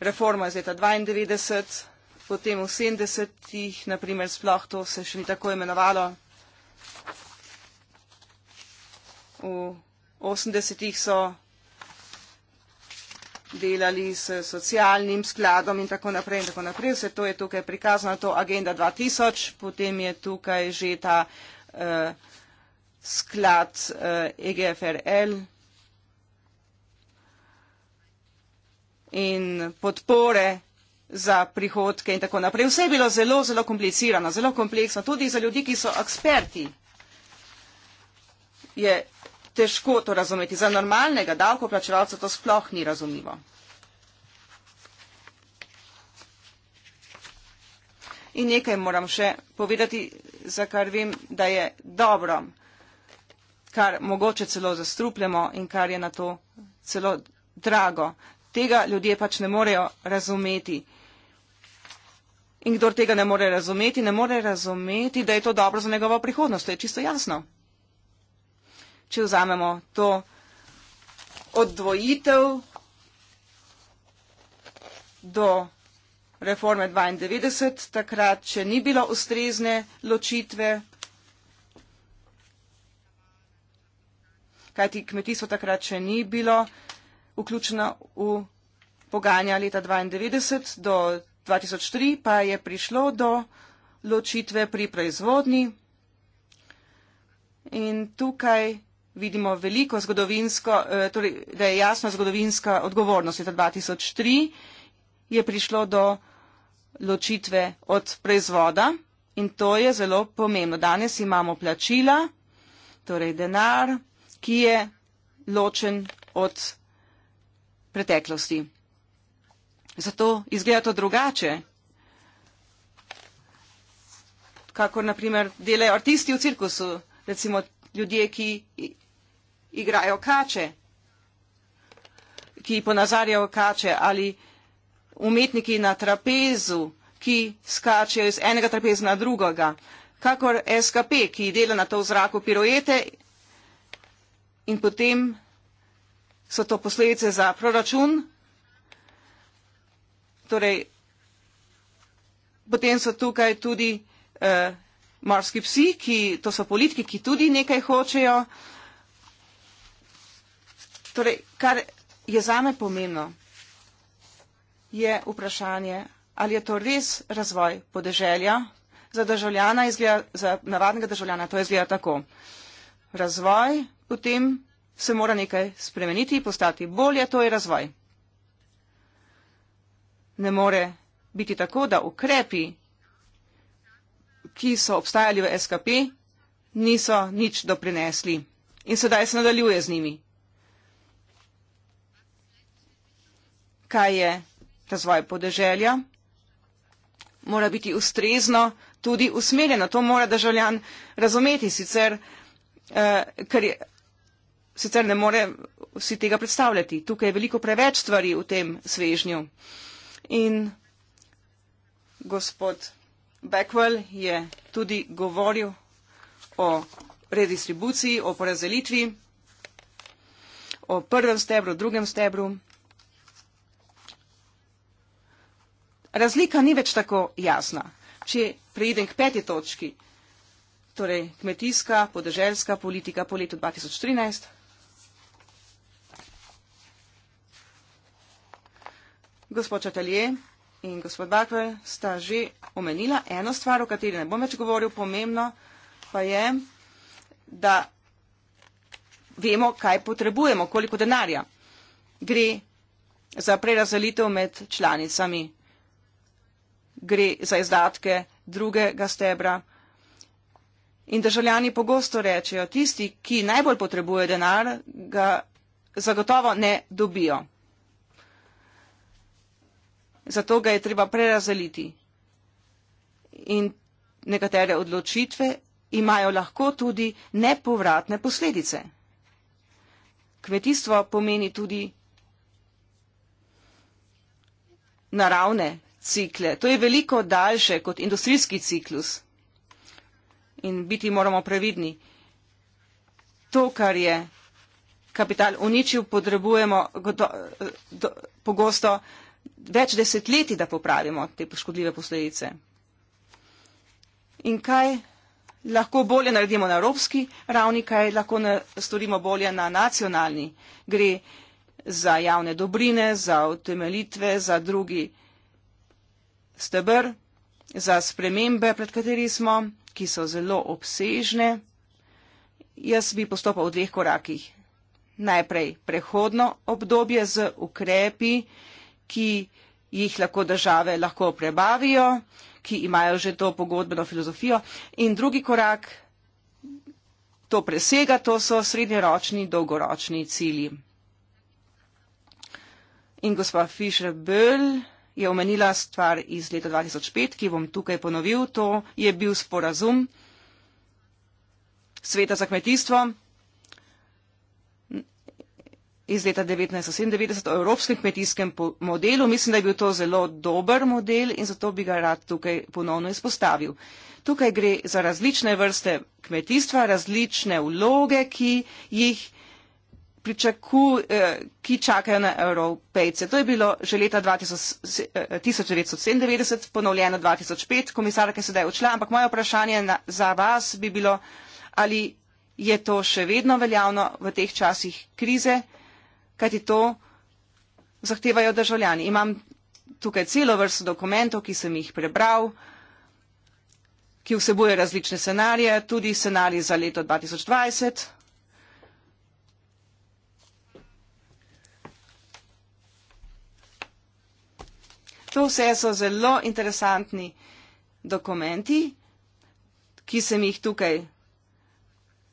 reformo iz leta 1992 potem v 70-ih, naprimer, sploh to se še ni tako imenovalo. V 80-ih so delali s socialnim skladom in tako naprej in tako naprej. Vse to je tukaj prikazano, to Agenda 2000, potem je tukaj že ta uh, sklad uh, eh, EGFRL in podpore za prihodke in tako naprej. Vse je bilo zelo, zelo komplicirano, zelo kompleksno, tudi za ljudi, ki so eksperti. Je težko to razumeti. Za normalnega davkoplačevalca to sploh ni razumljivo. In nekaj moram še povedati, za kar vem, da je dobro, kar mogoče celo zastrupljamo in kar je na to celo drago. Tega ljudje pač ne morejo razumeti. In kdor tega ne more razumeti, ne more razumeti, da je to dobro za njegovo prihodnost. To je čisto jasno. Če vzamemo to odvojitev do reforme 92, takrat, če ni bilo ustrezne ločitve, kajti kmetijstvo takrat, če ni bilo vključeno v pogajanja leta 92 do 2003 pa je prišlo do ločitve pri proizvodni. In tukaj vidimo veliko zgodovinsko, eh, torej, da je jasna zgodovinska odgovornost. Leta 2003 je prišlo do ločitve od proizvoda in to je zelo pomembno. Danes imamo plačila, torej denar, ki je ločen od preteklosti. Zato izgleda to drugače, kakor naprimer delajo artisti v cirkusu, recimo ljudje, ki igrajo kače, ki ponazarjajo kače ali umetniki na trapezu, ki skačejo iz enega trapeza na drugega, kakor SKP, ki dela na to vzraku pirojete in potem so to posledice za proračun, torej potem so tukaj tudi eh, morski psi, ki, to so politiki, ki tudi nekaj hočejo. Torej, kar je zame pomembno, je vprašanje, ali je to res razvoj podeželja za državljana, izgleda, za navadnega državljana, to izgleda tako. Razvoj, potem se mora nekaj spremeniti, postati bolje, to je razvoj ne more biti tako, da ukrepi, ki so obstajali v SKP, niso nič doprinesli. In sedaj se nadaljuje z njimi. Kaj je razvoj podeželja? Mora biti ustrezno tudi usmerjeno. To mora državljan razumeti, sicer, eh, ker je, sicer ne more vsi tega predstavljati. Tukaj je veliko preveč stvari v tem svežnju. Eh, In gospod Backwell je tudi govoril o redistribuciji, o porazdelitvi, o prvem stebru, drugem stebru. Razlika ni več tako jasna. Če preidem k peti točki, torej kmetijska, podeželska politika po letu 2013, gospod Čatelier in gospod Bakver sta že omenila eno stvar, o kateri ne bom več govoril, pomembno pa je, da vemo, kaj potrebujemo, koliko denarja gre za prerazdelitev med članicami, gre za izdatke drugega stebra. In državljani pogosto rečejo, tisti, ki najbolj potrebuje denar, ga zagotovo ne dobijo zato ga je treba prerazdeliti. In nekatere odločitve imajo lahko tudi nepovratne posledice. Kmetijstvo pomeni tudi naravne cikle. To je veliko daljše kot industrijski ciklus. In biti moramo previdni. To, kar je kapital uničil, potrebujemo pogosto. Po več desetletij, da popravimo te poškodljive posledice. In kaj lahko bolje naredimo na evropski ravni, kaj lahko na, storimo bolje na nacionalni. Gre za javne dobrine, za utemelitve, za drugi stebr, za spremembe, pred kateri smo, ki so zelo obsežne. Jaz bi postopal v dveh korakih. Najprej prehodno obdobje z ukrepi, ki jih lahko države lahko prebavijo, ki imajo že to pogodbeno filozofijo. In drugi korak, to presega, to so srednjeročni, dolgoročni cilji. In gospa Fischer-Böll je omenila stvar iz leta 2005, ki bom tukaj ponovil, to je bil sporazum Sveta za kmetijstvo, iz leta 1997 o evropskem kmetijskem modelu. Mislim, da je bil to zelo dober model in zato bi ga rad tukaj ponovno izpostavil. Tukaj gre za različne vrste kmetijstva, različne vloge, ki jih pričaku, eh, ki čakajo na evropejce. To je bilo že leta 1997, eh, ponovljeno 2005, komisarka je sedaj odšla, ampak moje vprašanje na, za vas bi bilo, ali je to še vedno veljavno v teh časih krize kajti to zahtevajo državljani. Imam tukaj celo vrsto dokumentov, ki sem jih prebral, ki vsebuje različne scenarije, tudi scenarij za leto 2020. To vse so zelo interesantni dokumenti, ki sem jih tukaj prebral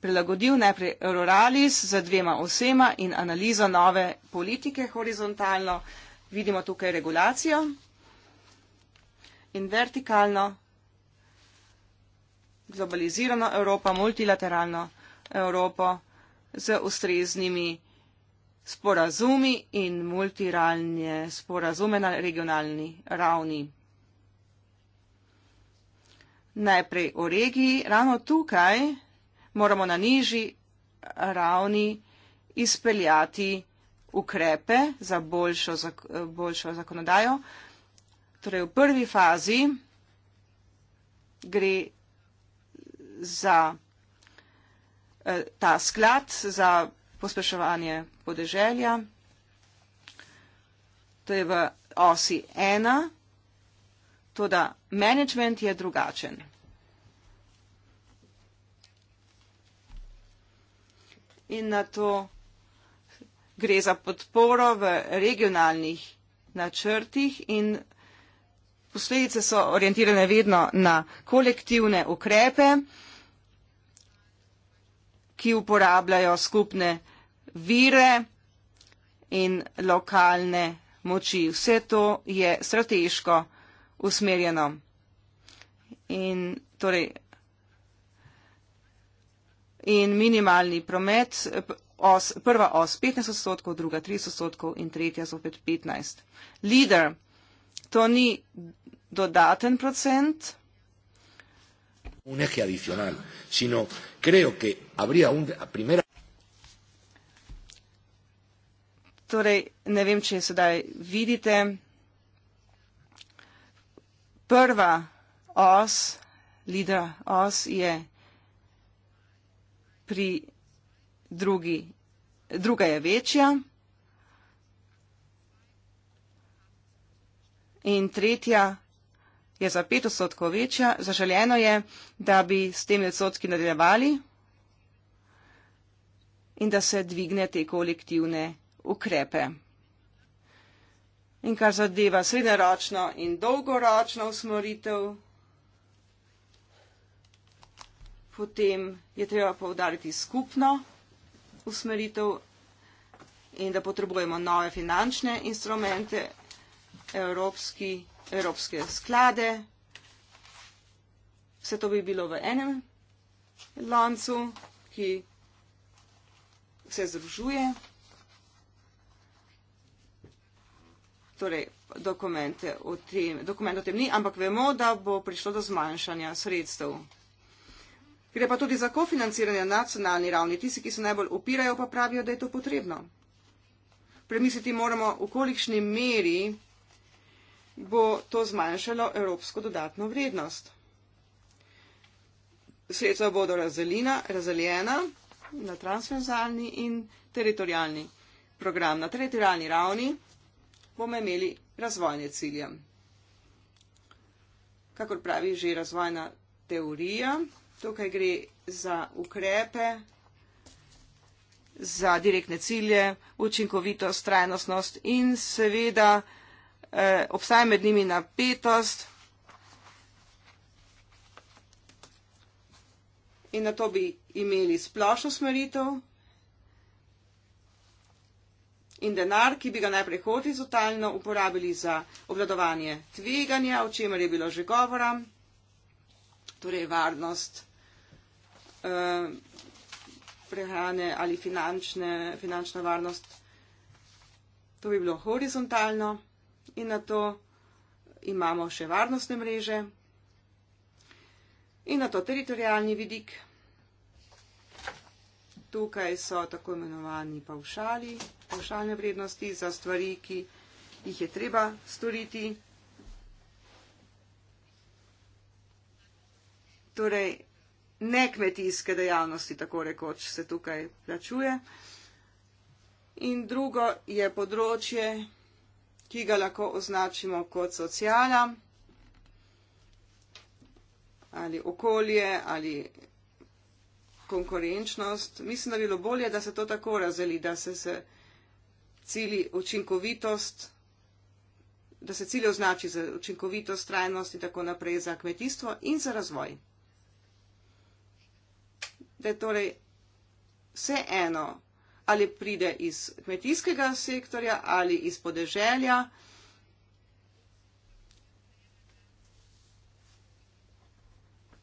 prilagodil najprej Euroralis z dvema osema in analizo nove politike horizontalno. Vidimo tukaj regulacijo in vertikalno globalizirano Evropo, multilateralno Evropo z ustreznimi sporazumi in multiralne sporazume na regionalni ravni. Najprej o regiji. Ravno tukaj moramo na nižji ravni izpeljati ukrepe za boljšo, boljšo zakonodajo. Torej, v prvi fazi gre za eh, ta sklad za pospeševanje podeželja. To je v osi ena, tudi management je drugačen. in na to gre za podporo v regionalnih načrtih in posledice so orientirane vedno na kolektivne ukrepe, ki uporabljajo skupne vire in lokalne moči. Vse to je strateško usmerjeno. In torej in minimalni promet, os, prva os 15 odstotkov, druga 30 odstotkov in tretja zopet 15. Lider, to ni dodaten procent. Un eje adicional, sino creo que habría un, a primera. Torej, ne vem, če sedaj vidite. Prva os, lider os je pri drugi, druga je večja in tretja je za pet odstotkov večja. Zaželjeno je, da bi s temi odstotki nadaljevali in da se dvigne te kolektivne ukrepe. In kar zadeva srednjeročno in dolgoročno usmeritev, potem je treba povdariti skupno usmeritev in da potrebujemo nove finančne instrumente, evropski, evropske sklade. Vse to bi bilo v enem loncu, ki vse združuje. Torej, dokument o, tem, dokument o tem ni, ampak vemo, da bo prišlo do zmanjšanja sredstev. Gre pa tudi za kofinanciranje na nacionalni ravni. Tisti, ki se najbolj upirajo, pa pravijo, da je to potrebno. Premisliti moramo, v kolikšni meri bo to zmanjšalo evropsko dodatno vrednost. Sredstva bodo razdeljena, razdeljena na transverzalni in teritorijalni program. Na teritorijalni ravni bomo imeli razvojne cilje. Kakor pravi že razvojna teorija, Tukaj gre za ukrepe, za direktne cilje, učinkovitost, trajnostnost in seveda eh, obstaja med njimi napetost. In na to bi imeli splošno smeritev in denar, ki bi ga najprej horizontalno uporabili za obladovanje tveganja, o čemer je bilo že govora, torej varnost Eh, prehrane ali finančne, finančna varnost. To bi bilo horizontalno in na to imamo še varnostne mreže in na to teritorijalni vidik. Tukaj so tako imenovani pavšali, pavšalne vrednosti za stvari, ki jih je treba storiti. Torej, nekmetijske dejavnosti, tako rekoč, se tukaj plačuje. In drugo je področje, ki ga lahko označimo kot socijala ali okolje ali konkurenčnost. Mislim, da bi bilo bolje, da se to tako razdeli, da se, se cilji učinkovitost, da se cilje označi za učinkovitost, trajnost in tako naprej za kmetijstvo in za razvoj da je torej vse eno, ali pride iz kmetijskega sektorja ali iz podeželja.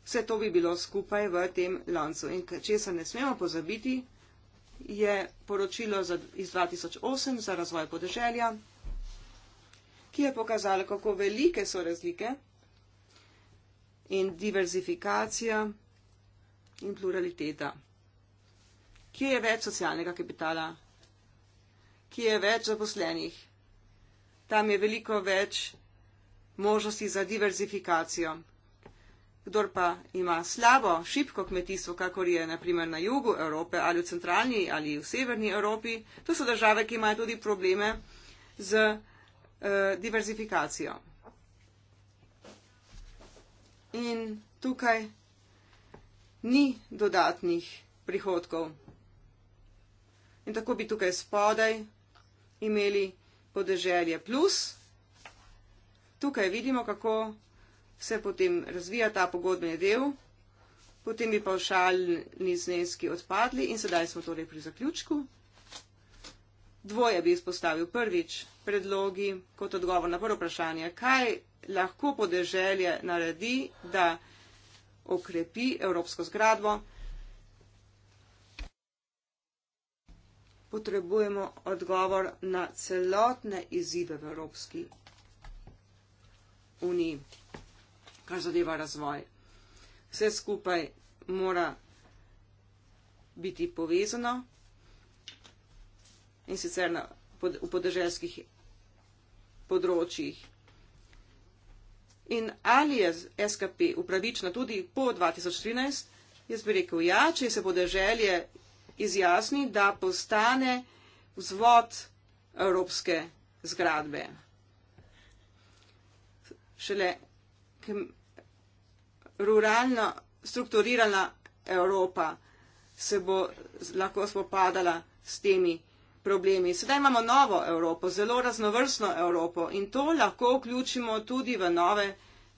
Vse to bi bilo skupaj v tem loncu. In česa ne smemo pozabiti, je poročilo iz 2008 za razvoj podeželja, ki je pokazalo, kako velike so razlike in diverzifikacija in pluraliteta. Kje je več socialnega kapitala? Kje je več zaposlenih? Tam je veliko več možnosti za diverzifikacijo. Kdor pa ima slabo, šipko kmetijstvo, kakor je naprimer na jugu Evrope ali v centralni ali v severni Evropi, to so države, ki imajo tudi probleme z eh, diverzifikacijo. In tukaj ni dodatnih prihodkov. In tako bi tukaj spodaj imeli podeželje plus. Tukaj vidimo, kako se potem razvija ta pogodbeni del, potem bi pa všalni zneski odpadli in sedaj smo torej pri zaključku. Dvoje bi izpostavil prvič predlogi kot odgovor na prvo vprašanje, kaj lahko podeželje naredi, da okrepi evropsko zgradbo. Potrebujemo odgovor na celotne izzive v Evropski uniji, kar zadeva razvoj. Vse skupaj mora biti povezano in sicer na, pod, v podeželskih področjih In ali je SKP upravična tudi po 2013? Jaz bi rekel ja, če se podeželje izjasni, da postane vzvod evropske zgradbe. Šele ruralna, strukturirana Evropa se bo lahko spopadala s temi problemi. Sedaj imamo novo Evropo, zelo raznovrstno Evropo in to lahko vključimo tudi v nove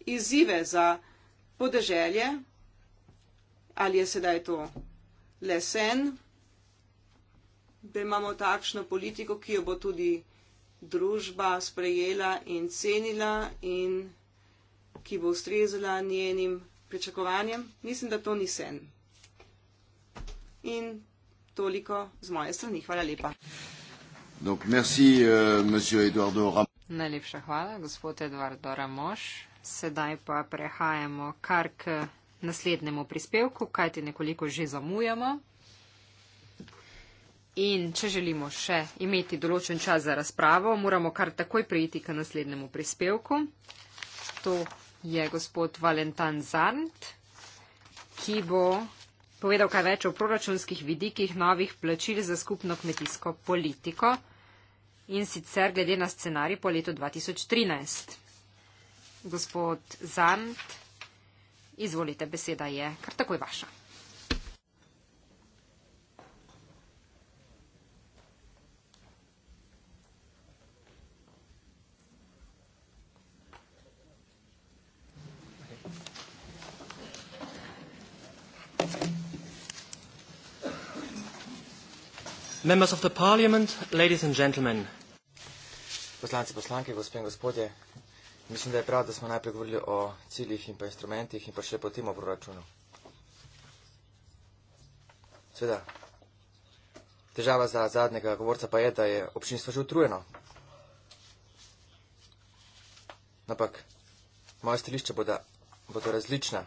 izzive za podeželje. Ali je sedaj to lesen, da imamo takšno politiko, ki jo bo tudi družba sprejela in cenila in ki bo ustrezala njenim pričakovanjem. Mislim, da to ni sen. In Toliko z moje strani. Hvala lepa. Donc, merci, uh, Najlepša hvala, gospod Eduardo Ramoš. Sedaj pa prehajamo kar k naslednjemu prispevku, kajti nekoliko že zamujamo. In če želimo še imeti določen čas za razpravo, moramo kar takoj prijeti k naslednjemu prispevku. To je gospod Valentan Zarnt, ki bo povedal kaj več o proračunskih vidikih novih plačil za skupno kmetijsko politiko in sicer glede na scenarij po letu 2013. Gospod Zand, izvolite, beseda je kar takoj vaša. Members of the parliament, ladies and gentlemen. Poslanci, poslanke, gospe in gospodje, mislim, da je prav, da smo najprej govorili o ciljih in pa instrumentih in pa še potem o proračunu. Sveda, težava za zadnjega govorca pa je, da je občinstvo že utrujeno. Ampak moje stališče bodo, bodo različna,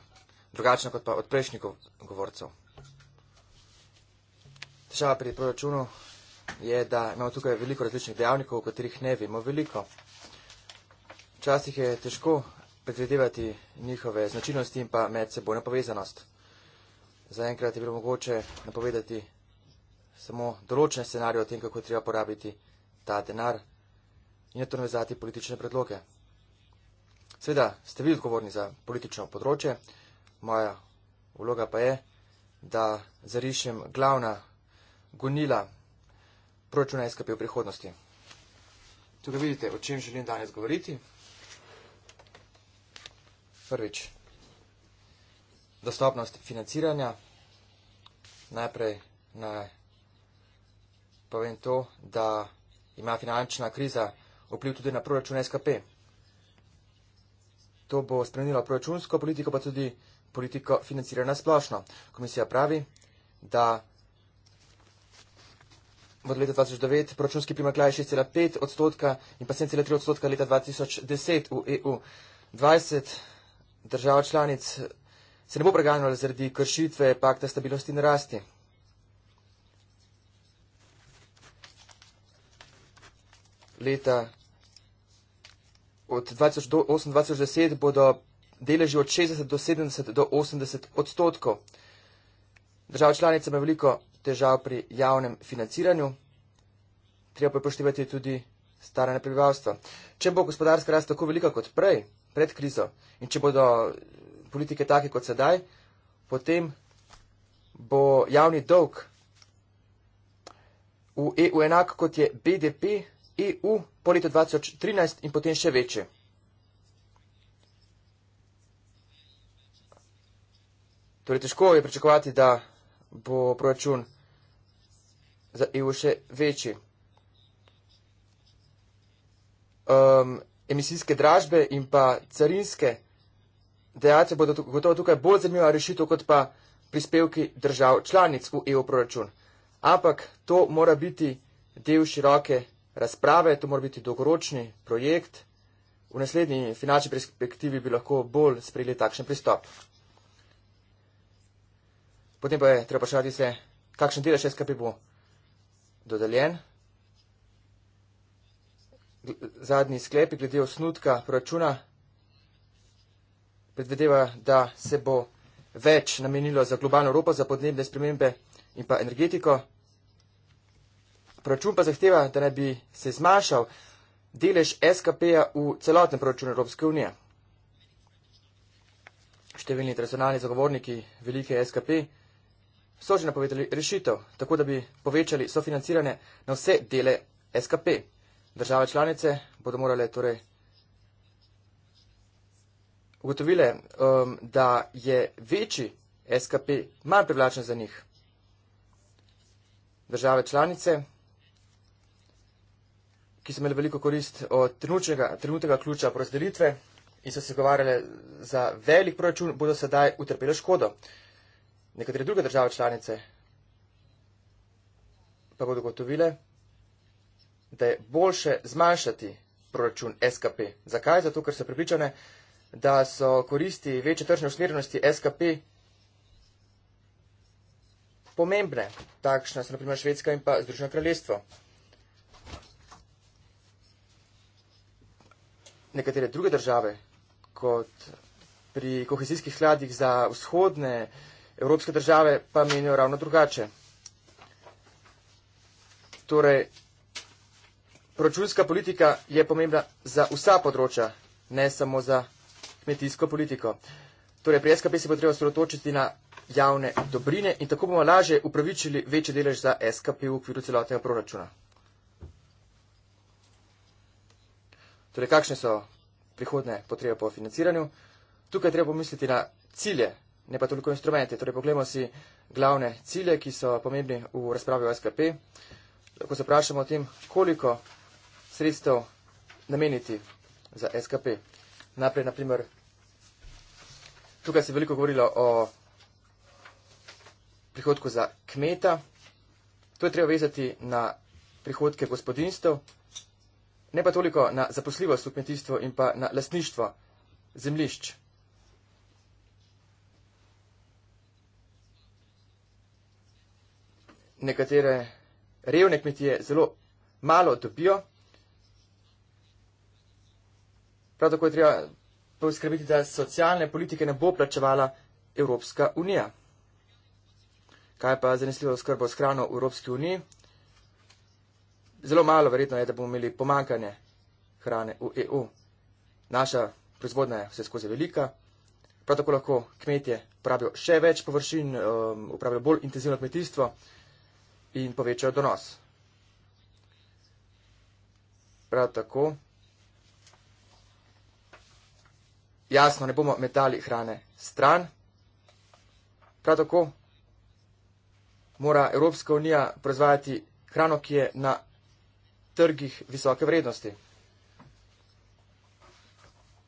drugačna kot pa od prejšnjih govorcev. Težava pri proračunu je, da imamo tukaj veliko različnih dejavnikov, o katerih ne vemo veliko. Včasih je težko predvidevati njihove značilnosti in pa medsebojno povezanost. Zaenkrat je bilo mogoče napovedati samo določene scenarije o tem, kako treba porabiti ta denar in na to navezati politične predloge. Sveda ste vi odgovorni za politično področje, moja vloga pa je, da zarišem glavna gonila proračuna SKP v prihodnosti. Tukaj vidite, o čem želim danes govoriti. Prvič, dostopnost financiranja. Najprej naj povem to, da ima finančna kriza vpliv tudi na proračun SKP. To bo spremenilo proračunsko politiko, pa tudi politiko financiranja splošno. Komisija pravi, da v letu 2009, proračunski primarkljaj 6,5 odstotka in pa 7,3 odstotka leta 2010 v EU. 20 držav članic se ne bo preganjalo zaradi kršitve pakta stabilnosti in rasti. Leta od 2008-2010 bodo deleži od 60 do 70 do 80 odstotkov. Država članica ima veliko težav pri javnem financiranju. Treba pa poštevati tudi staranje prebivalstva. Če bo gospodarska rast tako velika kot prej, pred krizo, in če bodo politike take kot sedaj, potem bo javni dolg v EU enak kot je BDP EU po letu 2013 in potem še večje. Torej težko je pričakovati, da bo proračun za EU še večji. Um, emisijske dražbe in pa carinske dejace bodo gotovo tukaj bolj zanimiva rešitev, kot pa prispevki držav članic v EU proračun. Ampak to mora biti del široke razprave, to mora biti dolgoročni projekt. V naslednji finančni perspektivi bi lahko bolj sprejeli takšen pristop. Potem pa je treba vprašati se, kakšen delež SKP bo dodeljen. Zadnji sklepi glede osnutka proračuna predvedeva, da se bo več namenilo za globalno Evropo, za podnebne spremembe in pa energetiko. Proračun pa zahteva, da naj bi se zmanjšal delež SKP-ja v celotnem proračunu Evropske unije. Številni tradicionalni zagovorniki velike SKP-ja so že napovedali rešitev, tako da bi povečali sofinanciranje na vse dele SKP. Države članice bodo morale torej ugotovile, um, da je večji SKP manj privlačen za njih. Države članice ki so imeli veliko korist od trenutnega, trenutnega ključa porazdelitve in so se govarjali za velik proračun, bodo sedaj utrpeli škodo nekatere druge države članice pa bodo gotovile, da je boljše zmanjšati proračun SKP. Zakaj? Zato, ker so pripričane, da so koristi večje tržne usmerjenosti SKP pomembne, takšna so naprimer Švedska in pa Združeno kraljestvo. Nekatere druge države, kot pri kohezijskih skladih za vzhodne države, Evropske države pa menijo ravno drugače. Torej, proračunska politika je pomembna za vsa področja, ne samo za kmetijsko politiko. Torej, pri SKP se bo treba sredotočiti na javne dobrine in tako bomo lažje upravičili večji delež za SKP v okviru celotnega proračuna. Torej, kakšne so prihodne potrebe po financiranju? Tukaj treba pomisliti na cilje ne pa toliko instrumente. Torej, poglejmo si glavne cilje, ki so pomembni v razpravi o SKP. Lahko se vprašamo o tem, koliko sredstev nameniti za SKP. Naprej, naprimer, tukaj se je veliko govorilo o prihodku za kmeta. To je treba vezati na prihodke gospodinstv, ne pa toliko na zaposljivost v kmetijstvu in pa na lasništvo zemlišč. nekatere revne kmetije zelo malo dobijo. Prav tako je treba poskrbiti, da socialne politike ne bo plačevala Evropska unija. Kaj pa zanesljivo skrbo s hrano v Evropski uniji? Zelo malo verjetno je, da bomo imeli pomankanje hrane v EU. Naša proizvodnja je vse skozi velika. Prav tako lahko kmetje uporabijo še več površin, um, uporabijo bolj intenzivno kmetijstvo in povečajo donos. Prav tako, jasno, ne bomo metali hrane stran. Prav tako mora Evropska unija proizvajati hrano, ki je na trgih visoke vrednosti.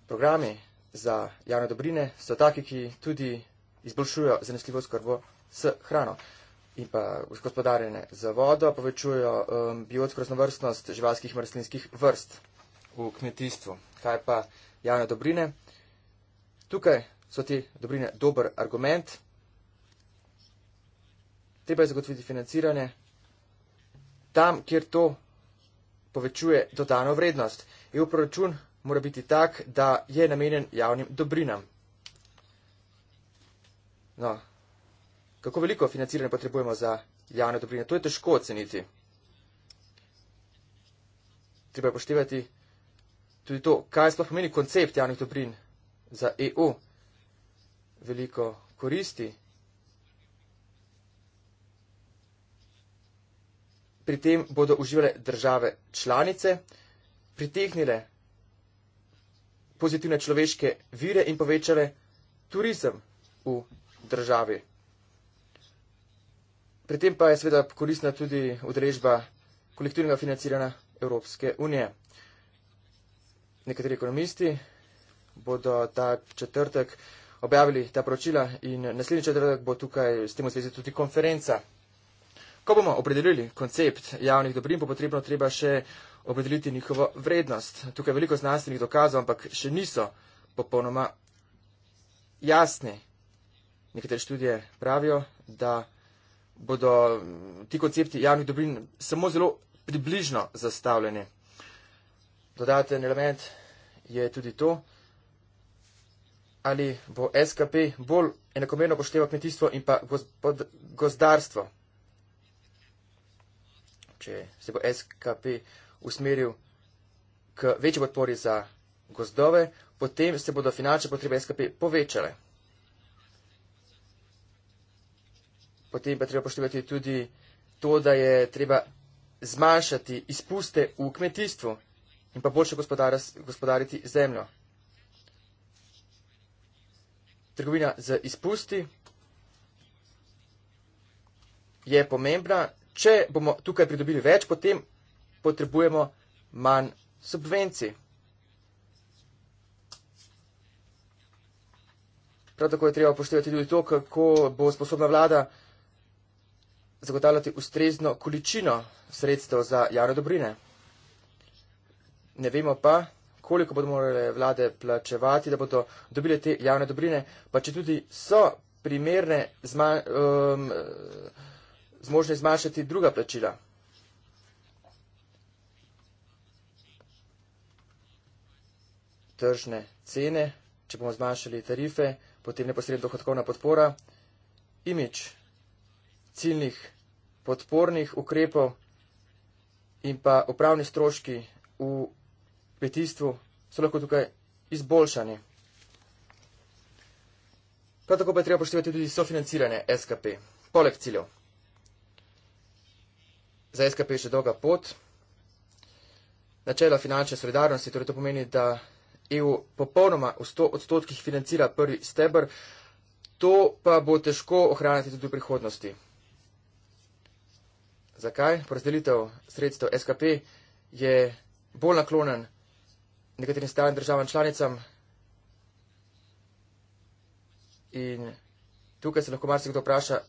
Programi za javne dobrine so taki, ki tudi izboljšujejo zanesljivost skrbo s hrano in pa gospodarjene z vodo, povečujejo um, biotsko raznovrstnost živalskih in rastlinskih vrst v kmetijstvu. Kaj pa javne dobrine? Tukaj so te dobrine dober argument. Treba je zagotoviti financiranje tam, kjer to povečuje dodano vrednost. EU proračun mora biti tak, da je namenjen javnim dobrinam. No, kako veliko financiranja potrebujemo za javne dobrine. To je težko oceniti. Treba je poštevati tudi to, kaj sploh pomeni koncept javnih dobrin za EU. Veliko koristi. Pri tem bodo uživale države članice, pritehnile pozitivne človeške vire in povečale turizem v državi. Pri tem pa je seveda koristna tudi udrežba kolektivnega financiranja Evropske unije. Nekateri ekonomisti bodo ta četrtek objavili ta poročila in naslednji četrtek bo tukaj s tem v zvezi tudi konferenca. Ko bomo opredelili koncept javnih dobrin, bo potrebno treba še opredeliti njihovo vrednost. Tukaj je veliko znanstvenih dokazov, ampak še niso popolnoma jasni. Nekatere študije pravijo, da bodo mm, ti koncepti javnih dobrin samo zelo približno zastavljeni. Dodaten element je tudi to, ali bo SKP bolj enakomerno pošteval kmetijstvo in pa gozdarstvo. Če se bo SKP usmeril k večji podpori za gozdove, potem se bodo finančne potrebe SKP povečale. potem pa treba poštevati tudi to, da je treba zmanjšati izpuste v kmetijstvu in pa boljše gospodariti zemljo. Trgovina z izpusti je pomembna. Če bomo tukaj pridobili več, potem potrebujemo manj subvencij. Prav tako je treba upoštevati tudi to, kako bo sposobna vlada zagotavljati ustrezno količino sredstev za javne dobrine. Ne vemo pa, koliko bodo morale vlade plačevati, da bodo dobile te javne dobrine, pa če tudi so primerne zma, um, zmožne zmanjšati druga plačila. Tržne cene, če bomo zmanjšali tarife, potem neposredno dohodkovna podpora, imič ciljnih podpornih ukrepov in pa upravni stroški v petistvu so lahko tukaj izboljšani. Prav tako pa je treba poštevati tudi sofinanciranje SKP, poleg ciljev. Za SKP je še dolga pot. Načela finančne solidarnosti, torej to pomeni, da EU popolnoma v 100 odstotkih financira prvi stebr, to pa bo težko ohraniti tudi v prihodnosti. Zakaj? Porazdelitev sredstev SKP je bolj naklonen nekaterim stavnim državam članicam in tukaj se lahko marsikdo vpraša,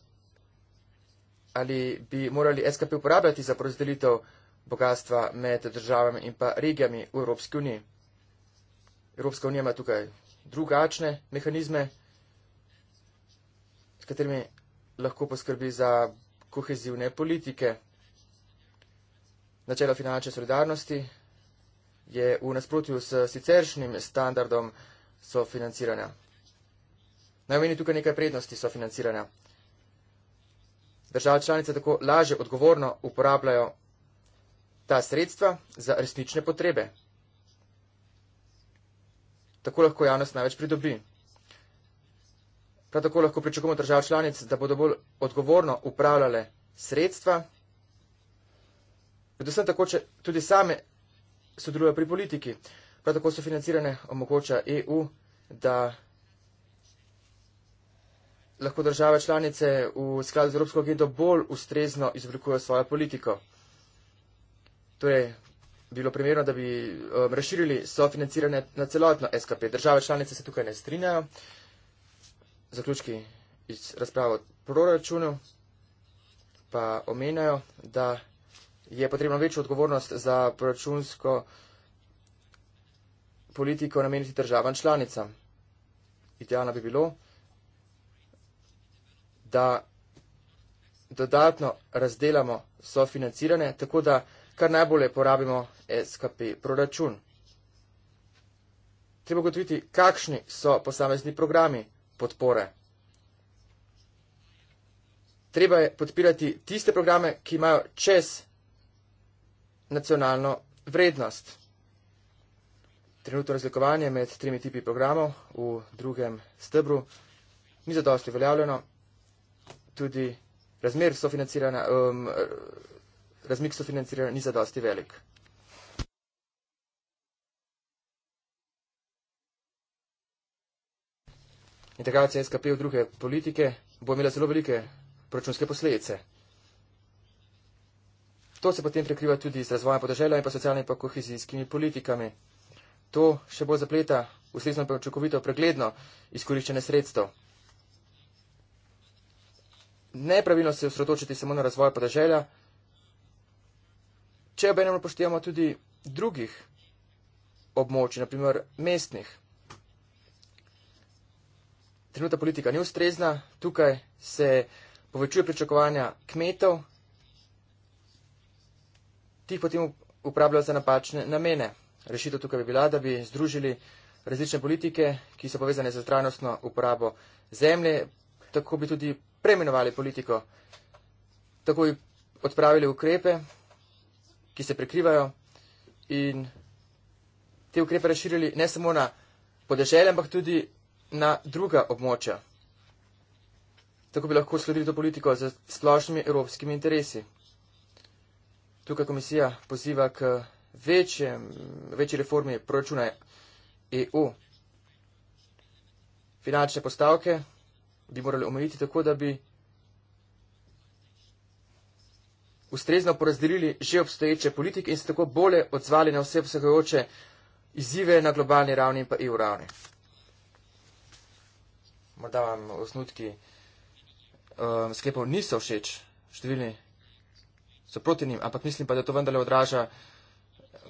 ali bi morali SKP uporabljati za porazdelitev bogatstva med državami in pa regijami v Evropski uniji. Evropska unija ima tukaj drugačne mehanizme, s katerimi lahko poskrbi za kohezivne politike. Načelo finančne solidarnosti je v nasprotju s siceršnim standardom sofinanciranja. Najmeni tukaj nekaj prednosti sofinanciranja. Država članice tako laže odgovorno uporabljajo ta sredstva za resnične potrebe. Tako lahko javnost največ pridobi. Prav tako lahko pričakujemo držav članic, da bodo bolj odgovorno upravljale sredstva, predvsem tako, če tudi same sodelujejo pri politiki. Prav tako so financirane omogoča EU, da lahko države članice v skladu z Evropsko agendo bolj ustrezno izoblikujejo svojo politiko. Torej, bilo primerno, da bi um, razširili sofinancirane na celotno SKP. Države članice se tukaj ne strinjajo zaključki iz razprave o proračunu pa omenjajo, da je potrebno večjo odgovornost za proračunsko politiko nameniti državam članicam. Idealno bi bilo, da dodatno razdelamo sofinancirane, tako da kar najbolje porabimo SKP proračun. Treba gotoviti, kakšni so posamezni programi, podpore. Treba je podpirati tiste programe, ki imajo čez nacionalno vrednost. Trenutno razlikovanje med tremi tipi programov v drugem stebru ni zadosti veljavljeno. Tudi razmer sofinanciranja, um, razmik sofinanciranja ni zadosti velik. integracija SKP v druge politike bo imela zelo velike proračunske posledice. To se potem prekriva tudi z razvojem podeželja in pa socialnimi pa kohezijskimi politikami. To še bolj zapleta ustrezno pa očakovito pregledno izkoriščene sredstvo. Nepravilno se osredotočiti samo na razvoj podeželja, če obenem upoštevamo tudi drugih območij, naprimer mestnih trenutna politika ni ustrezna, tukaj se povečuje pričakovanja kmetov, ti jih potem uporabljajo za napačne namene. Rešitev tukaj bi bila, da bi združili različne politike, ki so povezane za trajnostno uporabo zemlje, tako bi tudi premenovali politiko, tako bi odpravili ukrepe, ki se prekrivajo in te ukrepe razširili ne samo na podeželje, ampak tudi na druga območja. Tako bi lahko sledili to politiko z splošnimi evropskimi interesi. Tukaj komisija poziva k večjem, večji reformi proračuna EU. Finančne postavke bi morali omejiti tako, da bi ustrezno porazdelili že obstoječe politike in se tako bolje odzvali na vse posegajoče izzive na globalni ravni in pa EU ravni morda vam osnutki um, sklepov niso všeč, številni so proti njim, ampak mislim pa, da to vendarle odraža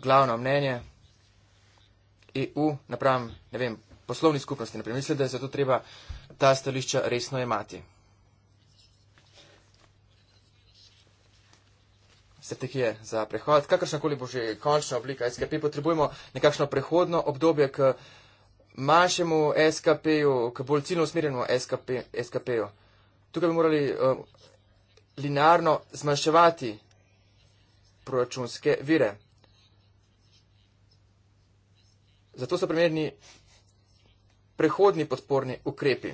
glavno mnenje EU, napravim, ne vem, poslovni skupnosti, naprimer, mislim, da je zato treba ta stališča resno imati. strategije za prehod, kakršna koli bo že končna oblika SKP, potrebujemo nekakšno prehodno obdobje, ki manjšemu SKP-ju, k bolj ciljno usmerjenemu SKP, SKP-ju. Tukaj bi morali um, linearno zmanjševati proračunske vire. Zato so primerni prehodni podporni ukrepi.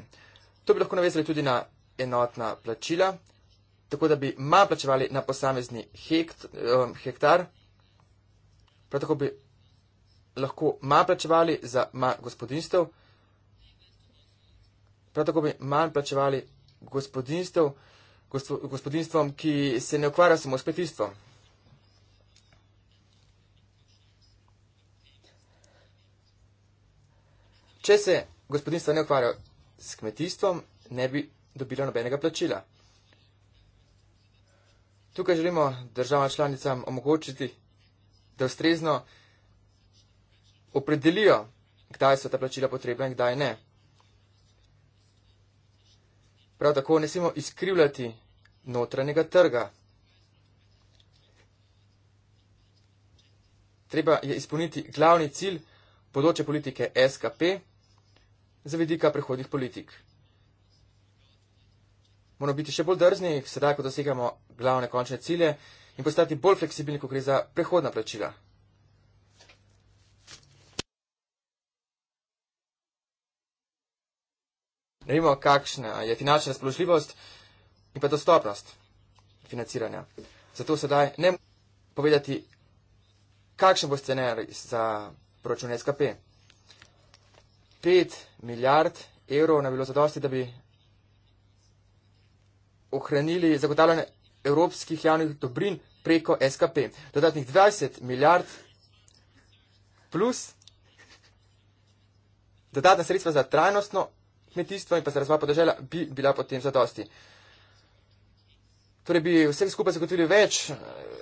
To bi lahko navezali tudi na enotna plačila, tako da bi manj plačevali na posamezni hekt, um, hektar. Prav tako bi lahko manj plačevali za manj gospodinstv. Prav tako bi manj plačevali gospodinstv, gospodinstvom, ki se ne ukvarja samo s kmetijstvom. Če se gospodinstva ne ukvarjajo s kmetijstvom, ne bi dobila nobenega plačila. Tukaj želimo državam članicam omogočiti, da ustrezno opredelijo, kdaj so ta plačila potrebna in kdaj ne. Prav tako ne smemo izkrivljati notranjega trga. Treba je izpolniti glavni cilj bodoče politike SKP za vidika prehodnih politik. Moramo biti še bolj drzni, sedaj, ko dosegamo glavne končne cilje, in postati bolj fleksibilni, ko gre za prehodna plačila. ne vemo, kakšna je finančna razpoložljivost in pa dostopnost financiranja. Zato sedaj ne morem povedati, kakšen bo scenarij za proračun SKP. 5 milijard evrov ne bi bilo zadosti, da bi ohranili zagotavljanje evropskih javnih dobrin preko SKP. Dodatnih 20 milijard plus dodatna sredstva za trajnostno kmetijstvo in pa se razvoja podeželja bi bila potem zadosti. Torej bi vseh skupaj zagotovili več eh,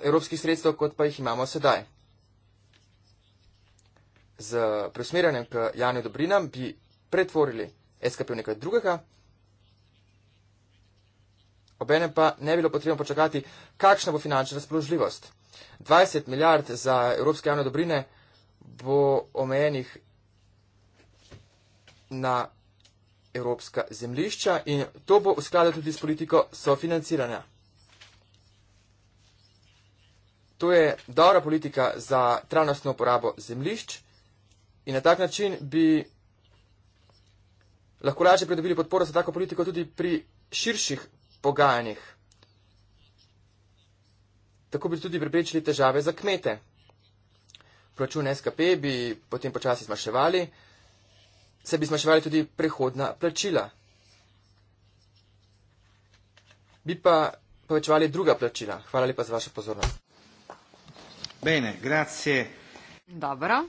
evropskih sredstev, kot pa jih imamo sedaj. Z preusmerjanjem k javnim dobrinam bi pretvorili SKP v nekaj drugega. Obene pa ne bilo potrebno počakati, kakšna bo finančna razpoložljivost. 20 milijard za evropske javne dobrine bo omejenih na evropska zemlišča in to bo uskladilo tudi s politiko sofinanciranja. To je dobra politika za trajnostno uporabo zemlišč in na tak način bi lahko lažje pridobili podporo za tako politiko tudi pri širših pogajanjih. Tako bi tudi preprečili težave za kmete. Proračun SKP bi potem počasi zmaševali se bi zmanjševali tudi prehodna plačila. Bi pa povečevali druga plačila. Hvala lepa za vašo pozornost. Bene, grazie. Dobro,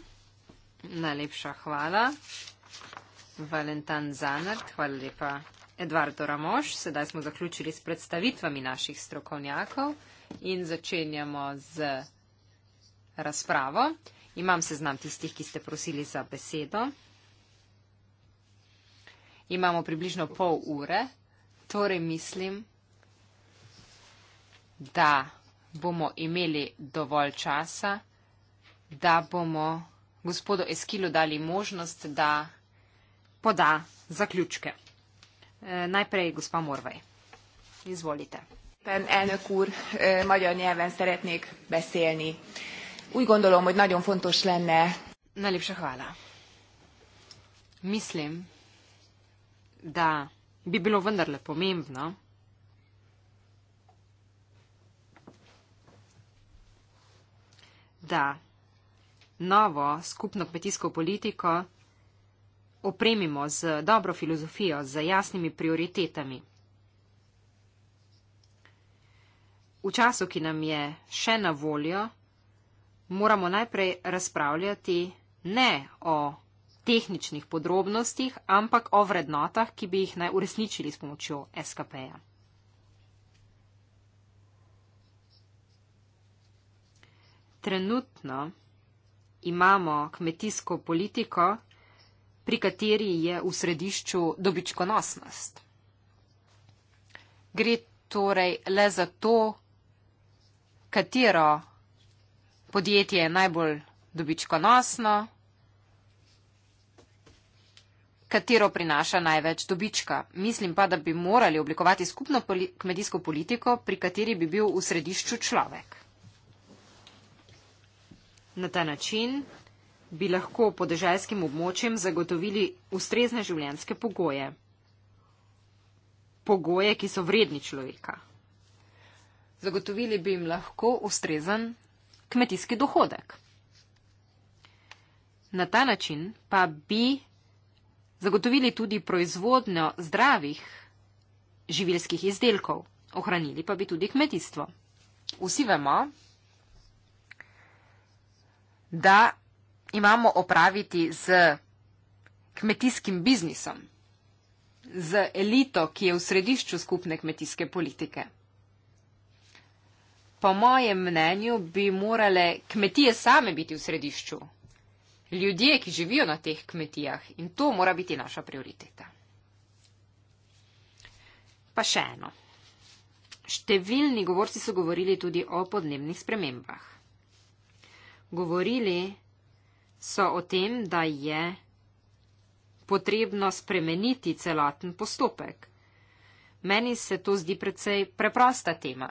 najlepša hvala. Valentan Zanard, hvala lepa. Eduardo Ramoš, sedaj smo zaključili s predstavitvami naših strokovnjakov in začenjamo z razpravo. Imam seznam tistih, ki ste prosili za besedo. Imamo približno pol ure, torej mislim, da bomo imeli dovolj časa, da bomo gospodu Eskilu dali možnost, da poda zaključke. E, najprej gospa Morvaj. Izvolite. Elnök úr, e, magyar nyelven szeretnék beszélni. Úgy gondolom, hogy nagyon fontos lenne. Najlepša hvala. Mislim, da bi bilo vendarle pomembno. Da novo skupno kmetijsko politiko opremimo z dobro filozofijo, z jasnimi prioritetami. V času, ki nam je še na voljo, moramo najprej razpravljati ne o tehničnih podrobnostih, ampak o vrednotah, ki bi jih naj uresničili s pomočjo SKP-ja. Trenutno imamo kmetijsko politiko, pri kateri je v središču dobičkonosnost. Gre torej le za to, katero podjetje je najbolj dobičkonosno, katero prinaša največ dobička. Mislim pa, da bi morali oblikovati skupno poli kmetijsko politiko, pri kateri bi bil v središču človek. Na ta način bi lahko podeželskim območjem zagotovili ustrezne življenske pogoje. Pogoje, ki so vredni človeka. Zagotovili bi jim lahko ustrezen kmetijski dohodek. Na ta način pa bi zagotovili tudi proizvodnjo zdravih živilskih izdelkov, ohranili pa bi tudi kmetijstvo. Vsi vemo, da imamo opraviti z kmetijskim biznisom, z elito, ki je v središču skupne kmetijske politike. Po mojem mnenju bi morale kmetije same biti v središču ljudje, ki živijo na teh kmetijah in to mora biti naša prioriteta. Pa še eno. Številni govorci so govorili tudi o podnebnih spremembah. Govorili so o tem, da je potrebno spremeniti celoten postopek. Meni se to zdi precej preprosta tema.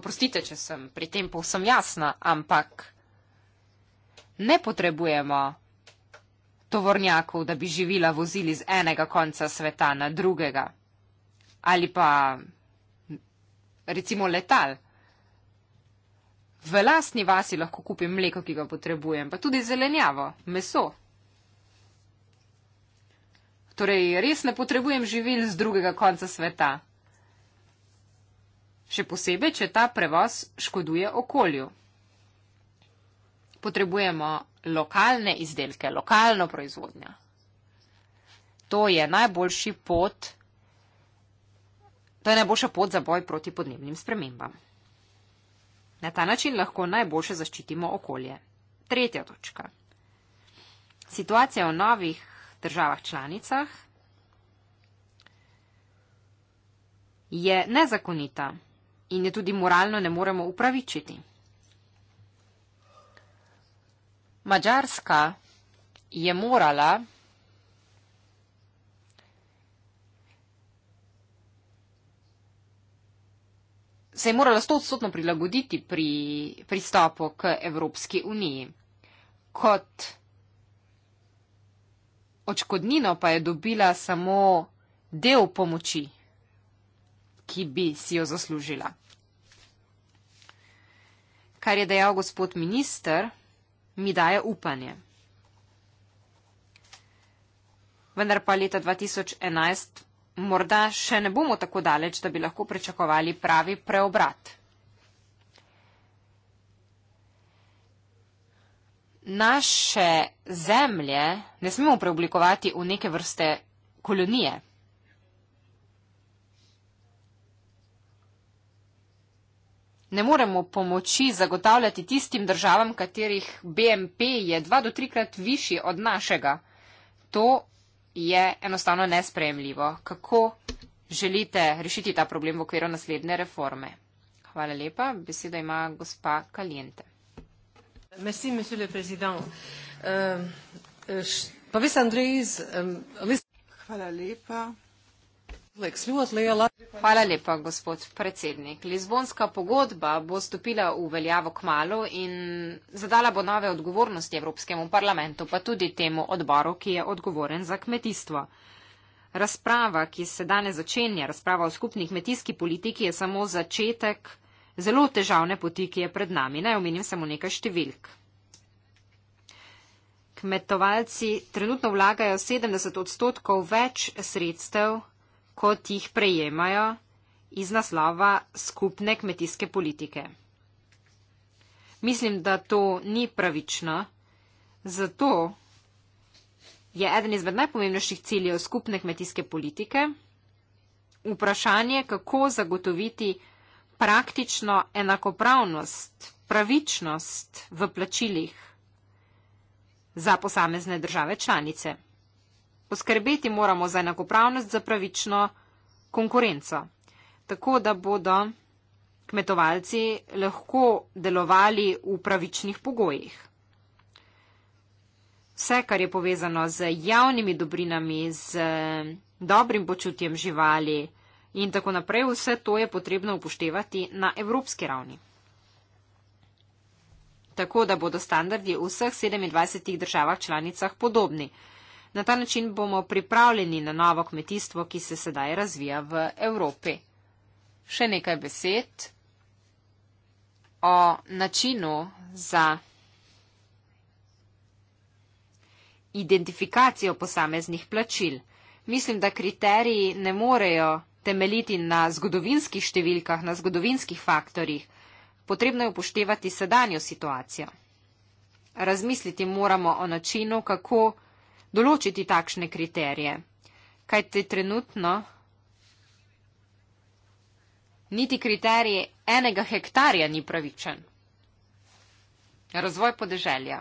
Oprostite, če sem pri tem povsem jasna, ampak ne potrebujemo tovornjakov, da bi živila vozili z enega konca sveta na drugega. Ali pa recimo letal. V lasni vasi lahko kupim mleko, ki ga potrebujem, pa tudi zelenjavo, meso. Torej, res ne potrebujem živil z drugega konca sveta. Še posebej, če ta prevoz škoduje okolju potrebujemo lokalne izdelke, lokalno proizvodnjo. To je najboljši pot, to je najboljša pot za boj proti podnebnim spremembam. Na ta način lahko najboljše zaščitimo okolje. Tretja točka. Situacija v novih državah članicah je nezakonita in je tudi moralno ne moremo upravičiti. Madžarska je morala se je morala stotstotno prilagoditi pri pristopu k Evropski uniji. Kot očkodnino pa je dobila samo del pomoči, ki bi si jo zaslužila. Kar je dejal gospod minister, mi daje upanje. Vendar pa leta 2011 morda še ne bomo tako daleč, da bi lahko pričakovali pravi preobrat. Naše zemlje ne smemo preoblikovati v neke vrste kolonije. Ne moremo pomoči zagotavljati tistim državam, katerih BMP je dva do trikrat višji od našega. To je enostavno nespremljivo. Kako želite rešiti ta problem v okviru naslednje reforme? Hvala lepa. Beseda ima gospa Kaliente. Merci, monsieur le président. Uh, pa vi ste, Andrej, iz. Um, vis... Hvala lepa. Hvala lepa, gospod predsednik. Lizbonska pogodba bo stopila v veljavo k malu in zadala bo nove odgovornosti Evropskemu parlamentu, pa tudi temu odboru, ki je odgovoren za kmetijstvo. Razprava, ki se danes začenja, razprava o skupni kmetijski politiki, je samo začetek zelo težavne poti, ki je pred nami. Naj omenim samo nekaj številk. Kmetovalci trenutno vlagajo 70 odstotkov več sredstev kot jih prejemajo iz naslova skupne kmetijske politike. Mislim, da to ni pravično, zato je eden izmed najpomembnejših ciljev skupne kmetijske politike vprašanje, kako zagotoviti praktično enakopravnost, pravičnost v plačilih za posamezne države članice poskrbeti moramo za enakopravnost, za pravično konkurenco. Tako da bodo kmetovalci lahko delovali v pravičnih pogojih. Vse, kar je povezano z javnimi dobrinami, z eh, dobrim počutjem živali in tako naprej, vse to je potrebno upoštevati na evropski ravni. Tako da bodo standardi v vseh 27 državah članicah podobni. Na ta način bomo pripravljeni na novo kmetijstvo, ki se sedaj razvija v Evropi. Še nekaj besed o načinu za identifikacijo posameznih plačil. Mislim, da kriteriji ne morejo temeljiti na zgodovinskih številkah, na zgodovinskih faktorjih. Potrebno je upoštevati sedanjo situacijo. Razmisliti moramo o načinu, kako določiti takšne kriterije. Kaj te trenutno? Niti kriterije enega hektarja ni pravičen. Razvoj podeželja.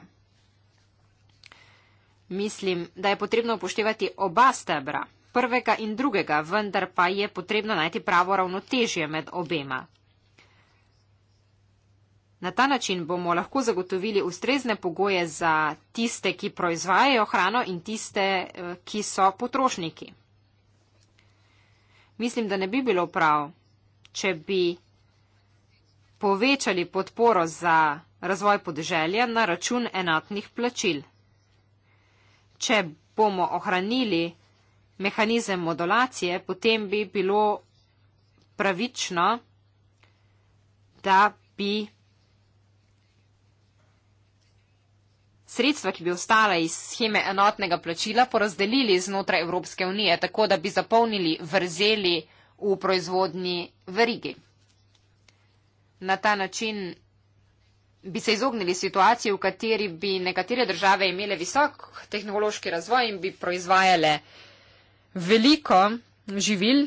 Mislim, da je potrebno upoštevati oba stebra, prvega in drugega, vendar pa je potrebno najti pravo ravnotežje med obema. Na ta način bomo lahko zagotovili ustrezne pogoje za tiste, ki proizvajajo hrano in tiste, eh, ki so potrošniki. Mislim, da ne bi bilo prav, če bi povečali podporo za razvoj podeželja na račun enotnih plačil. Če bomo ohranili mehanizem modulacije, potem bi bilo pravično, da bi sredstva, ki bi ostala iz scheme enotnega plačila, porazdelili znotraj Evropske unije, tako da bi zapolnili vrzeli v proizvodni verigi. Na ta način bi se izognili situaciji, v kateri bi nekatere države imele visok tehnološki razvoj in bi proizvajale veliko živil.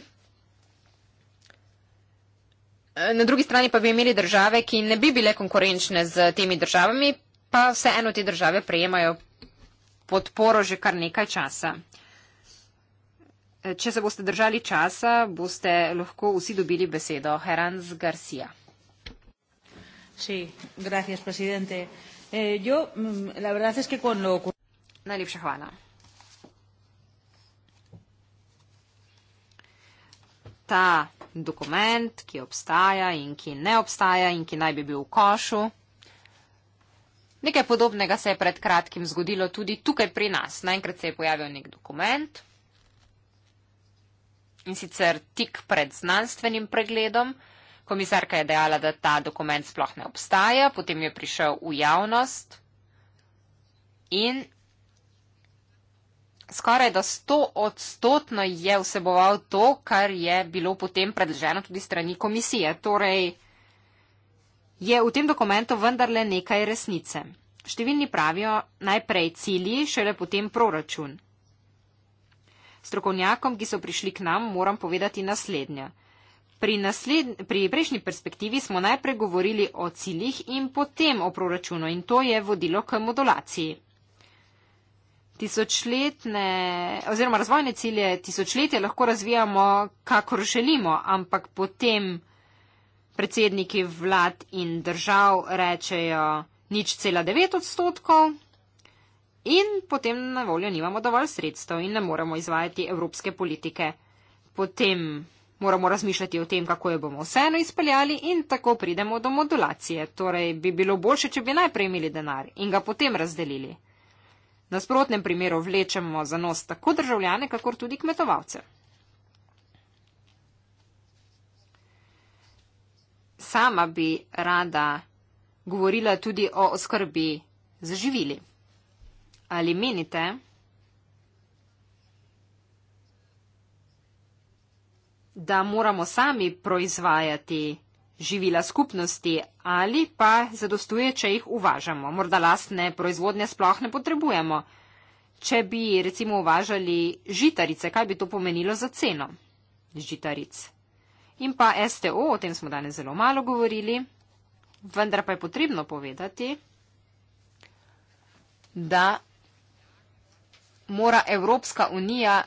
Na drugi strani pa bi imeli države, ki ne bi bile konkurenčne z temi državami, pa vseeno te države prejemajo podporo že kar nekaj časa. Če se boste držali časa, boste lahko vsi dobili besedo. Heranz Garcia. Sí, gracias, presidente. Eh, yo, mm, la verdad es que con lo... Najlepša hvala. Ta dokument, ki obstaja in ki ne obstaja in ki naj bi bil v košu, Nekaj podobnega se je pred kratkim zgodilo tudi tukaj pri nas. Naenkrat se je pojavil nek dokument in sicer tik pred znanstvenim pregledom. Komisarka je dejala, da ta dokument sploh ne obstaja, potem je prišel v javnost in skoraj do 100 odstotno je vseboval to, kar je bilo potem predloženo tudi strani komisije. Torej, je v tem dokumentu vendarle nekaj resnice. Številni pravijo najprej cilji, šele potem proračun. Strokovnjakom, ki so prišli k nam, moram povedati naslednja. Pri, nasled, pri prejšnji perspektivi smo najprej govorili o ciljih in potem o proračunu in to je vodilo k modulaciji. Tisočletne oziroma razvojne cilje tisočletje lahko razvijamo, kakor želimo, ampak potem predsedniki vlad in držav rečejo nič cela devet odstotkov in potem na voljo nimamo dovolj sredstev in ne moremo izvajati evropske politike. Potem moramo razmišljati o tem, kako jo bomo vseeno izpeljali in tako pridemo do modulacije. Torej bi bilo boljše, če bi najprej imeli denar in ga potem razdelili. Nasprotnem primeru vlečemo za nos tako državljane, kakor tudi kmetovalce. sama bi rada govorila tudi o oskrbi z živili. Ali menite, da moramo sami proizvajati živila skupnosti ali pa zadostuje, če jih uvažamo? Morda lastne proizvodnje sploh ne potrebujemo. Če bi recimo uvažali žitarice, kaj bi to pomenilo za ceno žitaric? In pa STO, o tem smo danes zelo malo govorili, vendar pa je potrebno povedati, da mora Evropska unija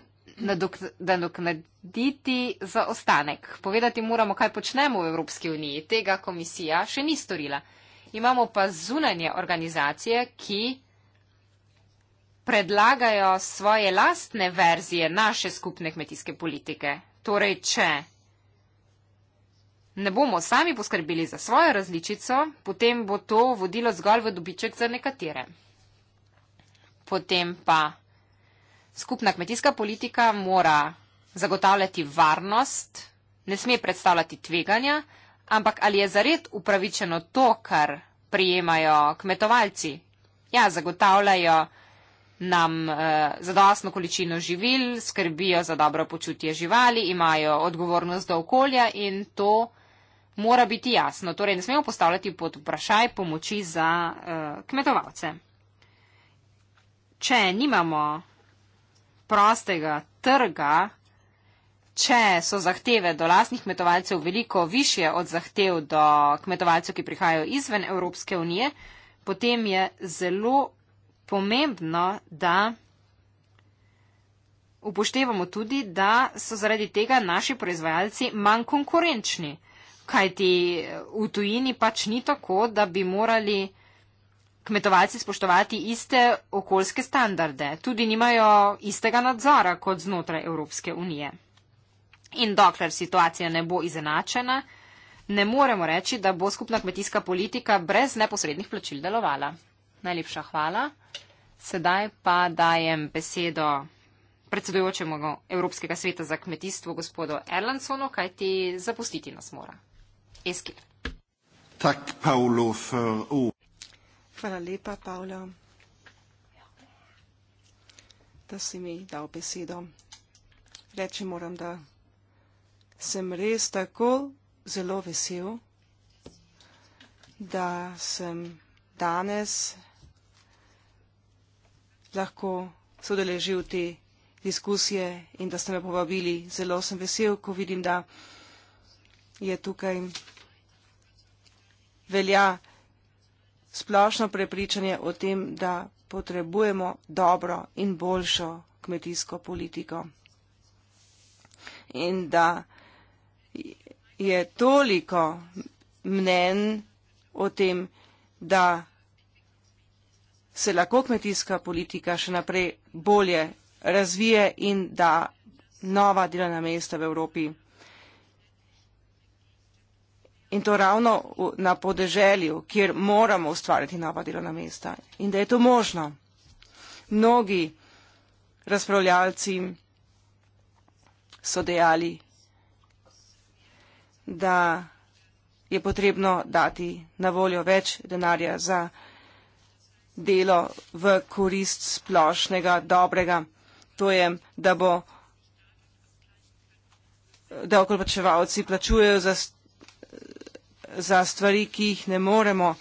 nadoknaditi za ostanek. Povedati moramo, kaj počnemo v Evropski uniji. Tega komisija še ni storila. Imamo pa zunanje organizacije, ki predlagajo svoje lastne verzije naše skupne kmetijske politike. Torej, če ne bomo sami poskrbeli za svojo različico, potem bo to vodilo zgolj v dobiček za nekatere. Potem pa skupna kmetijska politika mora zagotavljati varnost, ne sme predstavljati tveganja, ampak ali je zared upravičeno to, kar prijemajo kmetovalci? Ja, zagotavljajo nam eh, zadostno količino živil, skrbijo za dobro počutje živali, imajo odgovornost do okolja in to, mora biti jasno. Torej, ne smemo postavljati pod vprašaj pomoči za uh, kmetovalce. Če nimamo prostega trga, če so zahteve do lastnih kmetovalcev veliko više od zahtev do kmetovalcev, ki prihajajo izven Evropske unije, potem je zelo pomembno, da upoštevamo tudi, da so zaradi tega naši proizvajalci manj konkurenčni kajti v tujini pač ni tako, da bi morali kmetovalci spoštovati iste okoljske standarde. Tudi nimajo istega nadzora kot znotraj Evropske unije. In dokler situacija ne bo izenačena, ne moremo reči, da bo skupna kmetijska politika brez neposrednih plačil delovala. Najlepša hvala. Sedaj pa dajem besedo predsedujočemu Evropskega sveta za kmetijstvo gospodu Erlansonu, kajti zapustiti nas mora. Eskil. Tack Paolo för ord. Hvala lepa, Paolo, da si mi dal besedo. Reči moram, da sem res tako zelo vesel, da sem danes lahko sodeležil te diskusije in da ste me povabili. Zelo sem vesel, ko vidim, da je tukaj velja splošno prepričanje o tem, da potrebujemo dobro in boljšo kmetijsko politiko. In da je toliko mnen o tem, da se lahko kmetijska politika še naprej bolje razvije in da nova delovna mesta v Evropi in to ravno v, na podeželju, kjer moramo ustvarjati nova delovna mesta in da je to možno. Mnogi razpravljalci so dejali, da je potrebno dati na voljo več denarja za delo v korist splošnega, dobrega. To je, da bo da okolpačevalci plačujejo za za stvari, ki jih ne moremo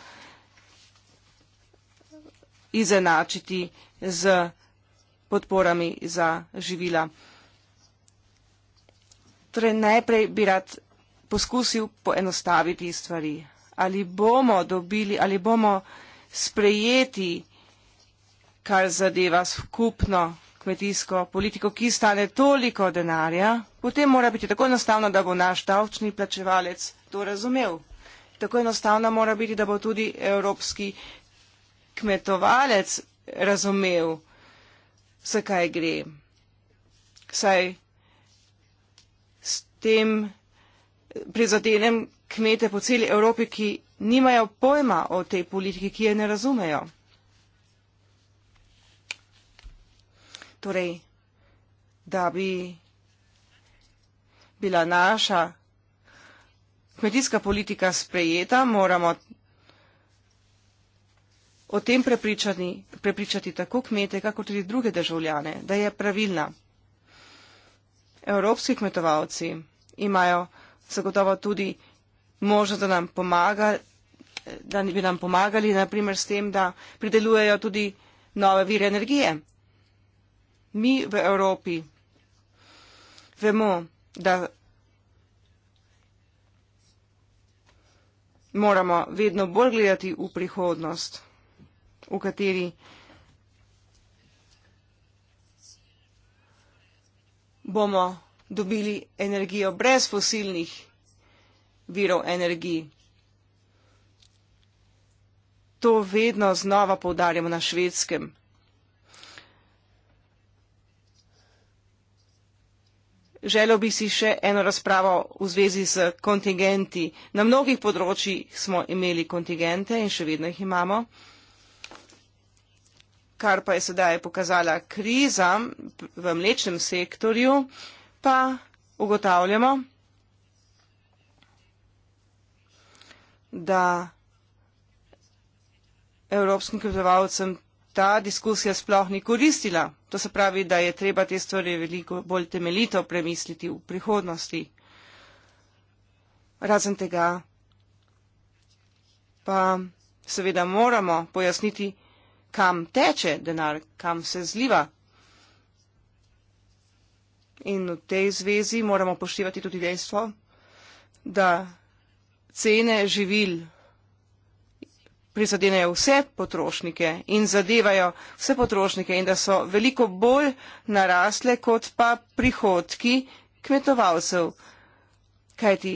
izenačiti z podporami za živila. Torej, najprej bi rad poskusil poenostaviti stvari. Ali bomo dobili, ali bomo sprejeti, kar zadeva skupno kmetijsko politiko, ki stane toliko denarja, potem mora biti tako enostavno, da bo naš davčni plačevalec to razumel tako enostavna mora biti, da bo tudi evropski kmetovalec razumev, zakaj gre. Saj s tem prizadenem kmete po celi Evropi, ki nimajo pojma o tej politiki, ki je ne razumejo. Torej, da bi bila naša kmetijska politika sprejeta, moramo o tem prepričati, prepričati tako kmete, kako tudi druge državljane, da je pravilna. Evropski kmetovalci imajo zagotovo tudi možnost, da nam pomaga, da bi nam pomagali naprimer s tem, da pridelujejo tudi nove vire energije. Mi v Evropi vemo, da moramo vedno bolj gledati v prihodnost, v kateri bomo dobili energijo brez fosilnih virov energij. To vedno znova povdarjamo na švedskem. Želel bi si še eno razpravo v zvezi s kontingenti. Na mnogih področjih smo imeli kontingente in še vedno jih imamo. Kar pa je sedaj pokazala kriza v mlečnem sektorju, pa ugotavljamo, da evropskim kreditovalcem ta diskusija sploh ni koristila. To se pravi, da je treba te stvari veliko bolj temeljito premisliti v prihodnosti. Razen tega pa seveda moramo pojasniti, kam teče denar, kam se zliva. In v tej zvezi moramo poštivati tudi dejstvo, da cene živil prizadenejo vse potrošnike in zadevajo vse potrošnike in da so veliko bolj narasle kot pa prihodki kmetovalcev. Kajti,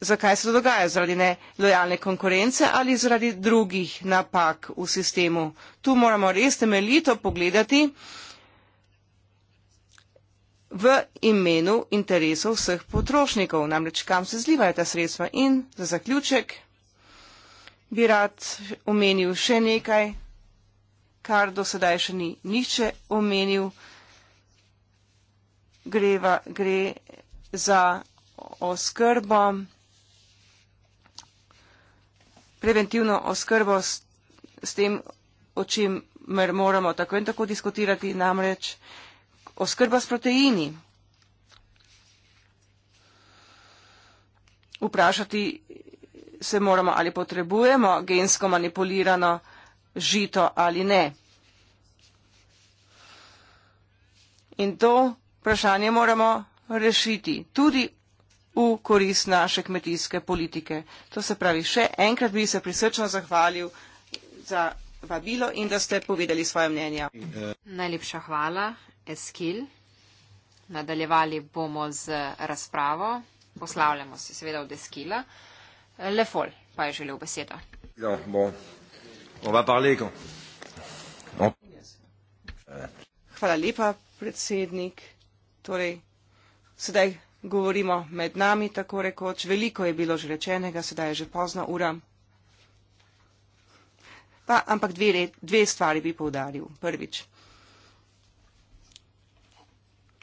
zakaj se to dogaja? Zaradi nelojalne konkurence ali zaradi drugih napak v sistemu? Tu moramo res temeljito pogledati v imenu interesov vseh potrošnikov, namreč kam se zlivajo ta sredstva. In za zaključek, bi rad omenil še nekaj, kar do sedaj še ni nihče omenil. Greva, gre za oskrbo, preventivno oskrbo s, s tem, o čem mer moramo tako in tako diskutirati, namreč oskrba s proteini. Vprašati se moramo ali potrebujemo gensko manipulirano žito ali ne. In to vprašanje moramo rešiti tudi v korist naše kmetijske politike. To se pravi, še enkrat bi se prisrčno zahvalil za vabilo in da ste povedali svoje mnenja. Najlepša hvala, Eskil. Nadaljevali bomo z razpravo. Poslavljamo se seveda od Eskila. Le Foll pa je želel besedo. Ja, bo. Hvala lepa, predsednik. Torej, sedaj govorimo med nami, tako rekoč. Veliko je bilo že rečenega, sedaj je že pozna ura. Pa, ampak dve, red, dve stvari bi povdaril. Prvič.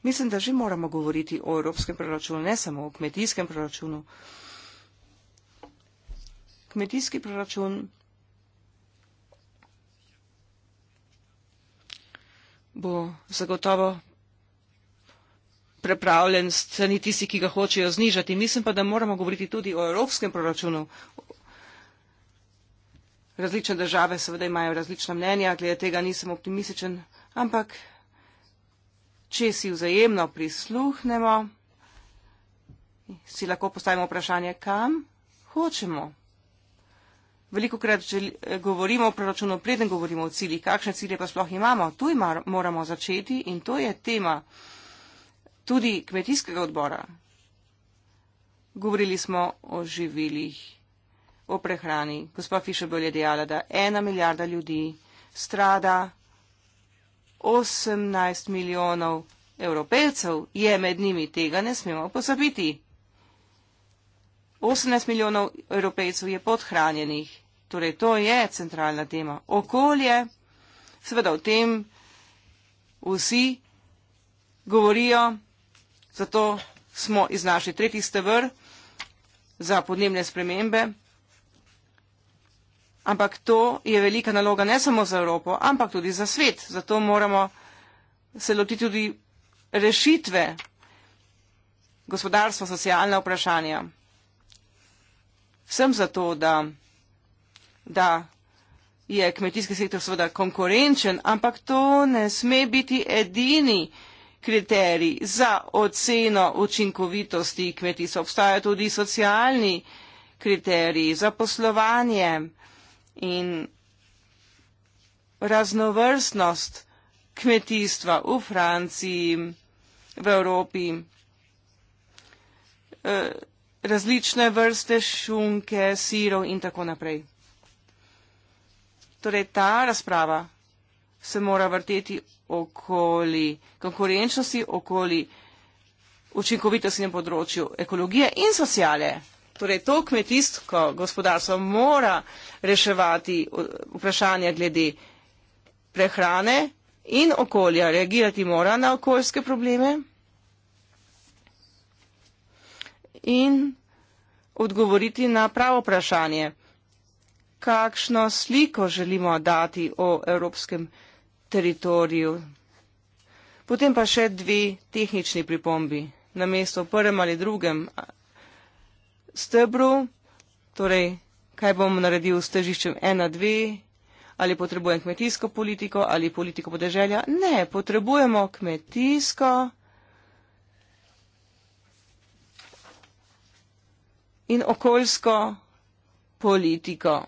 Mislim, da že moramo govoriti o evropskem proračunu, ne samo o kmetijskem proračunu kmetijski proračun bo zagotovo prepravljen strani tisti, ki ga hočejo znižati. Mislim pa, da moramo govoriti tudi o evropskem proračunu. Različne države seveda imajo različna mnenja, glede tega nisem optimističen, ampak če si vzajemno prisluhnemo, si lahko postavimo vprašanje, kam hočemo veliko krat želi, eh, govorimo o proračunu, preden govorimo o ciljih, kakšne cilje pa sploh imamo. Tu imar, moramo začeti in to je tema tudi kmetijskega odbora. Govorili smo o živilih, o prehrani. Gospa Fišebel je dejala, da ena milijarda ljudi strada, 18 milijonov evropejcev je med njimi, tega ne smemo pozabiti. 18 milijonov evropejcev je podhranjenih. Torej, to je centralna tema. Okolje, seveda o tem vsi govorijo, zato smo iznašli tretji stevr za podnebne spremembe. Ampak to je velika naloga ne samo za Evropo, ampak tudi za svet. Zato moramo se loti tudi rešitve gospodarstva, socialna vprašanja. Vsem zato, da da je kmetijski sektor seveda konkurenčen, ampak to ne sme biti edini kriterij za oceno učinkovitosti kmetijstva. Obstaja tudi socialni kriterij za poslovanje in raznovrstnost kmetijstva v Franciji, v Evropi. Eh, različne vrste šunke, sirov in tako naprej. Torej, ta razprava se mora vrteti okoli konkurenčnosti, okoli učinkovitosti na področju ekologije in sociale. Torej, to kmetijsko gospodarstvo mora reševati uh, vprašanje glede prehrane in okolja, reagirati mora na okoljske probleme in odgovoriti na pravo vprašanje kakšno sliko želimo dati o evropskem teritoriju. Potem pa še dve tehnični pripombi. Na mesto prvem ali drugem stebru, torej kaj bom naredil s težiščem 1-2, ali potrebujem kmetijsko politiko ali politiko podeželja. Ne, potrebujemo kmetijsko in okoljsko politiko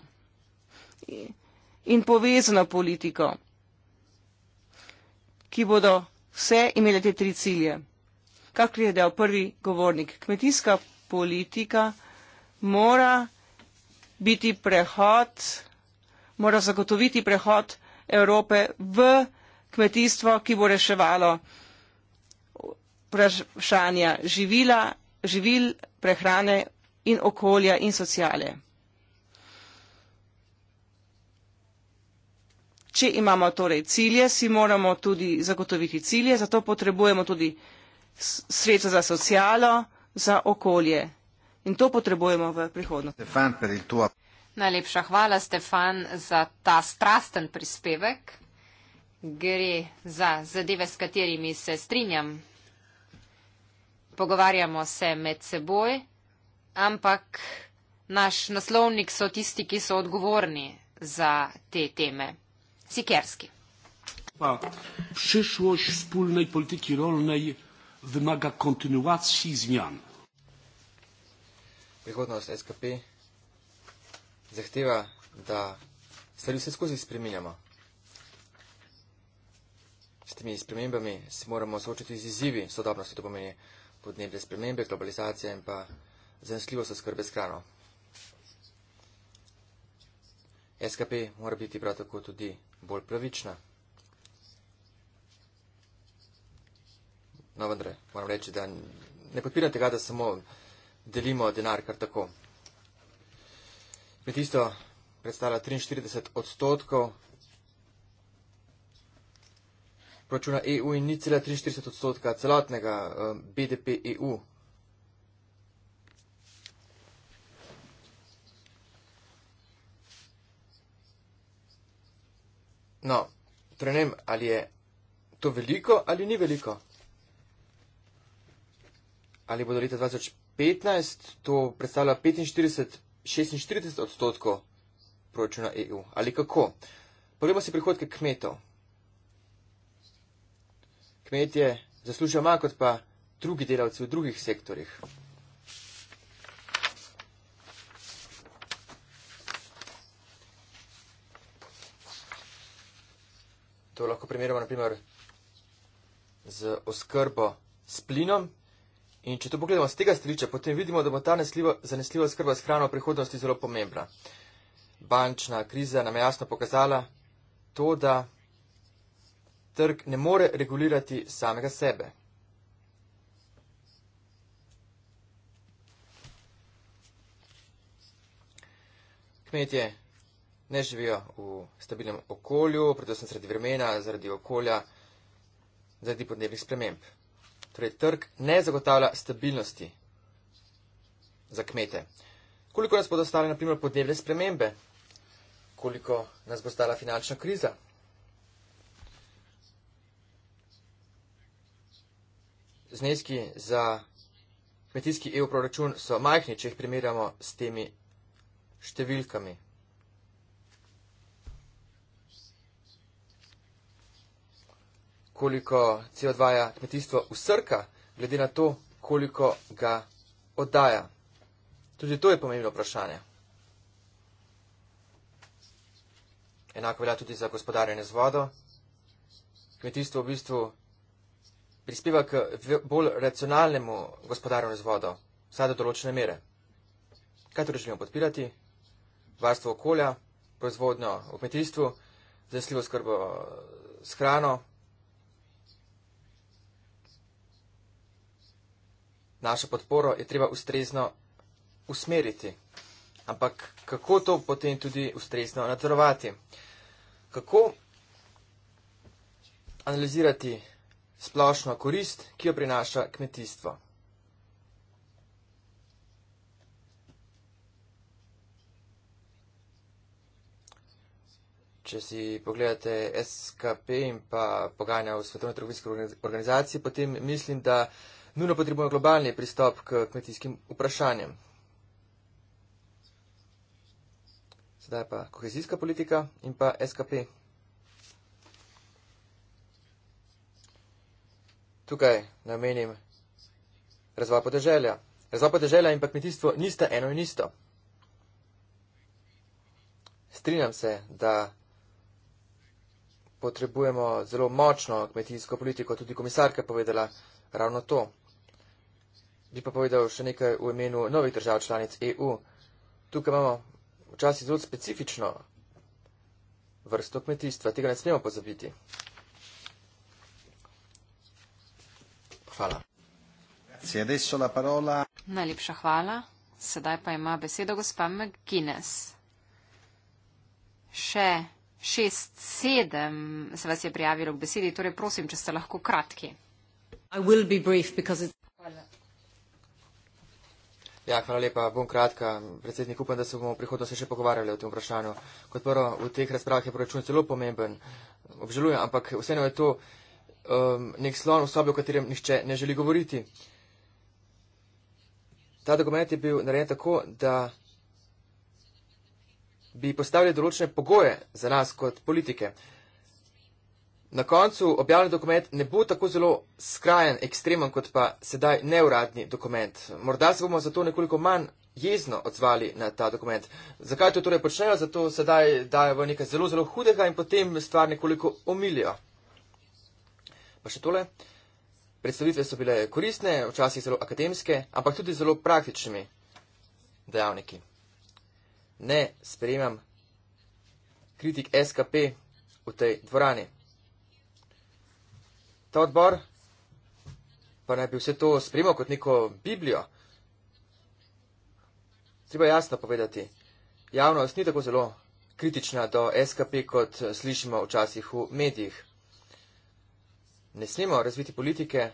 in povezano politiko, ki bodo vse imele te tri cilje. Kakor je dejal prvi govornik, kmetijska politika mora biti prehod, mora zagotoviti prehod Evrope v kmetijstvo, ki bo reševalo vprašanja živila, živil, prehrane in okolja in sociale. če imamo torej cilje si moramo tudi zagotoviti cilje zato potrebujemo tudi sredstva za socialo za okolje in to potrebujemo v prihodnosti. Najlepša hvala Stefan za ta strasten prispevek. Gre za zadeve, s katerimi se strinjam. Pogovarjamo se med seboj, ampak naš naslovnik so tisti, ki so odgovorni za te teme. Sikerski. Pa, przyszłość wspólnej polityki rolnej wymaga kontynuacji zmian. Przyszłość SKP zachtywa, da stali się skozi spremieniamy. S tymi spremembami se moramo soočiti z izzivi sodobnosti, to pomeni podnebne spremembe, globalizacija in pa zanesljivost oskrbe s hrano. SKP mora biti prav tako tudi bolj pravična. No, vendar, moram reči, da ne podpiram tega, da samo delimo denar kar tako. Kmetijstvo predstavlja 43 odstotkov proračuna EU in ni cela 43 odstotka celotnega eh, BDP EU. No, prenem, ali je to veliko ali ni veliko. Ali bo do leta 2015 to predstavlja 45-46 odstotkov proračuna EU ali kako. Poglejmo si prihodke kmetov. Kmetje zaslužijo manj kot pa drugi delavci v drugih sektorjih. to lahko primerjamo naprimer z oskrbo s plinom. In če to pogledamo z tega stiliča, potem vidimo, da bo ta zanesljiva oskrba s hrano v prihodnosti zelo pomembna. Bančna kriza nam je jasno pokazala to, da trg ne more regulirati samega sebe. Kmetje ne živijo v stabilnem okolju, predvsem sredi vremena, zaradi okolja, zaradi podnebnih sprememb. Torej, trg ne zagotavlja stabilnosti za kmete. Koliko nas bodo stale, naprimer, podnebne spremembe? Koliko nas bo stala finančna kriza? Zneski za kmetijski EU proračun so majhni, če jih primerjamo s temi številkami. koliko CO2 -ja kmetijstvo usrka, glede na to, koliko ga oddaja. Tudi to je pomembno vprašanje. Enako velja tudi za gospodarjenje z vodo. Kmetijstvo v bistvu prispeva k bolj racionalnemu gospodarjenju z vodo, vsaj do določene mere. Kaj torej želimo podpirati? Varstvo okolja, proizvodnjo v kmetijstvu, zanesljivo skrbo s hrano, našo podporo je treba ustrezno usmeriti. Ampak kako to potem tudi ustrezno nadzorovati? Kako analizirati splošno korist, ki jo prinaša kmetijstvo? Če si pogledate SKP in pa pogajanja v Svetovne trgovinske organizacije, potem mislim, da nujno potrebujemo globalni pristop k kmetijskim vprašanjem. Sedaj pa kohezijska politika in pa SKP. Tukaj namenim razvoj podeželja. Razvoj podeželja in pa kmetijstvo nista eno in isto. Strinjam se, da potrebujemo zelo močno kmetijsko politiko, tudi komisarka je povedala ravno to bi pa povedal še nekaj v imenu novih držav članic EU. Tukaj imamo včasih zelo specifično vrsto kmetijstva. Tega ne smemo pozabiti. Hvala. Najlepša hvala. Sedaj pa ima besedo gospa McGuinness. Še 6-7 se vas je prijavilo k besedi, torej prosim, če ste lahko kratki. Be Ja, hvala lepa. Bom kratka. Predsednik, upam, da se bomo v prihodnosti še pogovarjali o tem vprašanju. Kot prvo, v teh razpravah je proračun zelo pomemben. Obžalujem, ampak vseeno je to um, nek slon v sobi, o katerem nišče ne želi govoriti. Ta dokument je bil narejen tako, da bi postavili določene pogoje za nas kot politike. Na koncu objavljen dokument ne bo tako zelo skrajen, ekstremen, kot pa sedaj neuradni dokument. Morda se bomo zato nekoliko manj jezno odzvali na ta dokument. Zakaj to torej počnejo? Zato sedaj dajo v nekaj zelo, zelo hudega in potem stvar nekoliko omilijo. Pa še tole. Predstavitve so bile koristne, včasih zelo akademske, ampak tudi zelo praktičnimi dejavniki. Ne sprejemam kritik SKP v tej dvorani ta odbor, pa naj bi vse to spremljal kot neko Biblijo. Treba jasno povedati, javnost ni tako zelo kritična do SKP, kot slišimo včasih v medijih. Ne smemo razviti politike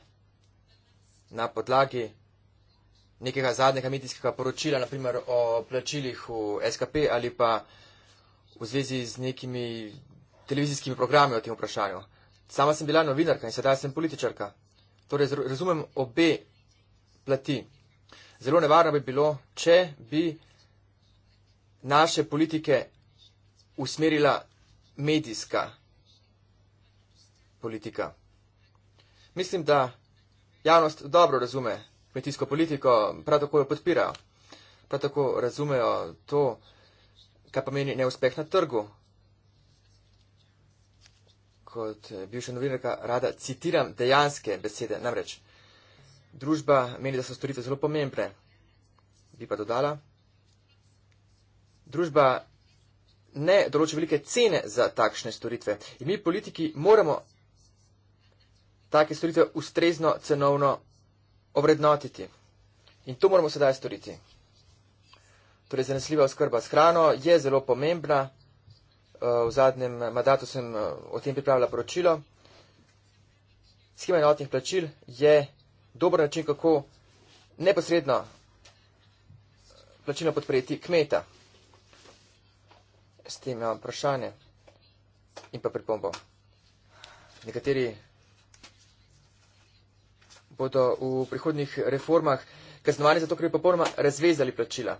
na podlagi nekega zadnjega medijskega poročila, naprimer o plačilih v SKP ali pa v zvezi z nekimi televizijskimi programi o tem vprašanju sama sem bila novinarka in sedaj sem političarka. Torej, razumem obe plati. Zelo nevarno bi bilo, če bi naše politike usmerila medijska politika. Mislim, da javnost dobro razume kmetijsko politiko, prav tako jo podpirajo, prav tako razumejo to, kaj pomeni neuspeh na trgu, kot eh, bivša novinarka rada citiram dejanske besede. Namreč, družba meni, da so storitve zelo pomembne. Bi pa dodala, družba ne določi velike cene za takšne storitve. In mi politiki moramo take storitve ustrezno cenovno ovrednotiti. In to moramo sedaj storiti. Torej, zanesljiva oskrba s hrano je zelo pomembna. Eh, v zadnjem mandatu sem eh, o tem pripravila poročilo. Schema enotnih plačil je dober način, kako neposredno plačilo podpreti kmeta. S tem imam vprašanje in pa pripombo. Nekateri bodo v prihodnih reformah kaznovani zato, ker bi popolnoma razvezali plačila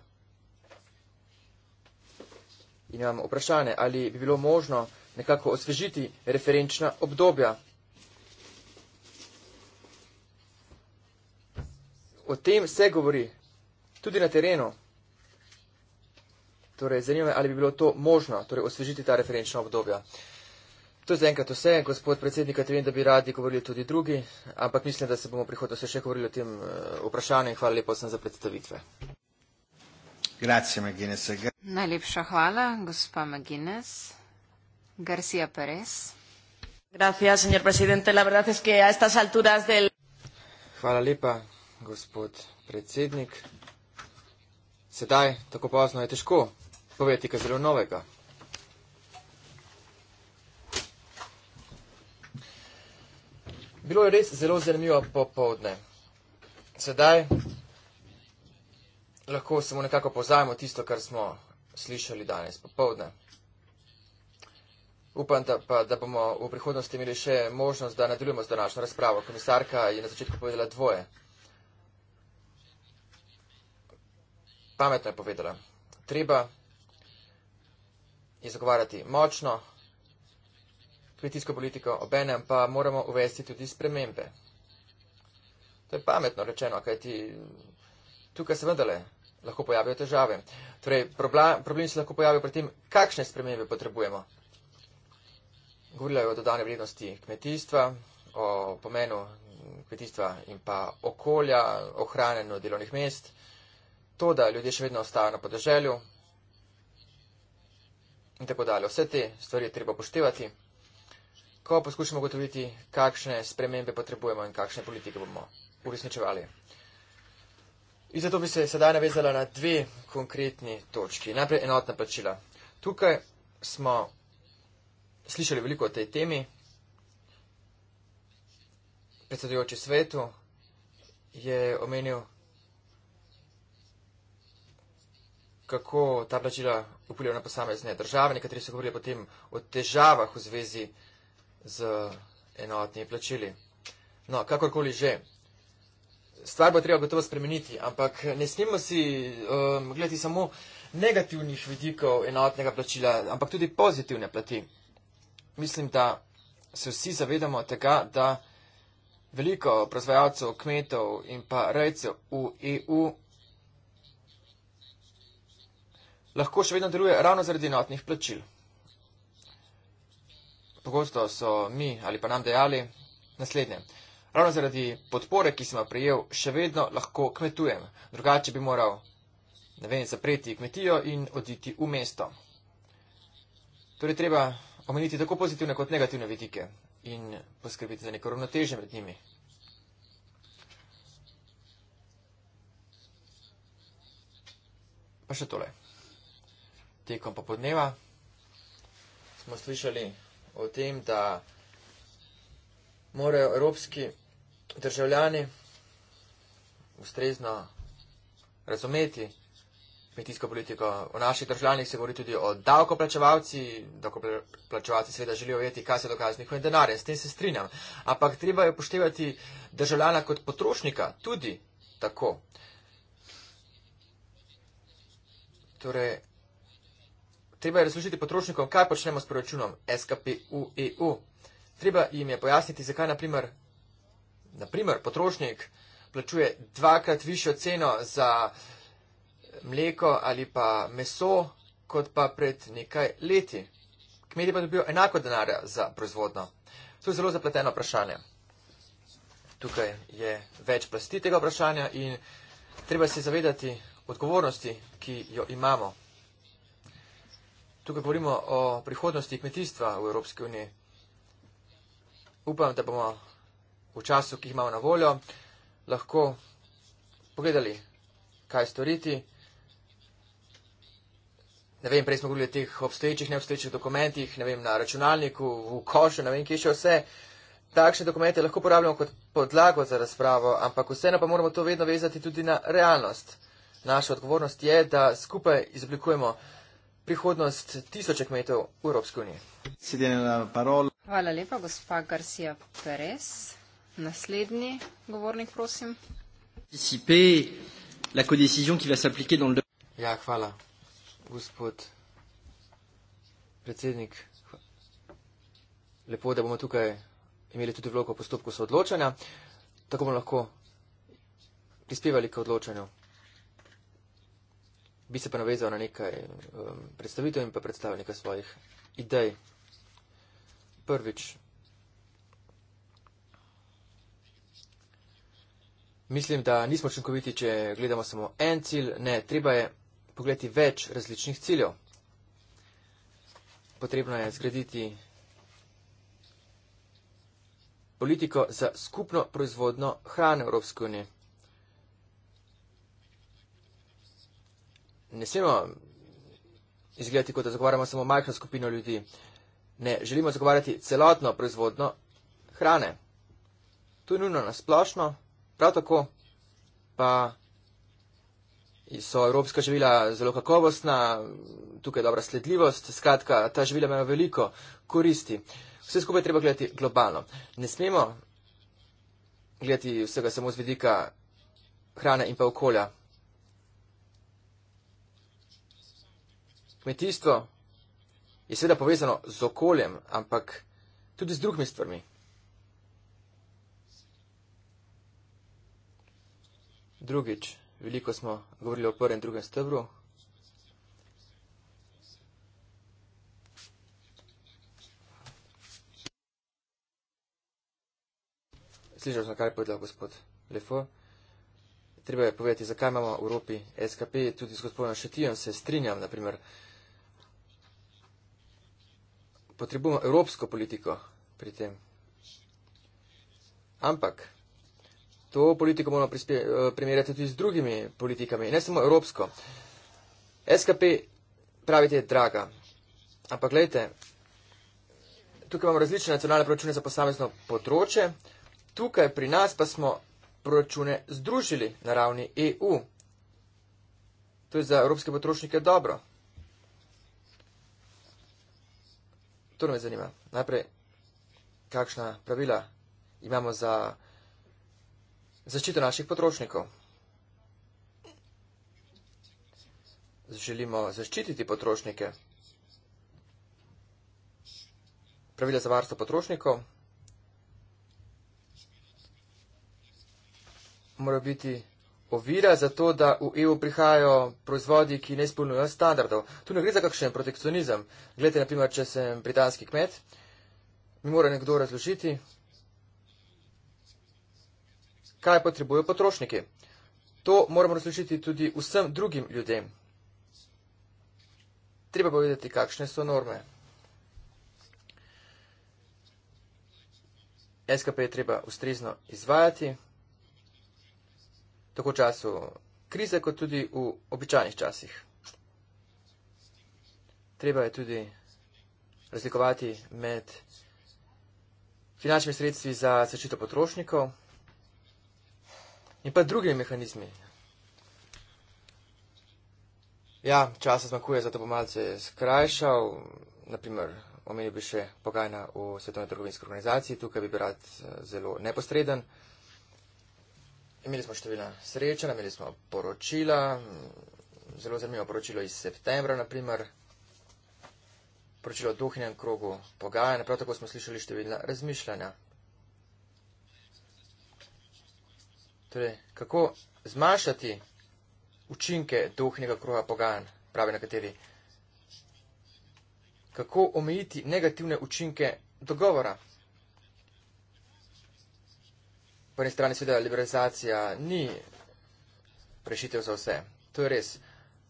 in imamo vprašanje, ali bi bilo možno nekako osvežiti referenčna obdobja. O tem se govori tudi na terenu. Torej, zanima me, ali bi bilo to možno, torej osvežiti ta referenčna obdobja. To je zaenkrat vse, gospod predsednik, ker vem, da bi radi govorili tudi drugi, ampak mislim, da se bomo prihodnosti še govorili o tem eh, vprašanju in hvala lepa sem za predstavitve. Grazie, McGuinness. Najlepša hvala, gospa McGuinness. Garcia Perez. Gracias, señor presidente. La verdad es que a estas alturas del. Hvala lepa, gospod predsednik. Sedaj, tako pozno, je težko povedati kaj zelo novega. Bilo je res zelo zanimivo popovdne. Sedaj, lahko samo nekako pozajmo tisto, kar smo slišali danes popovdne. Upam, da, pa, da bomo v prihodnosti imeli še možnost, da nadaljujemo z današnjo razpravo. Komisarka je na začetku povedala dvoje. Pametno je povedala. Treba je zagovarjati močno kmetijsko politiko, obenem pa moramo uvesti tudi spremembe. To je pametno rečeno, kajti tukaj se vendale lahko pojavijo težave. Torej, problem se lahko pojavijo pri tem, kakšne spremembe potrebujemo. Govorila je o dodane vrednosti kmetijstva, o pomenu kmetijstva in pa okolja, ohranjenju delovnih mest, to, da ljudje še vedno ostajajo na podeželju in tako dalje. Vse te stvari je treba poštevati, ko poskušamo ugotoviti, kakšne spremembe potrebujemo in kakšne politike bomo uresničevali. In zato bi se sedaj navezala na dve konkretni točki. Najprej enotna plačila. Tukaj smo slišali veliko o tej temi. Predsedujoči svetu je omenil, kako ta plačila vplivajo na posamezne države. Nekateri so govorili potem o težavah v zvezi z enotnimi plačili. No, kakorkoli že, stvar bo treba gotovo spremeniti, ampak ne smemo si um, gledati samo negativnih vidikov enotnega plačila, ampak tudi pozitivne plati. Mislim, da se vsi zavedamo tega, da veliko proizvajalcev, kmetov in pa rejcev v EU lahko še vedno deluje ravno zaradi enotnih plačil. Pogosto so mi ali pa nam dejali naslednje. Ravno zaradi podpore, ki sem jo prejel, še vedno lahko kmetujem. Drugače bi moral, ne vem, zapreti kmetijo in oditi v mesto. Torej treba omeniti tako pozitivne kot negativne vidike in poskrbiti za neko ravnoteže med njimi. Pa še tole. Tekom popodneva smo slišali o tem, da morajo evropski državljani ustrezno razumeti kmetijsko politiko. V naših državljanih se govori tudi o davkoplačevalci, davkoplačevalci seveda želijo vedeti, kaj se dokaja z njihovim denarjem, s tem se strinjam. Ampak treba je upoštevati državljana kot potrošnika tudi tako. Torej, treba je razložiti potrošnikom, kaj počnemo s proračunom SKPU EU. Treba jim je pojasniti, zakaj naprimer Naprimer, potrošnik plačuje dvakrat višjo ceno za mleko ali pa meso, kot pa pred nekaj leti. Kmetje pa dobijo enako denarja za proizvodno. To je zelo zapleteno vprašanje. Tukaj je več plasti tega vprašanja in treba se zavedati odgovornosti, ki jo imamo. Tukaj govorimo o prihodnosti kmetijstva v Evropski uniji. Upam, da bomo v času, ki jih imamo na voljo, lahko pogledali, kaj storiti. Ne vem, prej smo govorili o teh obstoječih, neobstoječih dokumentih, ne vem, na računalniku, v košu, ne vem, kje še vse. Takšne dokumente lahko uporabljamo kot podlago za razpravo, ampak vseeno pa moramo to vedno vezati tudi na realnost. Naša odgovornost je, da skupaj izoblikujemo prihodnost tisoče kmetov v Evropski uniji. Hvala lepa, gospa Garcia Perez. Naslednji govornik, prosim. La codécision qui va s'appliquer dans le domaine. Ja, hvala, gospod predsednik. Lepo, da bomo tukaj imeli tudi vlogo v postopku soodločanja, tako bomo lahko prispevali k odločanju. Bi se pa navezal na nekaj um, predstavitev in pa predstavnika svojih idej. Prvič, Mislim, da nismo učinkoviti, če gledamo samo en cilj. Ne, treba je pogledati več različnih ciljev. Potrebno je zgraditi politiko za skupno proizvodno hrane Evropske unije. Ne smemo izgledati, kot da zagovarjamo samo majhno skupino ljudi. Ne, želimo zagovarjati celotno proizvodno hrane. To je nujno nasplošno. Prav tako pa so evropska živila zelo kakovostna, tukaj dobra sledljivost, skratka, ta živila imajo veliko koristi. Vse skupaj treba gledati globalno. Ne smemo gledati vsega samo z vidika hrane in pa okolja. Kmetijstvo je seveda povezano z okoljem, ampak tudi z drugimi stvarmi. Drugič, veliko smo govorili o prvem in drugem stebru. Slišal sem, kaj je povedal gospod Lefo. Treba je povedati, zakaj imamo v Evropi SKP, tudi s gospodom Šetijem se strinjam, naprimer. Potrebujemo evropsko politiko pri tem. Ampak, to politiko moramo eh, primerjati tudi z drugimi politikami, ne samo evropsko. SKP pravite je draga, ampak gledajte, tukaj imamo različne nacionalne proračune za posamezno področje, tukaj pri nas pa smo proračune združili na ravni EU. To je za evropske potrošnike dobro. To nam je zanima. Najprej, kakšna pravila imamo za evropske potrošnike. Zaščito naših potrošnikov. Želimo zaščititi potrošnike. Pravila za varstvo potrošnikov morajo biti ovira za to, da v EU prihajajo proizvodi, ki ne izpolnjujo standardov. Tu ne gre za kakšen protekcionizem. Glede, naprimer, če sem britanski kmet, mi mora nekdo razložiti, kaj potrebujejo potrošniki. To moramo razločiti tudi vsem drugim ljudem. Treba povedati, kakšne so norme. SKP je treba ustrezno izvajati, tako v času krize, kot tudi v običajnih časih. Treba je tudi razlikovati med finančnimi sredstvi za zaščito potrošnikov In pa drugi mehanizmi. Ja, časa zmakuje, zato bom malce skrajšal. Naprimer, omenil bi še pogajna v Svetovni trgovinski organizaciji, tukaj bi bil rad eh, zelo neposreden. Imeli smo številna srečanja, imeli smo poročila, zelo zanimivo poročilo iz septembra, naprimer, poročilo o duhinjem krogu pogajanja, prav tako smo slišali številna razmišljanja. Torej, kako zmanjšati učinke duhnega kruha pogajanj, pravi nekateri. Kako omejiti negativne učinke dogovora. Po eni strani seveda liberalizacija ni rešitev za vse. To je res.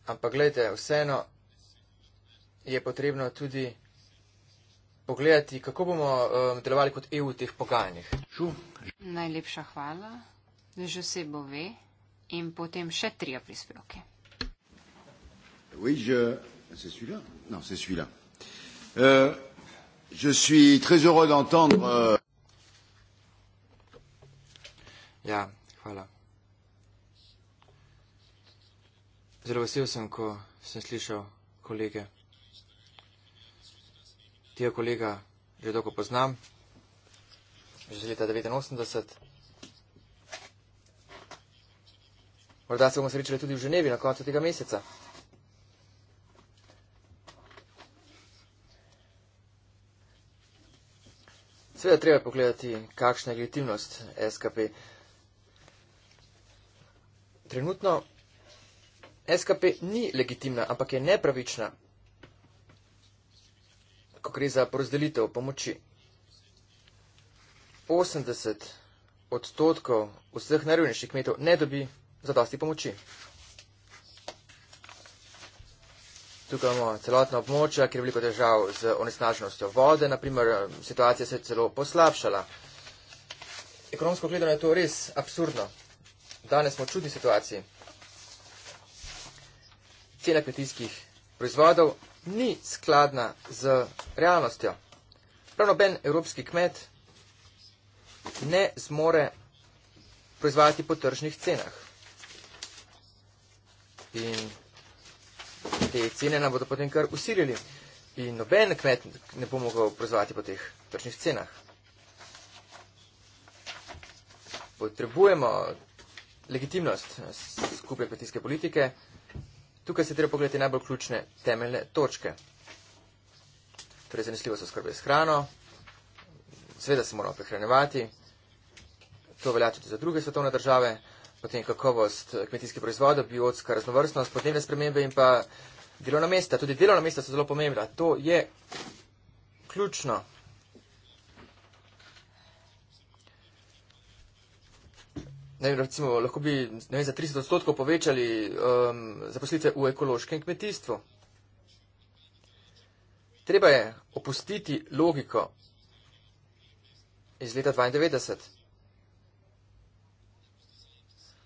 Ampak gledajte, vseeno je potrebno tudi pogledati, kako bomo um, delovali kot EU v teh pogajanjih. Najlepša hvala z osebo ve in potem še tri prispevke. Oui, je, c'est celui-là. Non, c'est celui-là. Euh, je suis très heureux d'entendre. Euh... Ja, voilà. Zelo vesel sem, ko sem slišal kolege. Tega kolega že dolgo poznam, že z leta 1989. Morda se bomo srečali tudi v Ženevi na koncu tega meseca. Seveda treba je pogledati, kakšna je legitimnost SKP. Trenutno SKP ni legitimna, ampak je nepravična, ko gre za porazdelitev pomoči. 80 odstotkov vseh najrevnejših kmetov ne dobi za dosti pomoči. Tukaj imamo celotno območje, kjer je veliko težav z onesnaženostjo vode. Naprimer, eh, situacija se je celo poslabšala. Ekonomsko gledano je to res absurdno. Danes smo v čudni situaciji. Cena kmetijskih proizvodov ni skladna z realnostjo. Pravno ben evropski kmet ne zmore proizvajati po tržnih cenah in te cene nam bodo potem kar usirili in noben kmet ne bo mogel prozvati po teh tržnih cenah. Potrebujemo legitimnost skupne kmetijske politike. Tukaj se treba pogledati najbolj ključne temeljne točke. Torej zanesljivo so skrbe s hrano, seveda se moramo prehranevati, to velja tudi za druge svetovne države potem kakovost eh, kmetijskih proizvodov, biotska raznovrstnost, podnebne spremembe in pa delovna mesta. Tudi delovna mesta so zelo pomembna. To je ključno. Ne vem, recimo, lahko bi ne vem, za 30 odstotkov povečali um, zaposlitve v ekološkem kmetijstvu. Treba je opustiti logiko iz leta 1992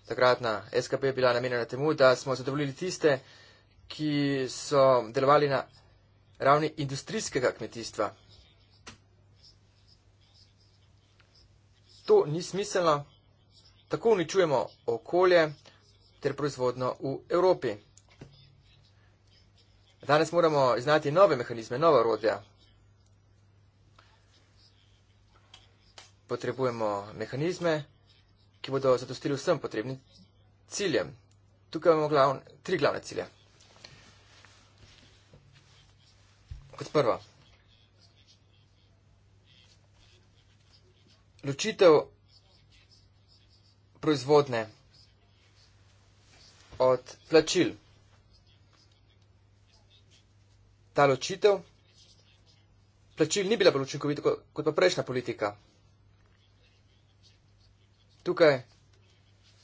takratna SKP bila namenjena temu, da smo zadovoljili tiste, ki so delovali na ravni industrijskega kmetijstva. To ni smiselno, tako uničujemo okolje ter proizvodno v Evropi. Danes moramo iznati nove mehanizme, nova rodja. Potrebujemo mehanizme, ki bodo zadostili vsem potrebnim ciljem. Tukaj imamo glavne, tri glavne cilje. Kot prvo, ločitev proizvodne od plačil. Ta ločitev plačil ni bila bolj učinkovita kot pa prejšnja politika tukaj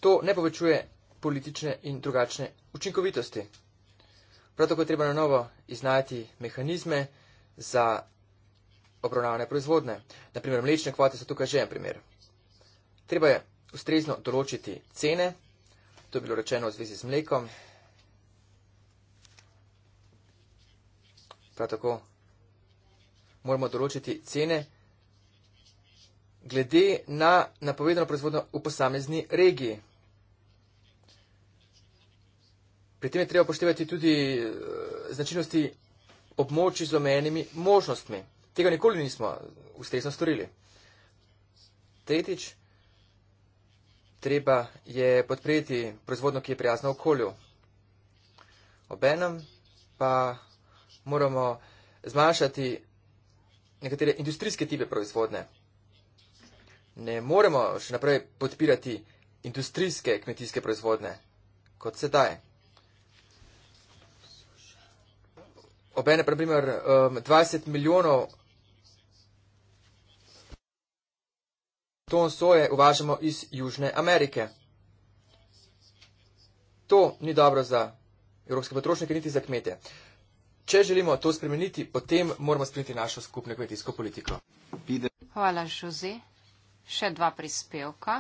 to ne povečuje politične in drugačne učinkovitosti. Prav tako je treba na novo iznajti mehanizme za obravnavane proizvodne. Naprimer, mlečne kvote so tukaj že en primer. Treba je ustrezno določiti cene, to je bilo rečeno v zvezi z mlekom, prav tako moramo določiti cene, glede na napovedano proizvodno v posamezni regiji. Pri tem je treba upoštevati tudi eh, značilnosti območij z omenjenimi možnostmi. Tega nikoli nismo ustrezno storili. Tretjič, treba je podpreti proizvodno, ki je prijazno okolju. Obenem pa moramo zmanjšati nekatere industrijske tipe proizvodne. Ne moremo še naprej podpirati industrijske kmetijske proizvodne, kot sedaj. Obene, primer, 20 um, milijonov ton soje uvažamo iz Južne Amerike. To ni dobro za evropske potrošnike, niti za kmete. Če želimo to spremeniti, potem moramo spremeniti našo skupno kmetijsko politiko. Hvala, Žuze. Še dva prispevka.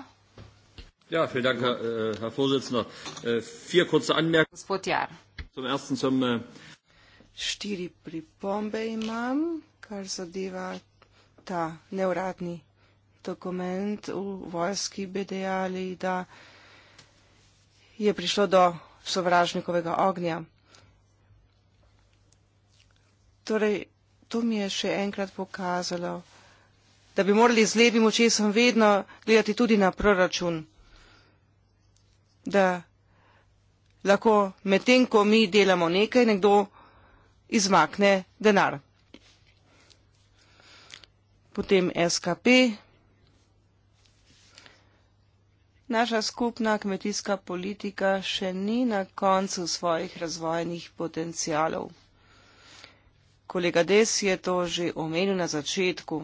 Ja, vielen Dank, Herr, äh, Herr Vorsitzender. Äh, vier kurze Anmerkungen. Gospod Jar. Zum ersten zum. Äh, Štiri pripombe imam, kar zadeva ta neuradni dokument v vojski BDA-li, da je prišlo do sovražnikovega ognja. Torej, to mi je še enkrat pokazalo, da bi morali z levim očesom vedno gledati tudi na proračun, da lahko medtem, ko mi delamo nekaj, nekdo izmakne denar. Potem SKP, naša skupna kmetijska politika še ni na koncu svojih razvojnih potencijalov. Kolega Des je to že omenil na začetku.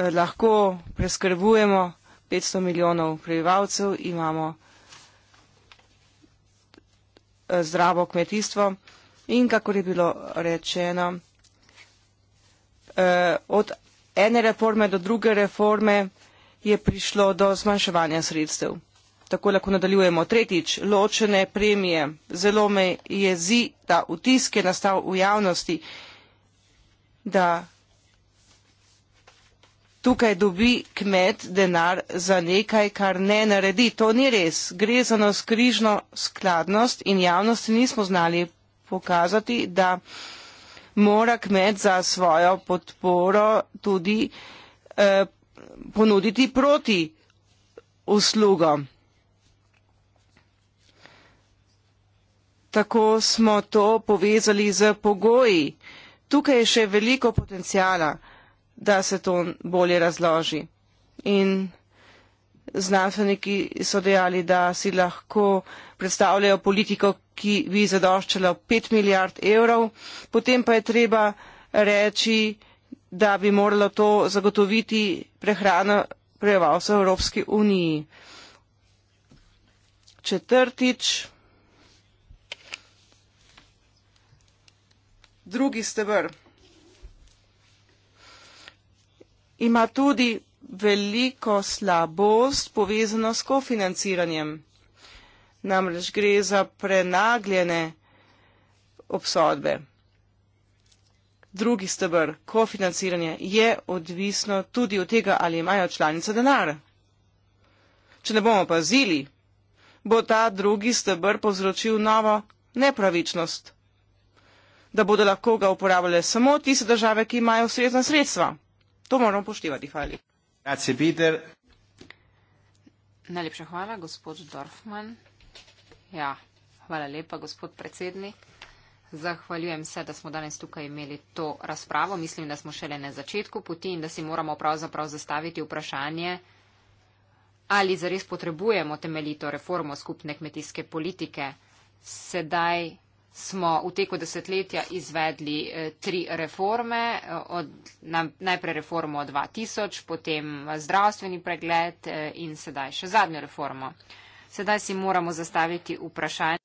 Eh, lahko preskrbujemo 500 milijonov prebivalcev, imamo eh, zdravo kmetijstvo in kakor je bilo rečeno, eh, od ene reforme do druge reforme je prišlo do zmanjševanja sredstev. Tako lahko nadaljujemo. Tretjič, ločene premije. Zelo me jezi, da vtiske nastav v javnosti, da tukaj dobi kmet denar za nekaj, kar ne naredi. To ni res. Gre za naskrižno skladnost in javnosti nismo znali pokazati, da mora kmet za svojo podporo tudi eh, ponuditi proti uslugo. Tako smo to povezali z pogoji. Tukaj je še veliko potencijala da se to bolje razloži. In znanstveniki so dejali, da si lahko predstavljajo politiko, ki bi zadoščala 5 milijard evrov, potem pa je treba reči, da bi moralo to zagotoviti prehrano prejevalcev Evropske unije. Četrtič. Drugi stebr. ima tudi veliko slabost povezano s kofinanciranjem. Namreč gre za prenagljene obsodbe. Drugi stebr, kofinanciranje, je odvisno tudi od tega, ali imajo članice denar. Če ne bomo pazili, bo ta drugi stebr povzročil novo nepravičnost, da bodo lahko ga uporabljale samo tiste države, ki imajo ustrezna sredstva. To moramo poštivati. Hvala. Grazie, Peter. Najlepša hvala, gospod Dorfman. Ja, hvala lepa, gospod predsednik. Zahvaljujem se, da smo danes tukaj imeli to razpravo. Mislim, da smo šele na začetku poti in da si moramo pravzaprav zastaviti vprašanje, ali zares potrebujemo temeljito reformo skupne kmetijske politike. Sedaj smo v teku desetletja izvedli eh, tri reforme. Eh, od, najprej reformo 2000, potem zdravstveni pregled eh, in sedaj še zadnjo reformo. Sedaj si moramo zastaviti vprašanje.